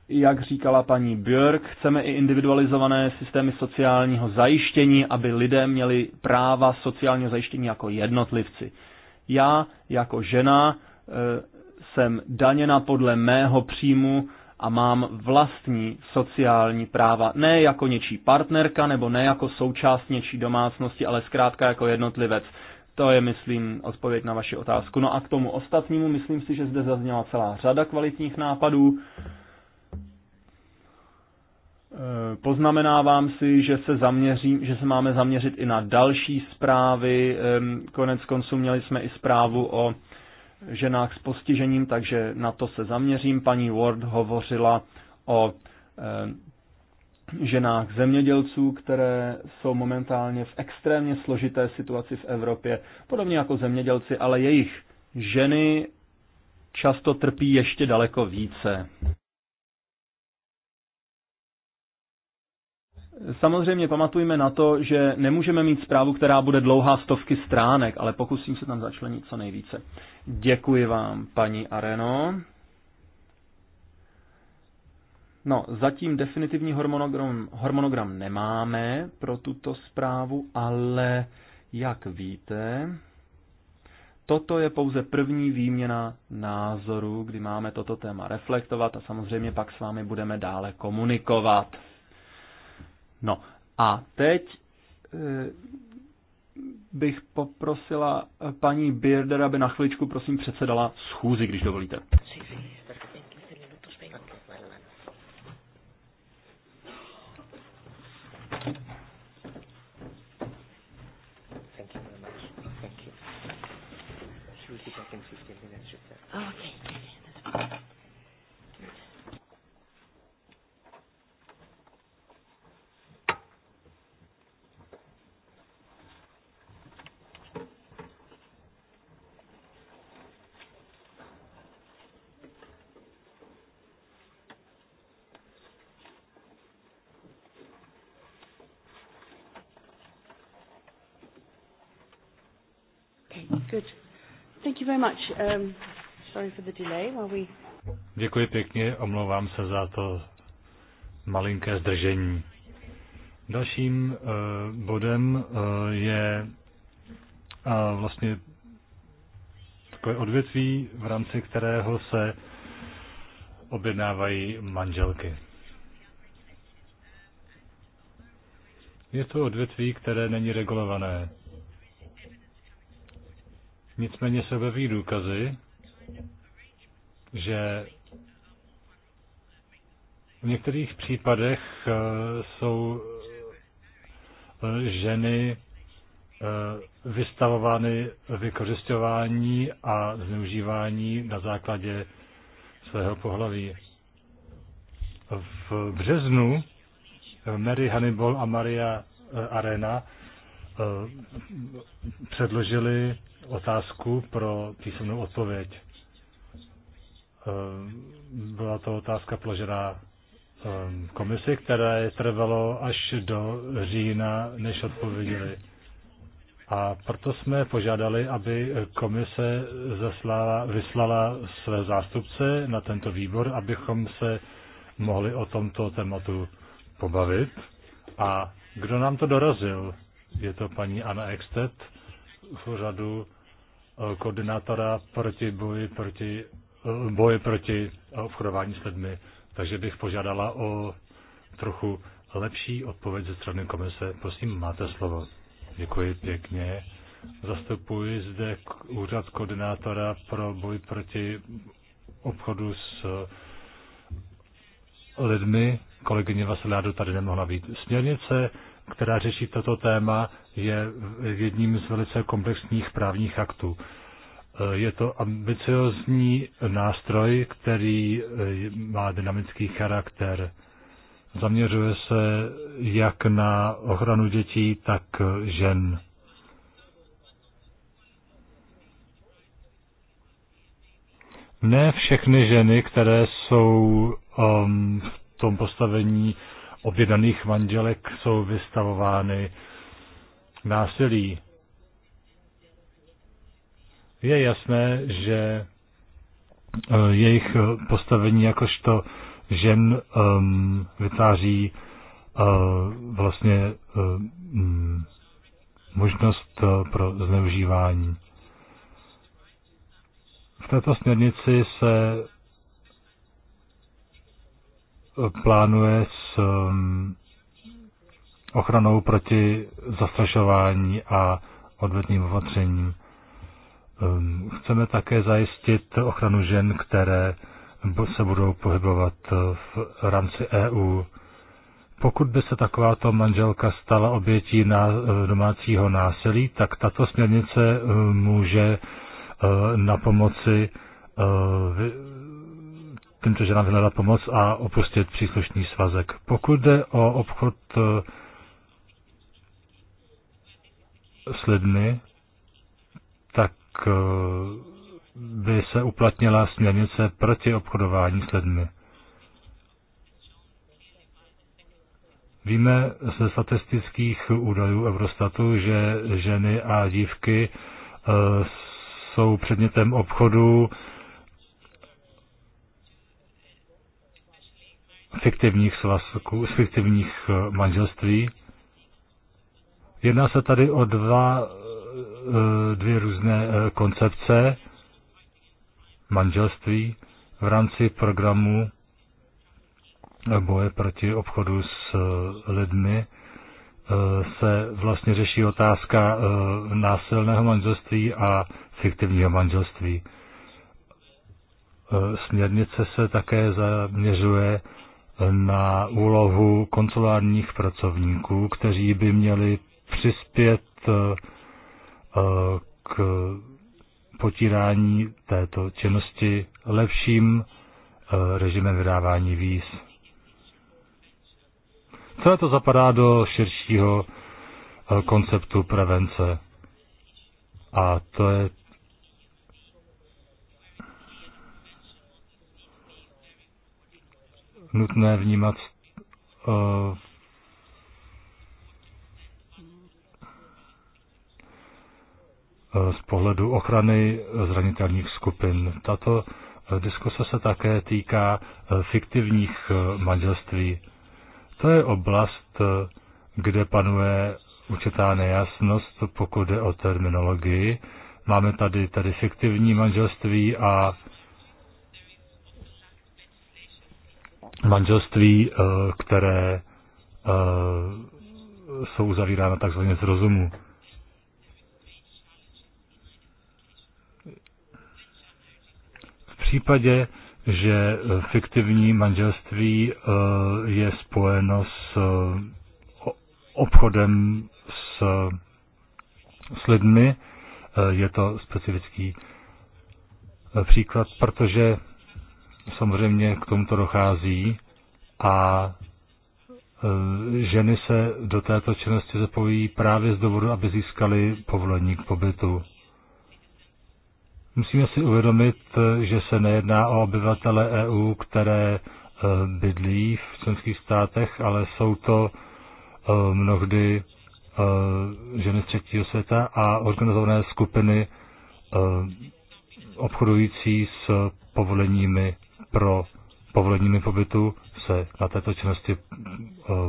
[SPEAKER 2] jak říkala paní Björk, chceme i individualizované systémy sociálního zajištění, aby lidé měli práva sociálního zajištění jako jednotlivci. Já jako žena e, jsem daněna podle mého příjmu a mám vlastní sociální práva, ne jako něčí partnerka nebo ne jako součást něčí domácnosti, ale zkrátka jako jednotlivec. To je, myslím, odpověď na vaši otázku. No a k tomu ostatnímu, myslím si, že zde zazněla celá řada kvalitních nápadů. Eh, poznamenávám si, že se, zaměřím, že se máme zaměřit i na další zprávy. Konec konců měli jsme i zprávu o ženách s postižením, takže na to se zaměřím. Paní Ward hovořila o eh, ženách zemědělců, které jsou momentálně v extrémně složité situaci v Evropě, podobně jako zemědělci, ale jejich ženy často trpí ještě daleko více. Samozřejmě pamatujme na to, že nemůžeme mít zprávu, která bude dlouhá stovky stránek, ale pokusím se tam začlenit co nejvíce. Děkuji vám, paní Areno. No, zatím definitivní hormonogram, hormonogram nemáme pro tuto zprávu, ale jak víte, toto je pouze první výměna názoru, kdy máme toto téma reflektovat a samozřejmě pak s vámi budeme dále komunikovat. No a teď eh, bych poprosila eh, paní Birder, aby na chviličku prosím předsedala schůzi, když dovolíte.
[SPEAKER 3] Okay. Um,
[SPEAKER 5] Děkuji pěkně, omlouvám se za to malinké zdržení. Dalším uh, bodem uh, je uh, vlastně takové odvětví, v rámci kterého se objednávají manželky. Je to odvětví, které není regulované. Nicméně se ve důkazy, že v některých případech eh, jsou eh, ženy eh, vystavovány vykořišťování a zneužívání na základě svého pohlaví. V březnu Mary Hannibal a Maria Arena Eh, předložili otázku pro písemnou odpověď. Eh, byla to otázka položená eh, komisi, které trvalo až do října, než odpověděli. A proto jsme požádali, aby komise zaslala, vyslala své zástupce na tento výbor, abychom se mohli o tomto tématu pobavit. A kdo nám to dorazil? je to paní Anna Extet v úřadu eh, koordinátora proti boji proti, eh, boje proti eh, obchodování s lidmi. Takže bych požádala o trochu lepší odpověď ze strany komise. Prosím, máte slovo. Děkuji pěkně. Zastupuji zde úřad koordinátora pro boj proti obchodu s lidmi. Kolegyně Vasiládu tady nemohla být. Směrnice která řeší toto téma, je jedním z velice komplexních právních aktů. E, je to ambiciozní nástroj, který e, má dynamický charakter. Zaměřuje se jak na ochranu dětí, tak žen. Ne všechny ženy, které jsou um, v tom postavení objednaných manželek jsou vystavovány násilí. Je jasné, že eh, jejich eh, postavení jakožto žen um, vytváří uh, vlastně um, možnost pro zneužívání. V této směrnici se plánuje s um, ochranou proti zastrašování a odvetným opatřením. Um, chceme také zajistit ochranu žen, které se budou pohybovat uh, v rámci EU. Pokud by se takováto manželka stala obětí na uh, domácího násilí, tak tato směrnice uh, může na pomoci těmto ženám vyhledat pomoc a opustit příslušný svazek. Pokud jde o obchod eh, s lidmi, tak eh, by se uplatnila směrnice proti obchodování s lidmi. Víme ze statistických údajů Eurostatu, že ženy a dívky eh, jsou předmětem obchodu fiktivních svazků, z fiktivních eh, manželství. Jedná se tady o dva, eh, dvě různé eh, koncepce manželství v rámci programu boje proti obchodu s lidmi se vlastně řeší otázka násilného manželství a fiktivního manželství. Směrnice se také zaměřuje na úlohu konsulárních pracovníků, kteří by měli přispět eh, k potírání této činnosti lepším eh, režimem vydávání víz. Celé to zapadá do širšího eh, konceptu prevence. A to je nutné vnímat eh, eh, z pohledu ochrany zranitelných skupin. Tato eh, diskuse se také týká fiktivních manželství. To je oblast, kde panuje určitá nejasnost, pokud je o terminologii. Máme tady tedy fiktivní manželství a manželství, eh, které eh, jsou uzavírána takzvaně z rozumu. V případě, že fiktivní manželství eh, je spojeno s obchodem s, s lidmi, je to specifický příklad, protože samozřejmě k tomuto dochází a e, ženy se do této činnosti zapojí právě z důvodu, aby získali povolení k pobytu. Musíme si uvědomit, že se nejedná o obyvatele EU, které e, bydlí v členských státech, ale jsou to e, mnohdy ženy z třetího světa a organizované skupiny obchodující s povoleními pro povolení pobytu se na této činnosti eh,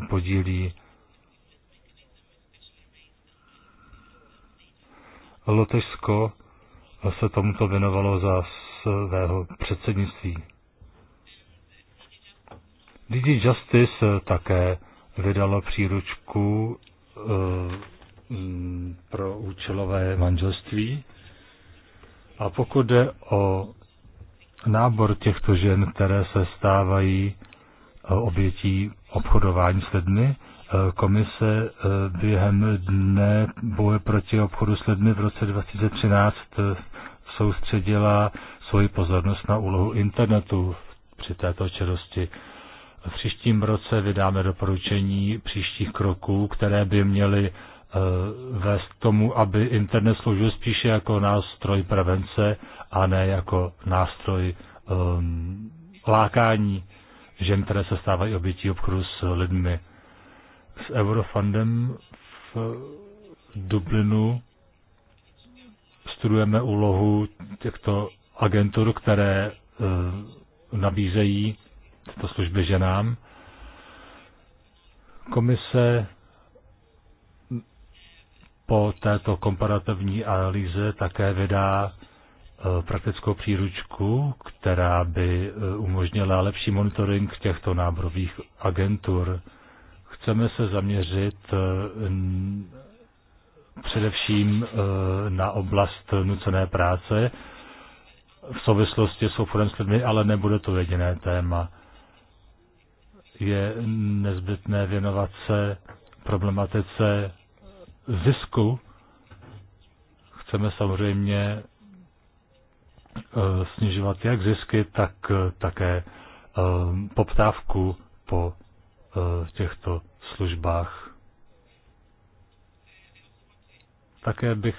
[SPEAKER 5] podílí Lotyšsko se tomuto věnovalo za svého předsednictví. DG Justice také vydalo příručku
[SPEAKER 3] eh,
[SPEAKER 5] mm, pro účelové manželství. A pokud jde o nábor těchto žen, které se stávají eh, obětí obchodování s lidmi. Eh, komise eh, během dne boje proti obchodu s lidmi v roce 2013 soustředila svoji pozornost na úlohu internetu při této čerosti. V příštím roce vydáme doporučení příštích kroků, které by měly vést k tomu, aby internet sloužil spíše jako nástroj prevence a ne jako nástroj um, lákání žen, které se stávají obětí obchodu s lidmi. S Eurofundem v Dublinu studujeme úlohu těchto agentur, které uh, nabízejí tyto služby ženám. Komise po této komparativní analýze také vydá Eh, praktickou příručku, která by eh, umožnila lepší monitoring těchto náborových agentur. Chceme se zaměřit eh, především na oblast nucené práce v souvislosti s obchodem s lidmi, ale nebude to jediné téma. Je nezbytné věnovat se problematice zisku. Chceme samozřejmě Eh, snižovat jak zisky, tak eh, také eh, poptávku po těchto službách. Také bych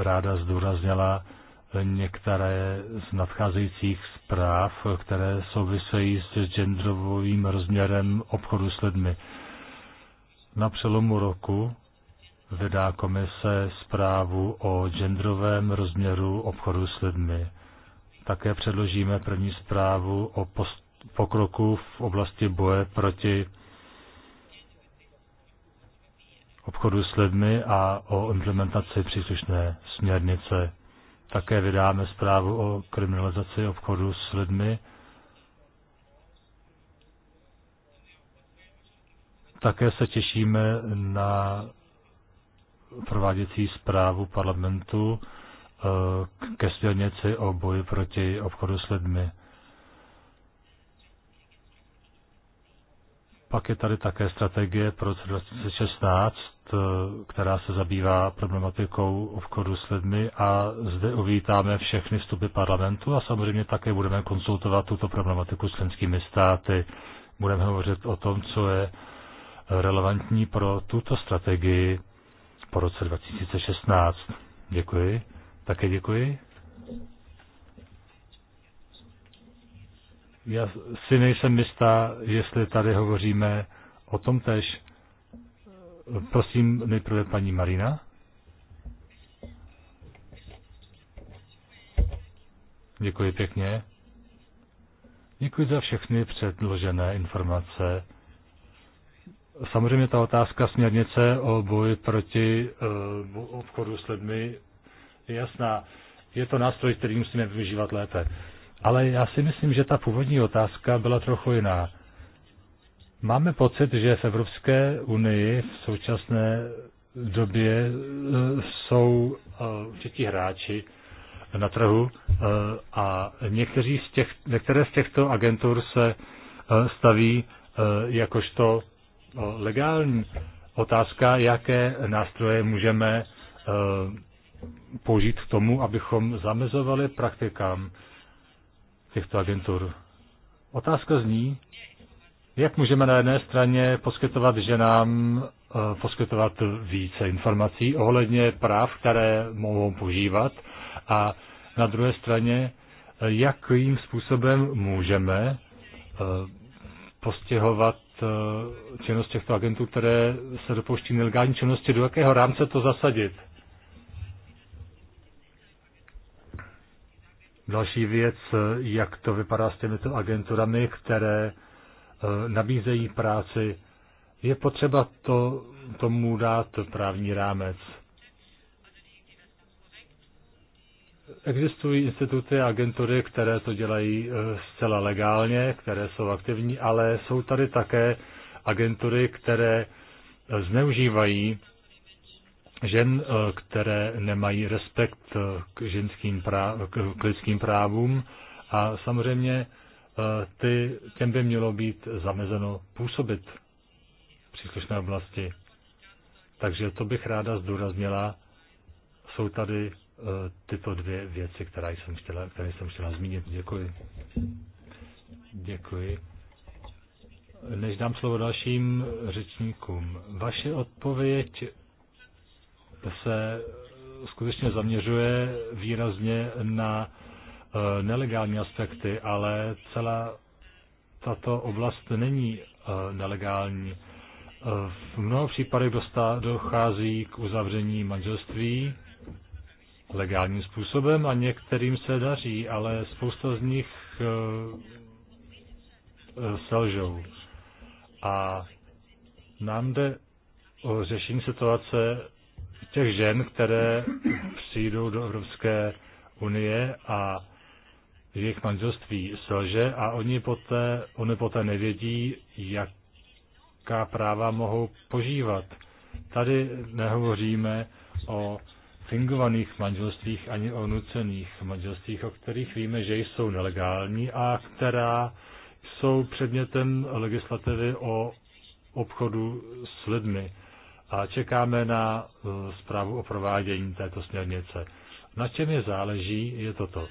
[SPEAKER 5] ráda zdůraznila některé z nadcházejících zpráv, které souvisejí s genderovým rozměrem obchodu s lidmi. Na přelomu roku vydá komise zprávu o genderovém rozměru obchodu s lidmi. Také předložíme první zprávu o pokroku v oblasti boje proti obchodu s lidmi a o implementaci příslušné směrnice. Také vydáme zprávu o kriminalizaci obchodu s lidmi. Také se těšíme na prováděcí zprávu parlamentu Eh, ke směrnici o boji proti obchodu s lidmi. Pak je tady také strategie pro 2016, eh, která se zabývá problematikou obchodu s lidmi a zde uvítáme všechny vstupy parlamentu a samozřejmě také budeme konsultovat tuto problematiku s členskými státy. Budeme hovořit o tom, co je relevantní pro tuto strategii po roce 2016. Děkuji. Také děkuji. Já si nejsem jistá, jestli tady hovoříme o tom tež. Prosím nejprve paní Marina. Děkuji pěkně. Děkuji za všechny předložené informace. Samozřejmě ta otázka směrnice o boji proti eh, obchodu s lidmi je jasná. Je to nástroj, který musíme využívat lépe. Ale já si myslím, že ta původní otázka byla trochu jiná. Máme pocit, že v Evropské unii v současné době e, jsou e, určití hráči na trhu e, a někteří z těch, některé z těchto agentur se staví jakožto legální. Otázka, jaké nástroje můžeme použít k tomu, abychom zamezovali praktikám těchto agentur. Otázka zní, jak můžeme na jedné straně poskytovat ženám eh, poskytovat více informací ohledně práv, které mohou požívat a na druhé straně, eh, jakým způsobem můžeme eh, postihovat činnost těchto agentů, které se dopouští nelegální činnosti, do jakého rámce to zasadit. Další věc, jak to vypadá s těmito agenturami, které e, nabízejí práci, je potřeba to, tomu dát právní rámec. Existují instituty a agentury, které to dělají e, zcela legálně, které jsou aktivní, ale jsou tady také agentury, které e, zneužívají žen, eh, které nemají respekt eh, k, ženským práv, k lidským právům a samozřejmě eh, ty, těm by mělo být zamezeno působit v příslušné oblasti. Takže to bych ráda zdůraznila. Jsou tady tyto dvě věci, které jsem chtěla, které jsem chtěla zmínit. Děkuji. Děkuji. Než dám slovo dalším řečníkům, vaše odpověď se eh, skutečně zaměřuje výrazně na eh, nelegální aspekty, ale celá tato oblast není eh, nelegální. V mnoha případech dochází k uzavření manželství legálním způsobem a některým se daří, ale spousta z nich selžou. A nám jde o řešení situace těch žen, které přijdou do Evropské unie a jejich manželství selže a oni poté, oni poté nevědí, jaká práva mohou požívat. Tady nehovoříme o fingovaných manželstvích ani o nucených manželstvích, o kterých víme, že jsou nelegální a která jsou předmětem legislativy o obchodu s lidmi a čekáme na eh, zprávu o provádění této směrnice. Na čem je záleží, je toto.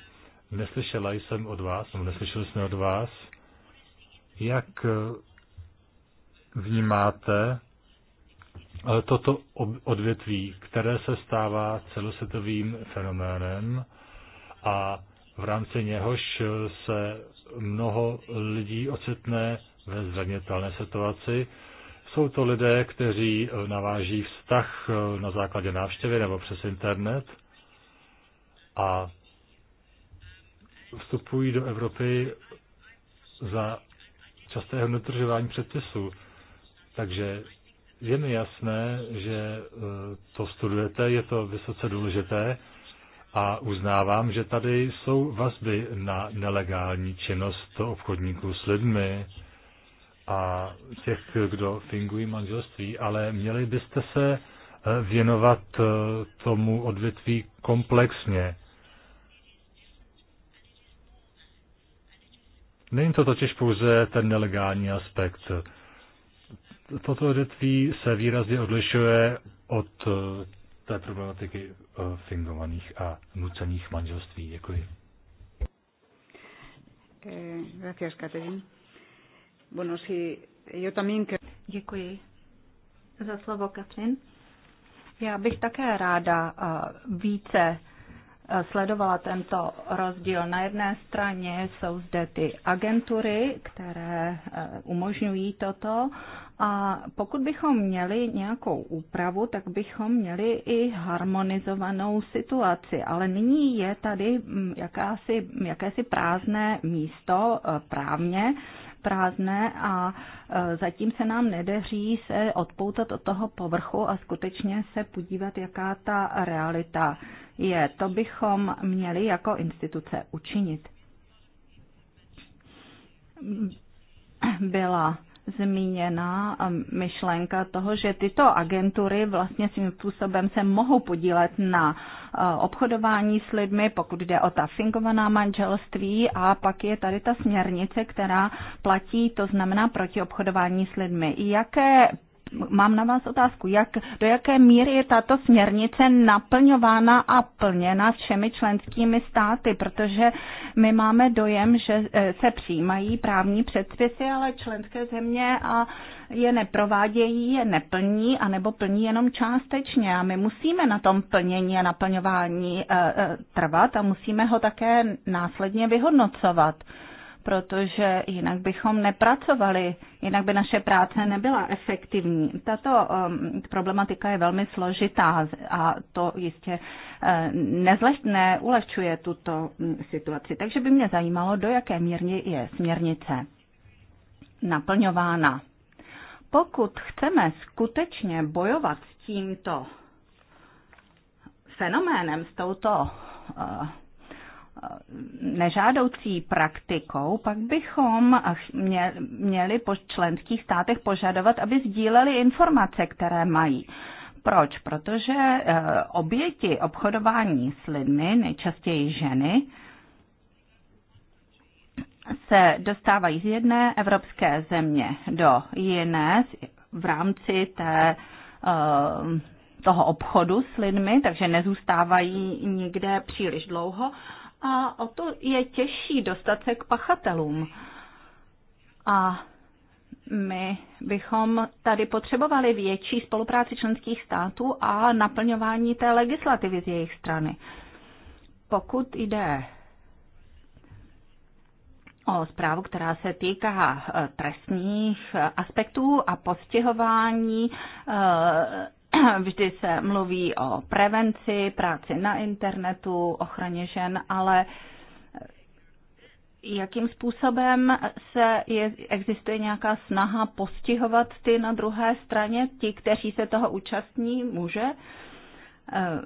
[SPEAKER 5] Neslyšela jsem od vás, nebo neslyšeli jsme od vás, jak eh, vnímáte eh, toto odvětví, které se stává celosvětovým fenoménem a v rámci něhož se mnoho lidí ocitne ve zranitelné situaci, jsou to lidé, kteří eh, naváží vztah eh, na základě návštěvy nebo přes internet a vstupují do Evropy za častého nedržování předpisů. Takže je mi jasné, že eh, to studujete, je to vysoce důležité a uznávám, že tady jsou vazby na nelegální činnost obchodníků s lidmi, a těch, kdo fingují manželství, ale měli byste se eh, věnovat eh, tomu odvětví komplexně. Není to totiž pouze ten nelegální aspekt. Toto odvětví se výrazně odlišuje od eh, té problematiky fingovaných a nucených manželství. Děkuji.
[SPEAKER 4] gracias, Kateřina. Bueno, si yo también que... Děkuji za slovo, Katrin. Já bych také ráda eh, více eh, sledovala tento rozdíl. Na jedné straně jsou zde ty agentury, které eh, umožňují toto a pokud bychom měli nějakou úpravu, tak bychom měli i harmonizovanou situaci. Ale nyní je tady mm, jakási, jakési prázdné místo právně prázdné a e, zatím se nám nedeří se odpoutat od toho povrchu a skutečně se podívat, jaká ta realita je. To bychom měli jako instituce učinit. Byla zmíněna myšlenka toho, že tyto agentury vlastně svým způsobem se mohou podílet na obchodování s lidmi, pokud jde o ta fingovaná manželství a pak je tady ta směrnice, která platí, to znamená proti obchodování s lidmi. Jaké Mám na vás otázku, jak, do jaké míry je tato směrnice naplňována a plněna všemi členskými státy, protože my máme dojem, že eh, se přijímají právní předpisy, ale členské země a je neprovádějí, je neplní, anebo plní jenom částečně. A my musíme na tom plnění a naplňování eh, eh, trvat a musíme ho také následně vyhodnocovat protože jinak bychom nepracovali, jinak by naše práce nebyla efektivní. Tato um, problematika je velmi složitá a to jistě uh, eh, ulehčuje tuto um, situaci. Takže by mě zajímalo, do jaké míry je směrnice naplňována. Pokud chceme skutečně bojovat s tímto fenoménem, s touto uh, nežádoucí praktikou, pak bychom měli po členských státech požadovat, aby sdíleli informace, které mají. Proč? Protože eh, oběti obchodování s lidmi, nejčastěji ženy, se dostávají z jedné evropské země do jiné v rámci té, eh, toho obchodu s lidmi, takže nezůstávají nikde příliš dlouho a o to je těžší dostat se k pachatelům. A my bychom tady potřebovali větší spolupráci členských států a naplňování té legislativy z jejich strany. Pokud jde o zprávu, která se týká eh, trestních eh, aspektů a postihování eh, Vždy se mluví o prevenci, práci na internetu, ochraně žen, ale jakým způsobem se je, existuje nějaká snaha postihovat ty na druhé straně, ti, kteří se toho účastní, muže? Eh,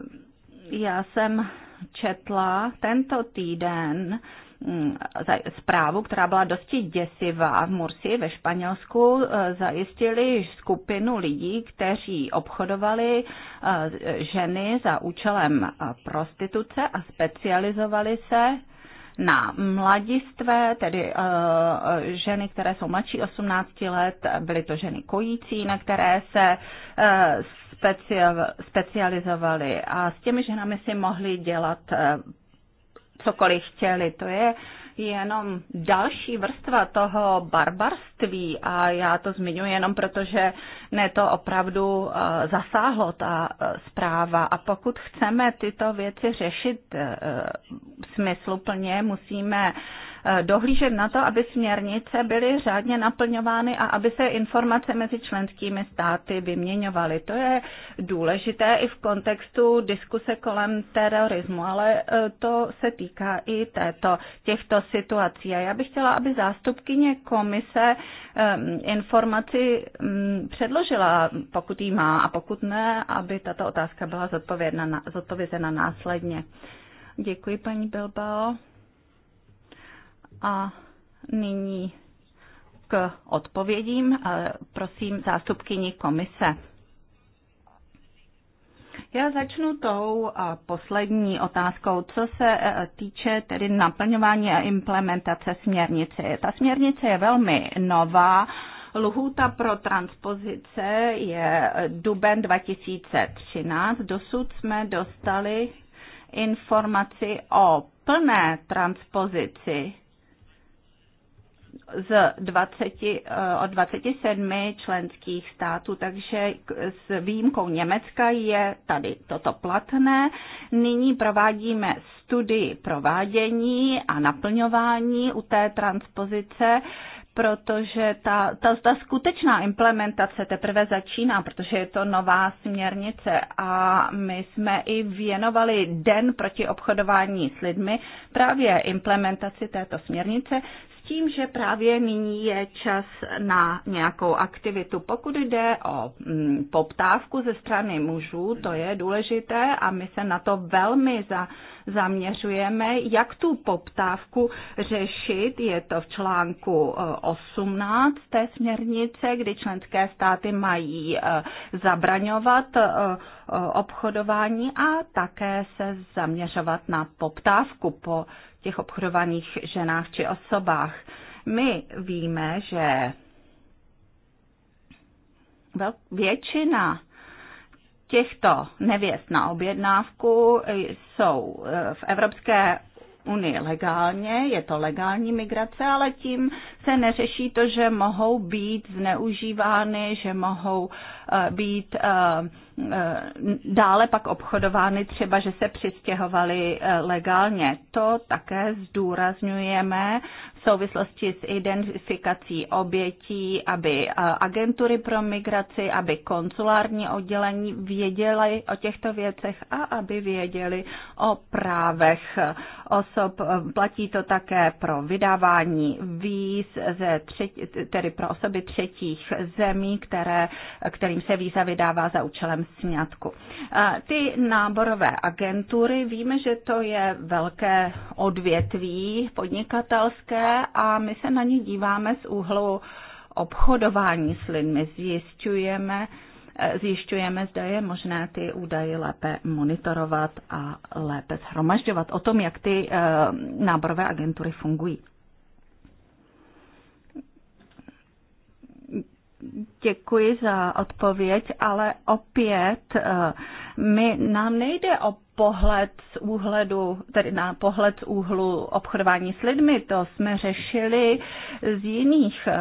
[SPEAKER 4] já jsem četla tento týden Mm, zprávu, která byla dosti děsivá v Mursi ve Španělsku, eh, zajistili skupinu lidí, kteří obchodovali eh, ženy za účelem eh, prostituce a specializovali se na mladistvé, tedy uh, ženy, které jsou mladší 18 let, byly to ženy kojící, na které se uh, specializovaly a s těmi ženami si mohli dělat uh, cokoliv chtěli. To je jenom další vrstva toho barbarství a já to zmiňuji jenom proto, že ne to opravdu eh, zasáhlo ta eh, zpráva a pokud chceme tyto věci řešit eh, smysluplně, musíme Eh, dohlížet na to, aby směrnice byly řádně naplňovány a aby se informace mezi členskými státy vyměňovaly. To je důležité i v kontextu diskuse kolem terorismu, ale eh, to se týká i této, těchto situací. A já bych chtěla, aby zástupkyně komise ehm, informaci mm, předložila, pokud jí má a pokud ne, aby tato otázka byla zodpovězena následně. Děkuji, paní Bilbao. A nyní k odpovědím. Eh, prosím zástupkyni komise. Já začnu tou eh, poslední otázkou, co se eh, týče tedy naplňování a implementace směrnice. Ta směrnice je velmi nová. Lhůta pro transpozice je duben 2013. Dosud jsme dostali informaci o plné transpozici z 20, eh, od 27 členských států, takže s výjimkou Německa je tady toto platné. Nyní provádíme studii provádění a naplňování u té transpozice protože ta, ta, ta skutečná implementace teprve začíná, protože je to nová směrnice a my jsme i věnovali den proti obchodování s lidmi právě implementaci této směrnice tím, že právě nyní je čas na nějakou aktivitu. Pokud jde o mm, poptávku ze strany mužů, to je důležité a my se na to velmi za, zaměřujeme, jak tu poptávku řešit. Je to v článku 18 eh, té směrnice, kdy členské státy mají eh, zabraňovat eh, obchodování a také se zaměřovat na poptávku po těch obchodovaných ženách či osobách. My víme, že většina těchto nevěst na objednávku jsou eh, v Evropské unii legálně, je to legální migrace, ale tím se neřeší to, že mohou být zneužívány, že mohou eh, být eh, Eh, dále pak obchodovány třeba, že se přistěhovali eh, legálně. To také zdůrazňujeme v souvislosti s identifikací obětí, aby eh, agentury pro migraci, aby konsulární oddělení věděly o těchto věcech a aby věděli o právech osob. Platí to také pro vydávání víz, ze třetí, tedy pro osoby třetích zemí, které, kterým se víza vydává za účelem sňatku. Ty náborové agentury, víme, že to je velké odvětví podnikatelské a my se na ně díváme z úhlu obchodování s lidmi. Zjišťujeme, zjišťujeme, zda je možné ty údaje lépe monitorovat a lépe shromažďovat o tom, jak ty eh, náborové agentury fungují. Děkuji za odpověď, ale opět eh, mi nám nejde o pohled z úhledu, tedy na pohled z úhlu obchodování s lidmi. To jsme řešili z jiných, eh,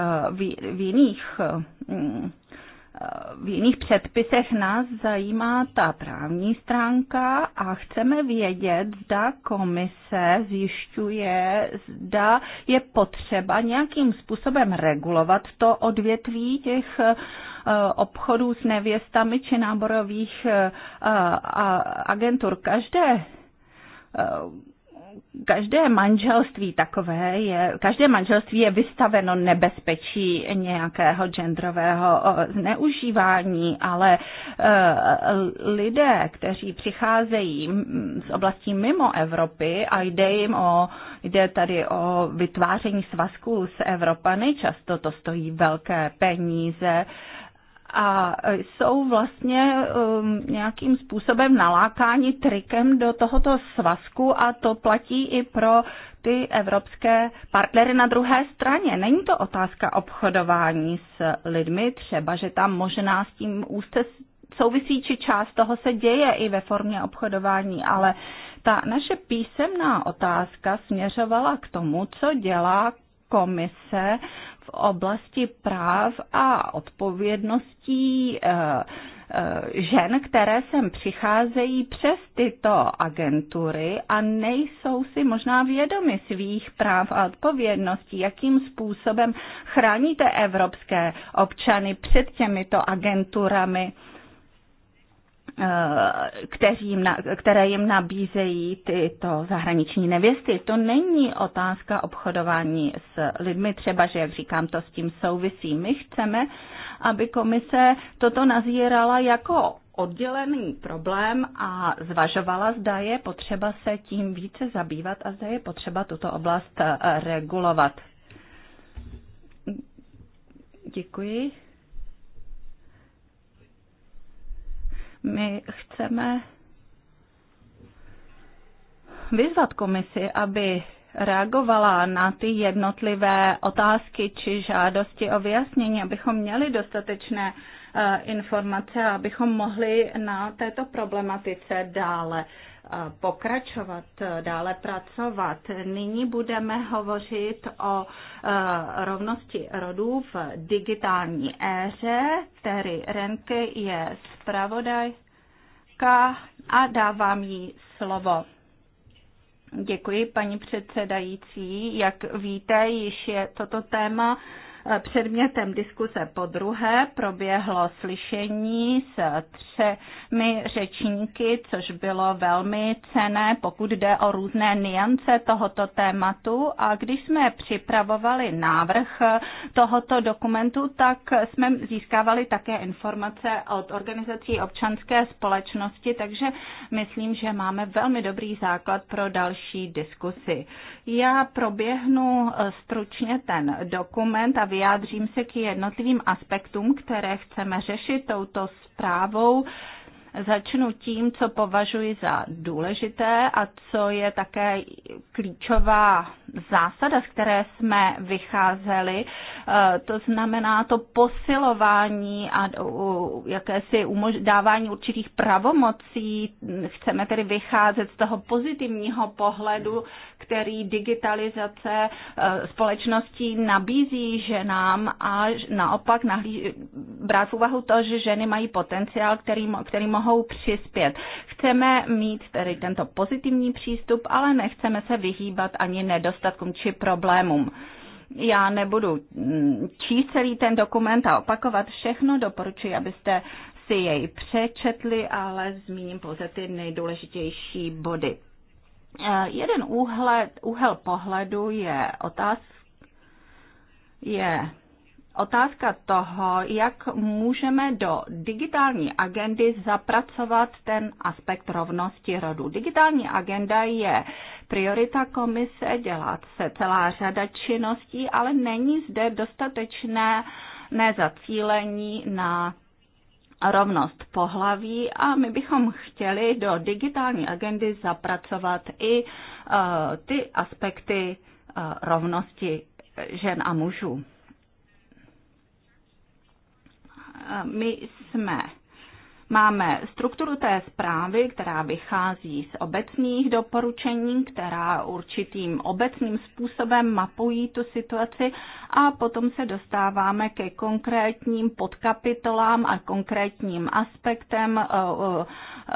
[SPEAKER 4] v jiných eh, mm, Eh, v jiných předpisech nás zajímá ta právní stránka a chceme vědět, zda komise zjišťuje, zda je potřeba nějakým způsobem regulovat to odvětví těch eh, obchodů s nevěstami či náborových eh, agentur. Každé každé manželství takové je, každé manželství je vystaveno nebezpečí nějakého genderového zneužívání, ale e, lidé, kteří přicházejí z oblastí mimo Evropy a jde jim o, jde tady o vytváření svazků s Evropany, často to stojí velké peníze, a e, jsou vlastně um, nějakým způsobem nalákáni trikem do tohoto svazku a to platí i pro ty evropské partnery na druhé straně. Není to otázka obchodování s lidmi, třeba, že tam možná s tím úzce souvisí, či část toho se děje i ve formě obchodování, ale ta naše písemná otázka směřovala k tomu, co dělá komise v oblasti práv a odpovědností eh, eh, žen, které sem přicházejí přes tyto agentury a nejsou si možná vědomi svých práv a odpovědností, jakým způsobem chráníte evropské občany před těmito agenturami jim které jim nabízejí tyto zahraniční nevěsty. To není otázka obchodování s lidmi, třeba, že jak říkám, to s tím souvisí. My chceme, aby komise toto nazírala jako oddělený problém a zvažovala, zda je potřeba se tím více zabývat a zda je potřeba tuto oblast eh, regulovat. Děkuji. My chceme vyzvat komisi, aby reagovala na ty jednotlivé otázky či žádosti o vyjasnění, abychom měli dostatečné eh, informace, abychom mohli na této problematice dále pokračovat, e, dále pracovat. Nyní budeme hovořit o e, rovnosti rodů v digitální éře. Terry Renke je zpravodajka a dávám jí slovo. Děkuji, paní předsedající. Jak víte, již je toto téma Předmětem diskuse po druhé proběhlo slyšení s třemi řečníky, což bylo velmi cené, pokud jde o různé niance tohoto tématu. A když jsme připravovali návrh tohoto dokumentu, tak jsme získávali také informace od organizací občanské společnosti, takže myslím, že máme velmi dobrý základ pro další diskusy. Já proběhnu stručně ten dokument a vyjádřím se k jednotlivým aspektům, které chceme řešit touto zprávou. Začnu tím, co považuji za důležité a co je také klíčová zásada, z které jsme vycházeli. E, to znamená to posilování a jakési dávání určitých pravomocí. Chceme tedy vycházet z toho pozitivního pohledu, který digitalizace e, společností nabízí ženám a naopak nahlí, brát v úvahu to, že ženy mají potenciál, který, který mohou mohou přispět. Chceme mít tedy tento pozitivní přístup, ale nechceme se vyhýbat ani nedostatkům či problémům. Já nebudu mm, číst celý ten dokument a opakovat všechno, doporučuji, abyste si jej přečetli, ale zmíním pouze ty nejdůležitější body. Eh, jeden úhled, úhel pohledu je otázka, je otázka toho, jak můžeme do digitální agendy zapracovat ten aspekt rovnosti rodu. Digitální agenda je priorita komise, dělat se celá řada činností, ale není zde dostatečné nezacílení na rovnost pohlaví a my bychom chtěli do digitální agendy zapracovat i uh, ty aspekty uh, rovnosti žen a mužů. my jsme Máme strukturu té zprávy, která vychází z obecných doporučení, která určitým obecným způsobem mapují tu situaci a potom se dostáváme ke konkrétním podkapitolám a konkrétním aspektem eh, eh, eh,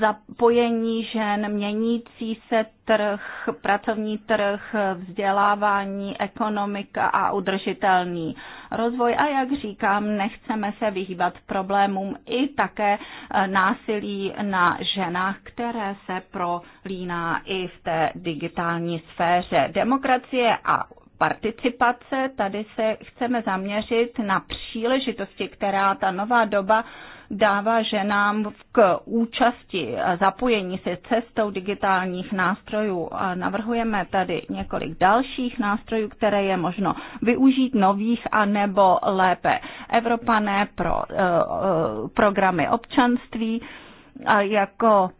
[SPEAKER 4] zapojení žen, měnící se trh, pracovní trh, vzdělávání, ekonomika a udržitelný rozvoj. A jak říkám, nechceme se vyhýbat problémům i také eh, násilí na ženách, které se prolíná i v té digitální sféře. Demokracie a participace. Tady se chceme zaměřit na příležitosti, která ta nová doba dává ženám k účasti a zapojení se cestou digitálních nástrojů. A navrhujeme tady několik dalších nástrojů, které je možno využít nových a nebo lépe Evropané pro uh, programy občanství, jako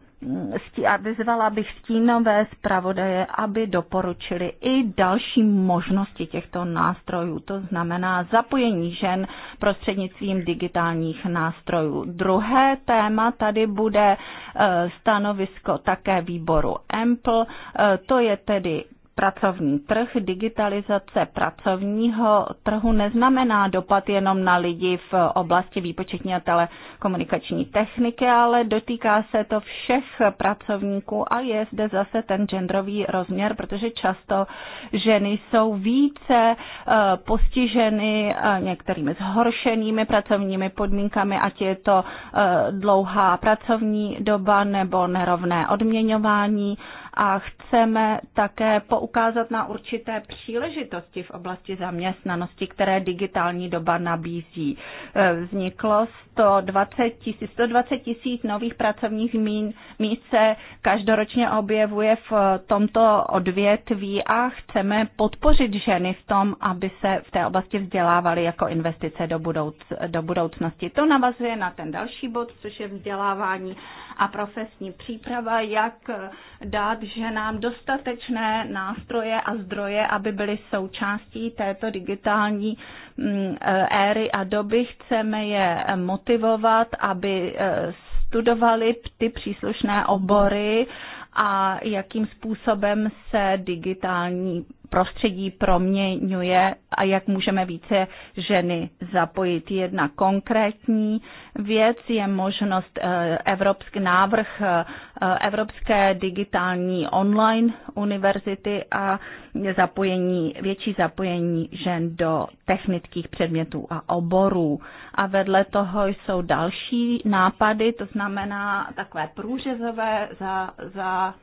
[SPEAKER 4] vyzvala bych stínové zpravodaje, aby doporučili i další možnosti těchto nástrojů, to znamená zapojení žen prostřednictvím digitálních nástrojů. Druhé téma tady bude eh, stanovisko také výboru EMPL, eh, to je tedy pracovní trh. Digitalizace pracovního trhu neznamená dopad jenom na lidi v oblasti výpočetní a telekomunikační techniky, ale dotýká se to všech pracovníků a je zde zase ten genderový rozměr, protože často ženy jsou více eh, postiženy eh, některými zhoršenými pracovními podmínkami, ať je to eh, dlouhá pracovní doba nebo nerovné odměňování a chceme také poukázat na určité příležitosti v oblasti zaměstnanosti, které digitální doba nabízí. E, vzniklo 120 tisíc, nových pracovních mín, míst se každoročně objevuje v tomto odvětví a chceme podpořit ženy v tom, aby se v té oblasti vzdělávaly jako investice do, budouc, do budoucnosti. To navazuje na ten další bod, což je vzdělávání a profesní příprava, jak dát ženám dostatečné nástroje a zdroje, aby byly součástí této digitální uh, Mm, éry a doby. Chceme je motivovat, aby eh, studovali ty příslušné obory a jakým způsobem se digitální prostředí proměňuje a jak můžeme více ženy zapojit. Jedna konkrétní věc je možnost eh, evropský návrh eh, Eh, Evropské digitální online univerzity a zapojení, větší zapojení žen do technických předmětů a oborů. A vedle toho jsou další nápady, to znamená takové průřezové za, za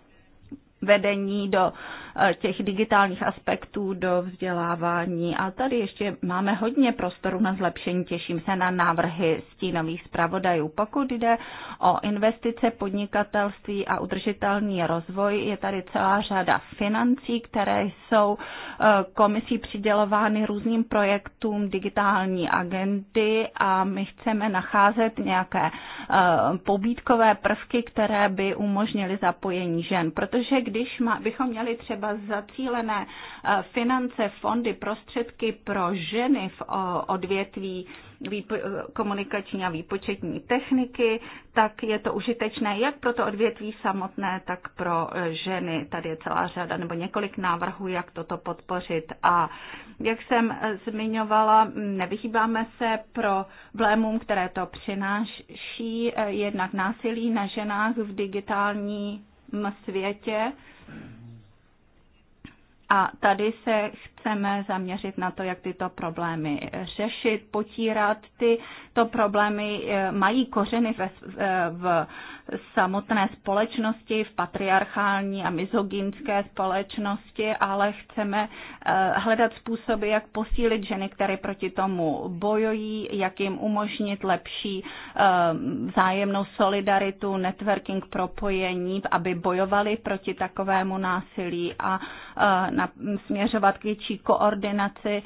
[SPEAKER 4] vedení do Eh, těch digitálních aspektů do vzdělávání. A tady ještě máme hodně prostoru na zlepšení. Těším se na návrhy stínových zpravodajů. Pokud jde o investice, podnikatelství a udržitelný rozvoj, je tady celá řada financí, které jsou eh, komisí přidělovány různým projektům digitální agendy a my chceme nacházet nějaké eh, pobídkové prvky, které by umožnily zapojení žen. Protože když bychom měli třeba třeba zacílené eh, finance, fondy, prostředky pro ženy v odvětví eh, komunikační a výpočetní techniky, tak je to užitečné jak pro to odvětví samotné, tak pro eh, ženy. Tady je celá řada nebo několik návrhů, jak toto podpořit. A jak jsem zmiňovala, nevyhýbáme se pro problémům, které to přináší, jednak násilí na ženách v digitálním světě a tady se chceme zaměřit na to, jak tyto problémy řešit, potírat. Tyto problémy eh, mají kořeny v, eh, v samotné společnosti, v patriarchální a mizoginské společnosti, ale chceme eh, hledat způsoby, jak posílit ženy, které proti tomu bojují, jak jim umožnit lepší vzájemnou solidaritu, networking, propojení, aby bojovali proti takovému násilí a směřovat k větší lepší koordinaci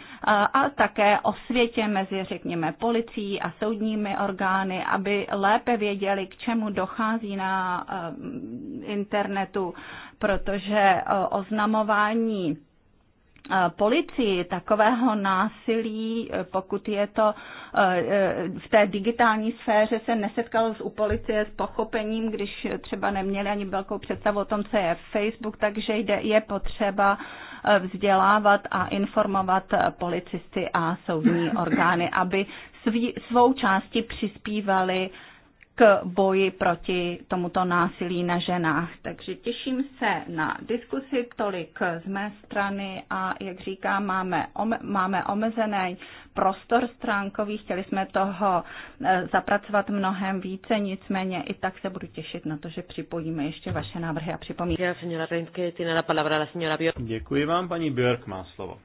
[SPEAKER 4] a také o světě mezi, řekněme, policií a soudními orgány, aby lépe věděli, k čemu dochází na internetu, protože oznamování Eh, policii takového násilí, eh, pokud je to eh, v té digitální sféře, se nesetkal u policie s pochopením, když třeba neměli ani velkou představu o tom, co je Facebook, takže jde, je potřeba vzdělávat a informovat policisty a soudní orgány, aby svý, svou části přispívali k boji proti tomuto násilí na ženách. Takže těším se na diskusi, tolik z mé strany a jak říkám, máme, ome, máme omezený prostor stránkový, chtěli jsme toho e, zapracovat mnohem více, nicméně i tak se budu těšit na to, že připojíme ještě vaše návrhy a připomínky.
[SPEAKER 2] Děkuji vám, paní Björk má slovo.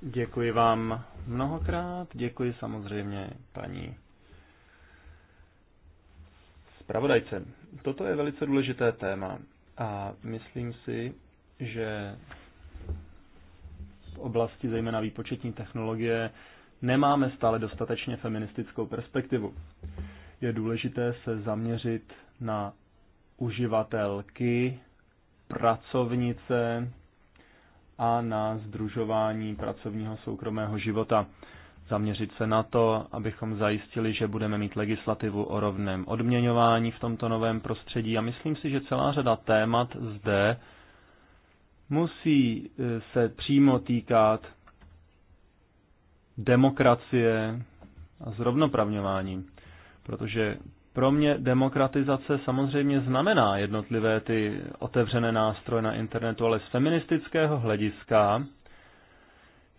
[SPEAKER 2] Děkuji vám mnohokrát, děkuji samozřejmě paní Spravodajce, Toto je velice důležité téma a myslím si, že v oblasti zejména výpočetní technologie nemáme stále dostatečně feministickou perspektivu. Je důležité se zaměřit na uživatelky, pracovnice a na združování pracovního soukromého života zaměřit se na to, abychom zajistili, že budeme mít legislativu o rovném odměňování v tomto novém prostředí a myslím si, že celá řada témat zde musí e, se přímo týkat demokracie a zrovnopravňování, protože pro mě demokratizace samozřejmě znamená jednotlivé ty otevřené nástroje na internetu, ale z feministického hlediska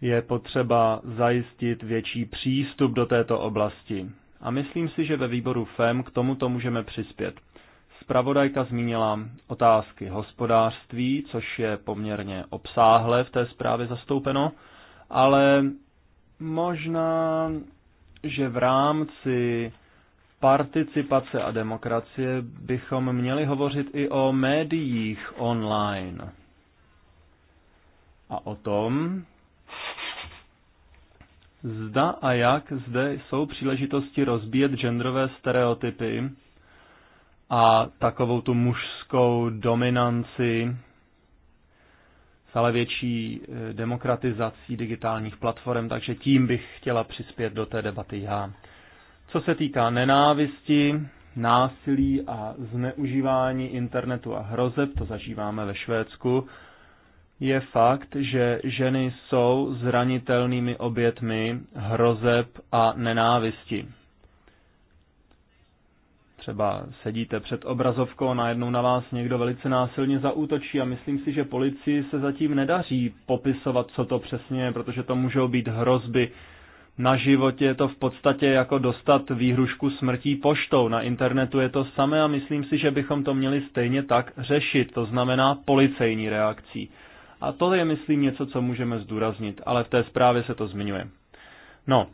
[SPEAKER 2] je potřeba zajistit větší přístup do této oblasti. A myslím si, že ve výboru FEM k tomuto můžeme přispět. Spravodajka zmínila otázky hospodářství, což je poměrně obsáhle v té zprávě zastoupeno, ale možná, že v rámci participace a demokracie bychom měli hovořit i o médiích online a o tom, zda a jak zde jsou příležitosti rozbíjet genderové stereotypy a takovou tu mužskou dominanci stále větší eh, demokratizací digitálních platform, takže tím bych chtěla přispět do té debaty já. Co se týká nenávisti, násilí a zneužívání internetu a hrozeb, to zažíváme ve Švédsku, je fakt, že ženy jsou zranitelnými obětmi hrozeb a nenávisti. Třeba sedíte před obrazovkou a najednou na vás někdo velice násilně zaútočí a myslím si, že policii se zatím nedaří popisovat, co to přesně je, protože to můžou být hrozby. Na životě je to v podstatě jako dostat výhrušku smrtí poštou. Na internetu je to samé a myslím si, že bychom to měli stejně tak řešit, to znamená policejní reakcí. A to je, myslím, něco, co můžeme zdůraznit, ale v té zprávě se to zmiňuje. No,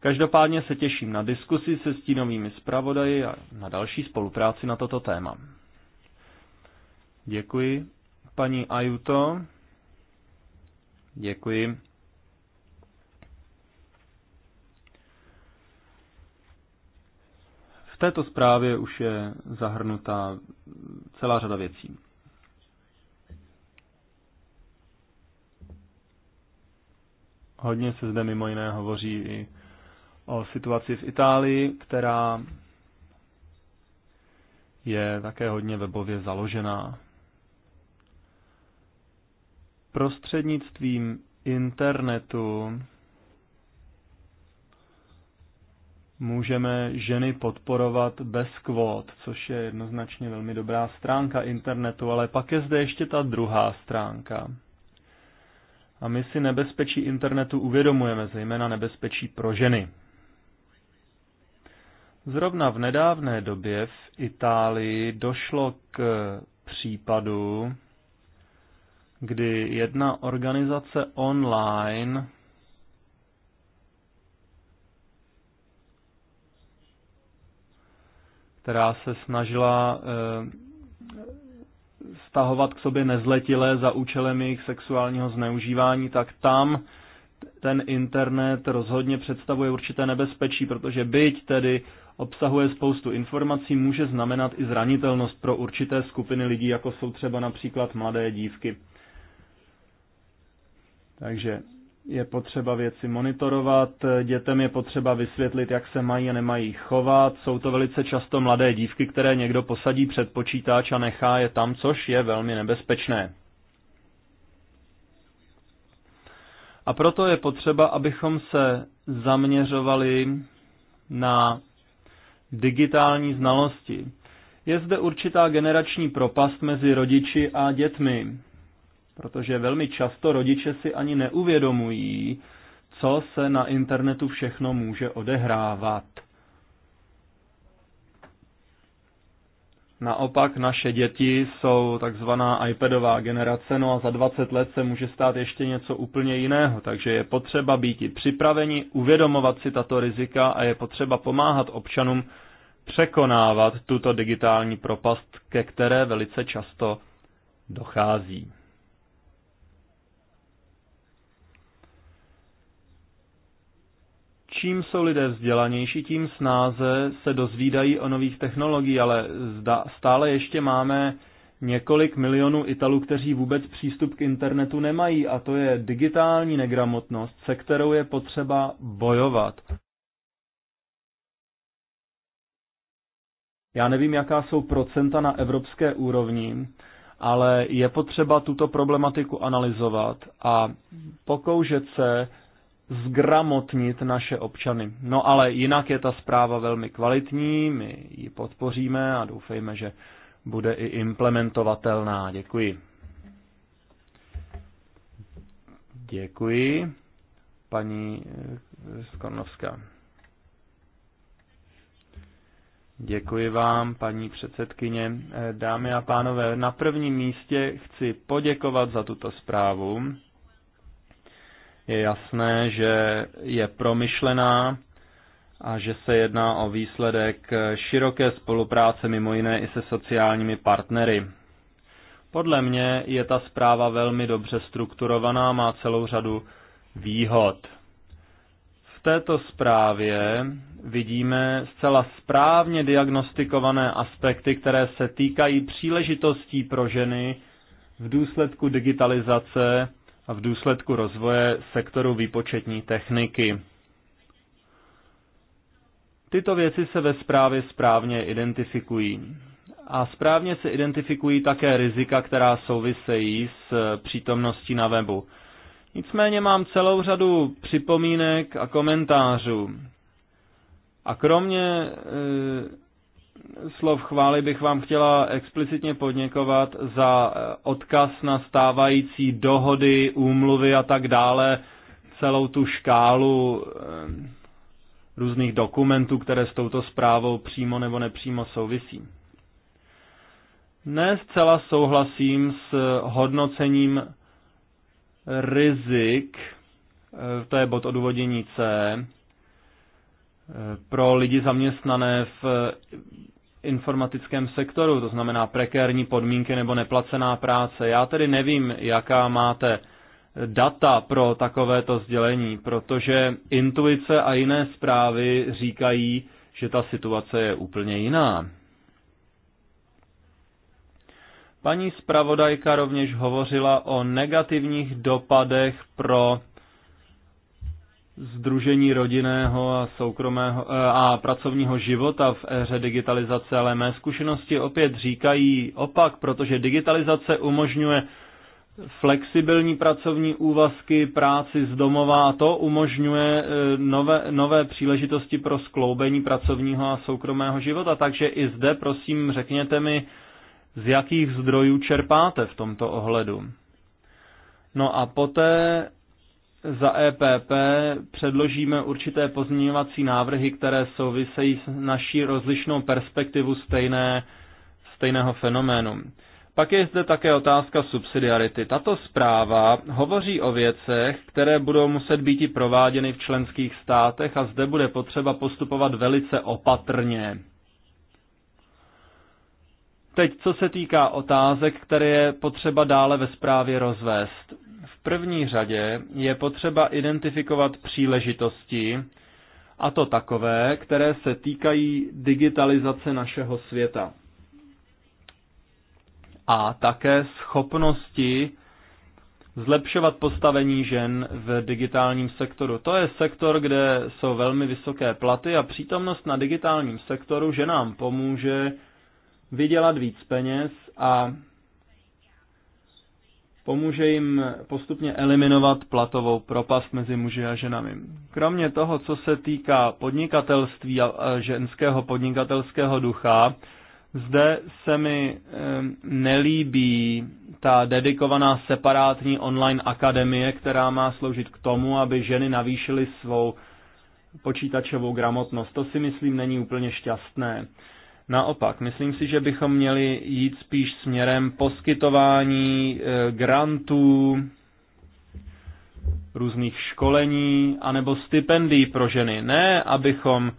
[SPEAKER 2] každopádně se těším na diskusi se stínovými zpravodaji a na další spolupráci na toto téma. Děkuji. Paní Ajuto. Děkuji. V této zprávě už je zahrnuta celá řada věcí. Hodně se zde mimo jiné hovoří i o situaci v Itálii, která je také hodně webově založená. Prostřednictvím internetu můžeme ženy podporovat bez kvót, což je jednoznačně velmi dobrá stránka internetu, ale pak je zde ještě ta druhá stránka. A my si nebezpečí internetu uvědomujeme, zejména nebezpečí pro ženy. Zrovna v nedávné době v Itálii došlo k případu, kdy jedna organizace online která se snažila eh, stahovat k sobě nezletilé za účelem jejich sexuálního zneužívání, tak tam ten internet rozhodně představuje určité nebezpečí, protože byť tedy obsahuje spoustu informací, může znamenat i zranitelnost pro určité skupiny lidí, jako jsou třeba například mladé dívky. Takže je potřeba věci monitorovat, dětem je potřeba vysvětlit, jak se mají a nemají chovat. Jsou to velice často mladé dívky, které někdo posadí před počítač a nechá je tam, což je velmi nebezpečné. A proto je potřeba, abychom se zaměřovali na digitální znalosti. Je zde určitá generační propast mezi rodiči a dětmi protože velmi často rodiče si ani neuvědomují, co se na internetu všechno může odehrávat. Naopak naše děti jsou takzvaná iPadová generace, no a za 20 let se může stát ještě něco úplně jiného, takže je potřeba být i připraveni, uvědomovat si tato rizika a je potřeba pomáhat občanům překonávat tuto digitální propast, ke které velice často dochází. Čím jsou lidé vzdělanější, tím snáze se dozvídají o nových technologií, ale zda, stále ještě máme několik milionů Italů, kteří vůbec přístup k internetu nemají a to je digitální negramotnost, se kterou je potřeba bojovat. Já nevím, jaká jsou procenta na evropské úrovni, ale je potřeba tuto problematiku analyzovat a pokoušet se zgramotnit naše občany. No ale jinak je ta zpráva velmi kvalitní, my ji podpoříme a doufejme, že bude i implementovatelná. Děkuji. Děkuji, paní eh, Skornovská. Děkuji vám, paní předsedkyně. Eh, dámy a pánové, na prvním místě chci poděkovat za tuto zprávu je jasné, že je promyšlená a že se jedná o výsledek široké spolupráce mimo jiné i se sociálními partnery. Podle mě je ta zpráva velmi dobře strukturovaná, má celou řadu výhod. V této zprávě vidíme zcela správně diagnostikované aspekty, které se týkají příležitostí pro ženy v důsledku digitalizace a v důsledku rozvoje sektoru výpočetní techniky. Tyto věci se ve zprávě správně identifikují. A správně se identifikují také rizika, která souvisejí s přítomností na webu. Nicméně mám celou řadu připomínek a komentářů. A kromě e slov chvály bych vám chtěla explicitně poděkovat za eh, odkaz na stávající dohody, úmluvy a tak dále, celou tu škálu eh, různých dokumentů, které s touto zprávou přímo nebo nepřímo souvisí. Ne zcela souhlasím s hodnocením rizik, eh, to je bod odůvodění C, pro lidi zaměstnané v informatickém sektoru, to znamená prekérní podmínky nebo neplacená práce. Já tedy nevím, jaká máte data pro takovéto sdělení, protože intuice a jiné zprávy říkají, že ta situace je úplně jiná. Paní zpravodajka rovněž hovořila o negativních dopadech pro združení rodinného a soukromého eh, a pracovního života v éře digitalizace, ale mé zkušenosti opět říkají opak, protože digitalizace umožňuje flexibilní pracovní úvazky, práci z domova a to umožňuje eh, nové, nové příležitosti pro skloubení pracovního a soukromého života. Takže i zde, prosím, řekněte mi, z jakých zdrojů čerpáte v tomto ohledu. No a poté za EPP předložíme určité pozměňovací návrhy, které souvisejí s naší rozlišnou perspektivu stejné, stejného fenoménu. Pak je zde také otázka subsidiarity. Tato zpráva hovoří o věcech, které budou muset být i prováděny v členských státech a zde bude potřeba postupovat velice opatrně. Teď, co se týká otázek, které je potřeba dále ve zprávě rozvést. V první řadě je potřeba identifikovat příležitosti, a to takové, které se týkají digitalizace našeho světa. A také schopnosti zlepšovat postavení žen v digitálním sektoru. To je sektor, kde jsou velmi vysoké platy a přítomnost na digitálním sektoru ženám pomůže vydělat víc peněz a pomůže jim postupně eliminovat platovou propast mezi muži a ženami. Kromě toho, co se týká podnikatelství a ženského podnikatelského ducha, zde se mi nelíbí ta dedikovaná separátní online akademie, která má sloužit k tomu, aby ženy navýšily svou počítačovou gramotnost. To si myslím není úplně šťastné. Naopak, myslím si, že bychom měli jít spíš směrem poskytování eh, grantů, různých školení anebo stipendií pro ženy. Ne, abychom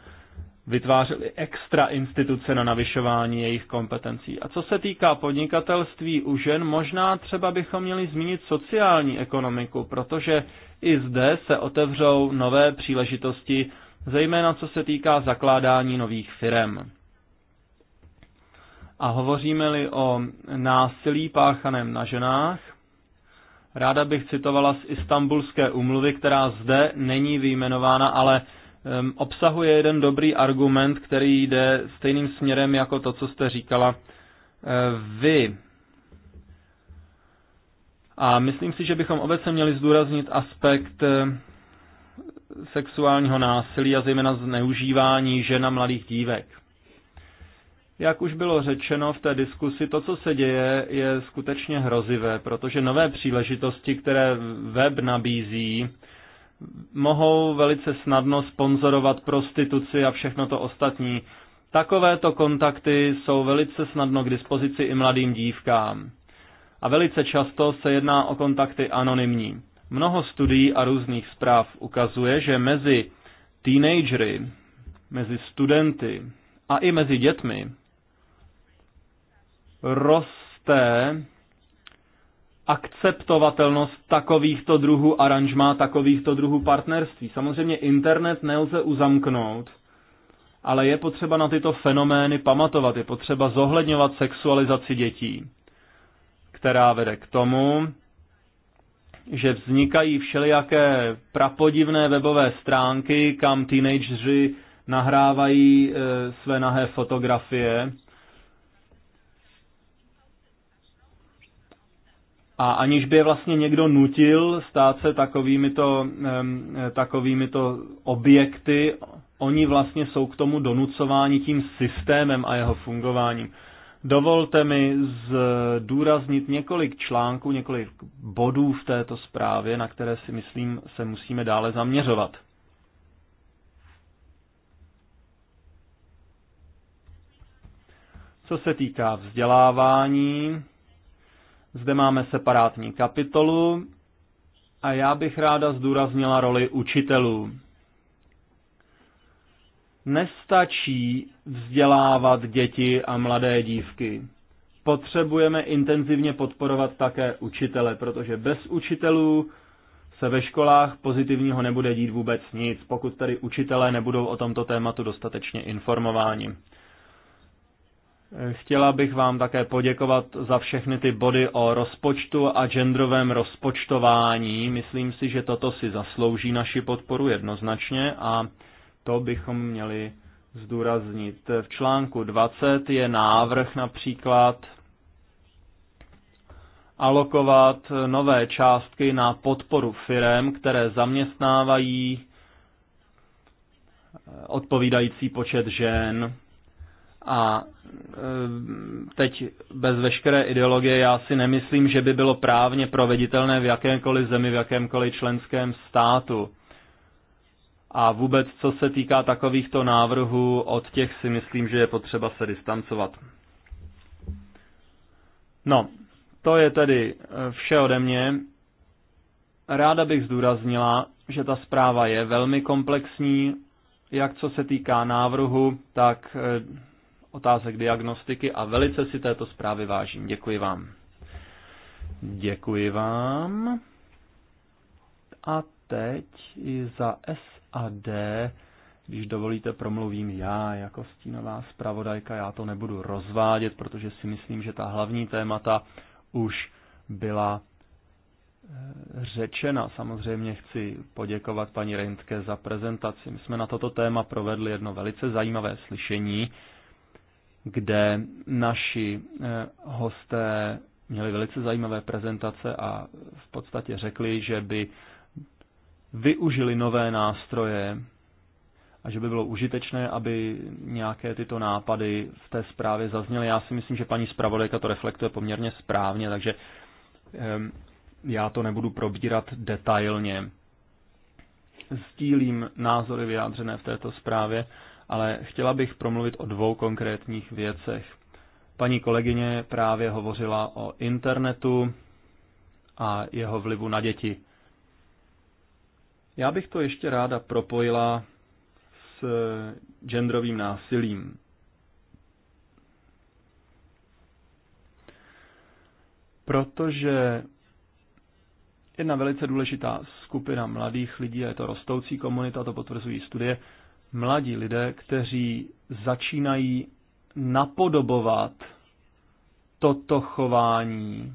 [SPEAKER 2] vytvářeli extra instituce na navyšování jejich kompetencí. A co se týká podnikatelství u žen, možná třeba bychom měli zmínit sociální ekonomiku, protože i zde se otevřou nové příležitosti, zejména co se týká zakládání nových firm. A hovoříme-li o násilí páchaném na ženách, ráda bych citovala z Istanbulské umluvy, která zde není vyjmenována, ale um, obsahuje jeden dobrý argument, který jde stejným směrem jako to, co jste říkala uh, vy. A myslím si, že bychom obecně měli zdůraznit aspekt e, sexuálního násilí a zejména zneužívání žen a mladých dívek. Jak už bylo řečeno v té diskusi, to, co se děje, je skutečně hrozivé, protože nové příležitosti, které web nabízí, mohou velice snadno sponzorovat prostituci a všechno to ostatní. Takovéto kontakty jsou velice snadno k dispozici i mladým dívkám. A velice často se jedná o kontakty anonymní. Mnoho studií a různých zpráv ukazuje, že mezi teenagery, mezi studenty a i mezi dětmi roste akceptovatelnost takovýchto druhů aranžmá, takovýchto druhů partnerství. Samozřejmě internet nelze uzamknout, ale je potřeba na tyto fenomény pamatovat, je potřeba zohledňovat sexualizaci dětí, která vede k tomu, že vznikají všelijaké prapodivné webové stránky, kam teenageři nahrávají e, své nahé fotografie, a aniž by je vlastně někdo nutil stát se takovými to, eh, takovými to objekty, oni vlastně jsou k tomu donucováni tím systémem a jeho fungováním. Dovolte mi zdůraznit několik článků, několik bodů v této zprávě, na které si myslím se musíme dále zaměřovat. Co se týká vzdělávání, zde máme separátní kapitolu a já bych ráda zdůraznila roli učitelů. Nestačí vzdělávat děti a mladé dívky. Potřebujeme intenzivně podporovat také učitele, protože bez učitelů se ve školách pozitivního nebude dít vůbec nic, pokud tedy učitelé nebudou o tomto tématu dostatečně informováni. Chtěla bych vám také poděkovat za všechny ty body o rozpočtu a genderovém rozpočtování. Myslím si, že toto si zaslouží naši podporu jednoznačně a to bychom měli zdůraznit. V článku 20 je návrh například alokovat nové částky na podporu firem, které zaměstnávají odpovídající počet žen a e, teď bez veškeré ideologie já si nemyslím, že by bylo právně proveditelné v jakémkoliv zemi, v jakémkoliv členském státu. A vůbec, co se týká takovýchto návrhů, od těch si myslím, že je potřeba se distancovat. No, to je tedy e, vše ode mě. Ráda bych zdůraznila, že ta zpráva je velmi komplexní, jak co se týká návrhu, tak e, otázek diagnostiky a velice si této zprávy vážím. Děkuji vám. Děkuji vám. A teď i za SAD, když dovolíte, promluvím já jako stínová zpravodajka. Já to nebudu rozvádět, protože si myslím, že ta hlavní témata už byla eh, řečena. Samozřejmě chci poděkovat paní Reintke za prezentaci. My jsme na toto téma provedli jedno velice zajímavé slyšení kde naši eh, hosté měli velice zajímavé prezentace a v podstatě řekli, že by využili nové nástroje a že by bylo užitečné, aby nějaké tyto nápady v té zprávě zazněly. Já si myslím, že paní zpravodajka to reflektuje poměrně správně, takže ehm, já to nebudu probírat detailně. Sdílím názory vyjádřené v této zprávě ale chtěla bych promluvit o dvou konkrétních věcech. Paní kolegyně právě hovořila o internetu a jeho vlivu na děti. Já bych to ještě ráda propojila s genderovým násilím. Protože jedna velice důležitá skupina mladých lidí, a je to rostoucí komunita, to potvrzují studie, mladí lidé, kteří začínají napodobovat toto chování,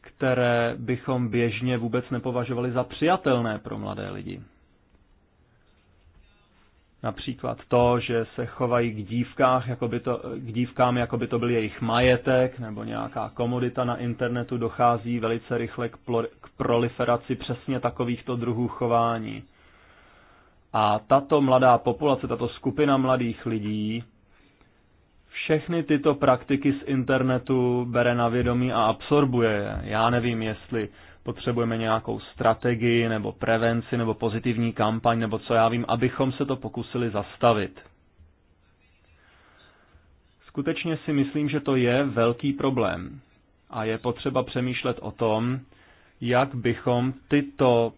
[SPEAKER 2] které bychom běžně vůbec nepovažovali za přijatelné pro mladé lidi. Například to, že se chovají k, dívkách, jako by to, k dívkám, jako by to byl jejich majetek nebo nějaká komodita na internetu, dochází velice rychle k, plor, k proliferaci přesně takovýchto druhů chování. A tato mladá populace, tato skupina mladých lidí všechny tyto praktiky z internetu bere na vědomí a absorbuje. Já nevím, jestli potřebujeme nějakou strategii nebo prevenci nebo pozitivní kampaň nebo co já vím, abychom se to pokusili zastavit. Skutečně si myslím, že to je velký problém a je potřeba přemýšlet o tom, jak bychom tyto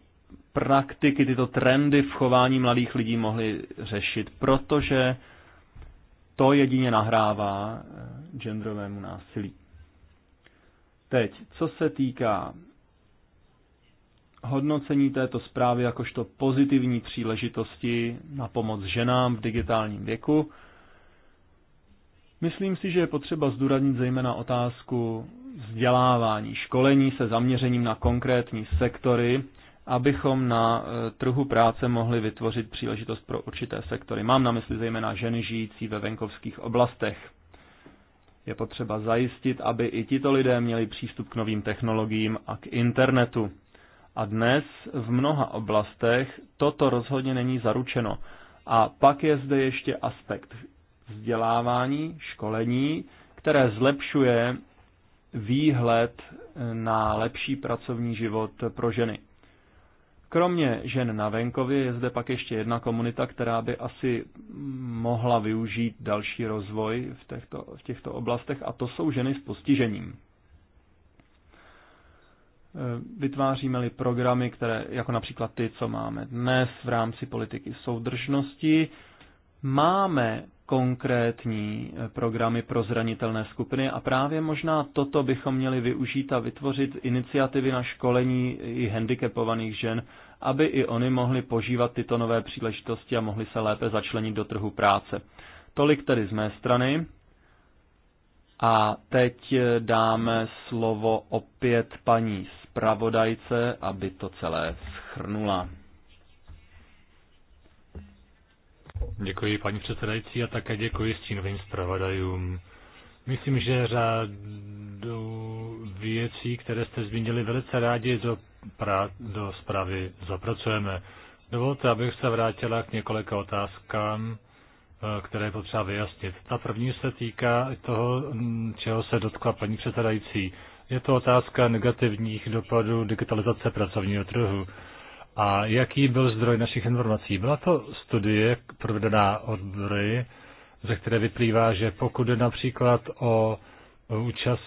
[SPEAKER 2] praktiky, tyto trendy v chování mladých lidí mohli řešit, protože to jedině nahrává eh, genderovému násilí. Teď, co se týká hodnocení této zprávy jakožto pozitivní příležitosti na pomoc ženám v digitálním věku, myslím si, že je potřeba zdůraznit zejména otázku vzdělávání, školení se zaměřením na konkrétní sektory, abychom na eh, trhu práce mohli vytvořit příležitost pro určité sektory. Mám na mysli zejména ženy žijící ve venkovských oblastech. Je potřeba zajistit, aby i tito lidé měli přístup k novým technologiím a k internetu. A dnes v mnoha oblastech toto rozhodně není zaručeno. A pak je zde ještě aspekt vzdělávání, školení, které zlepšuje výhled na lepší pracovní život pro ženy. Kromě žen na venkově je zde pak ještě jedna komunita, která by asi mohla využít další rozvoj v těchto, v těchto oblastech, a to jsou ženy s postižením. Eh, vytváříme-li programy, které, jako například ty, co máme dnes v rámci politiky soudržnosti, máme konkrétní eh, programy pro zranitelné skupiny a právě možná toto bychom měli využít a vytvořit iniciativy na školení i handicapovaných žen, aby i oni mohli požívat tyto nové příležitosti a mohli se lépe začlenit do trhu práce. Tolik tedy z mé strany. A teď eh, dáme slovo opět paní zpravodajce, aby to celé schrnula. Děkuji paní
[SPEAKER 5] předsedající a také děkuji stínovým zpravodajům. Myslím, že řadu věcí, které jste zmínili, velice rádi do, pra, do zprávy zapracujeme. Dovolte, abych se vrátila k několika otázkám, eh, které je potřeba vyjasnit. Ta první se týká toho, mm, čeho se dotkla paní předsedající. Je to otázka negativních dopadů digitalizace pracovního trhu. A jaký byl zdroj našich informací? Byla to studie provedená odbory, ze které vyplývá, že pokud je například o účast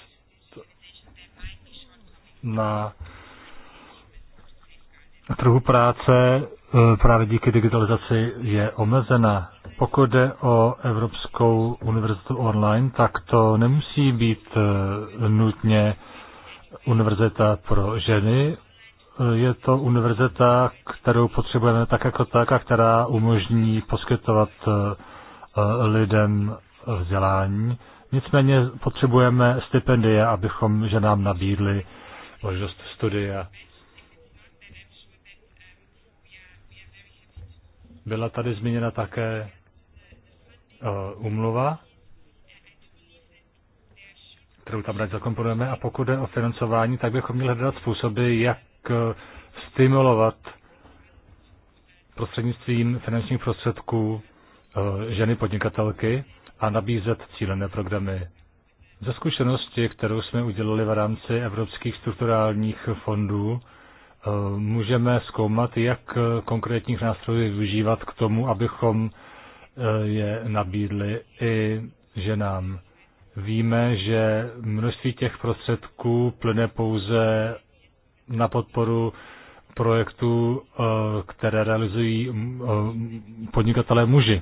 [SPEAKER 5] na trhu práce eh, právě díky digitalizaci je omezena. Pokud jde o Evropskou univerzitu online, tak to nemusí být eh, nutně univerzita pro ženy je to univerzita, kterou potřebujeme tak jako tak a která umožní poskytovat eh, eh, lidem vzdělání. Nicméně potřebujeme stipendie, abychom ženám nabídli možnost studia. Byla tady zmíněna také eh, umluva, kterou tam rád zakomponujeme. A pokud je o financování, tak bychom měli hledat způsoby, jak Eh, stimulovat prostřednictvím finančních prostředků eh, ženy podnikatelky a nabízet cílené programy. Ze zkušenosti, kterou jsme udělali v rámci evropských strukturálních fondů, eh, můžeme zkoumat, jak konkrétních nástrojů využívat k tomu, abychom je nabídli i ženám. Víme, že množství těch prostředků plyne pouze na podporu projektů, eh, které realizují mm, eh, podnikatelé muži.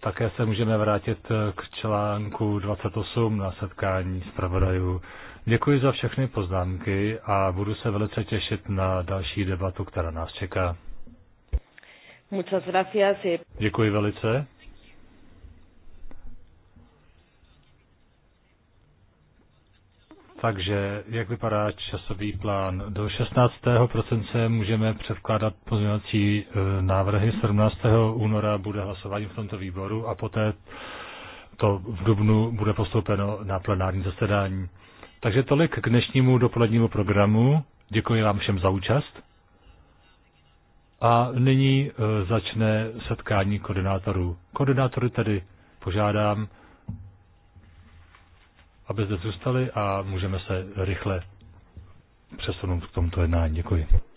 [SPEAKER 5] Také se můžeme vrátit eh, k článku 28 na setkání pravodajů. Děkuji za všechny poznámky a budu se velice těšit na další debatu, která nás čeká.
[SPEAKER 1] Muchas gracias.
[SPEAKER 5] Děkuji velice. Takže jak vypadá časový plán? Do 16. prosince můžeme předkládat pozměňovací eh, návrhy, 17. února bude hlasování v tomto výboru a poté to v dubnu bude postoupeno na plenární zasedání. Takže tolik k dnešnímu dopolednímu programu. Děkuji vám všem za účast. A nyní eh, začne setkání koordinátorů. Koordinátory tedy požádám, aby zde zůstali a můžeme se rychle přesunout k tomuto jednání. Děkuji.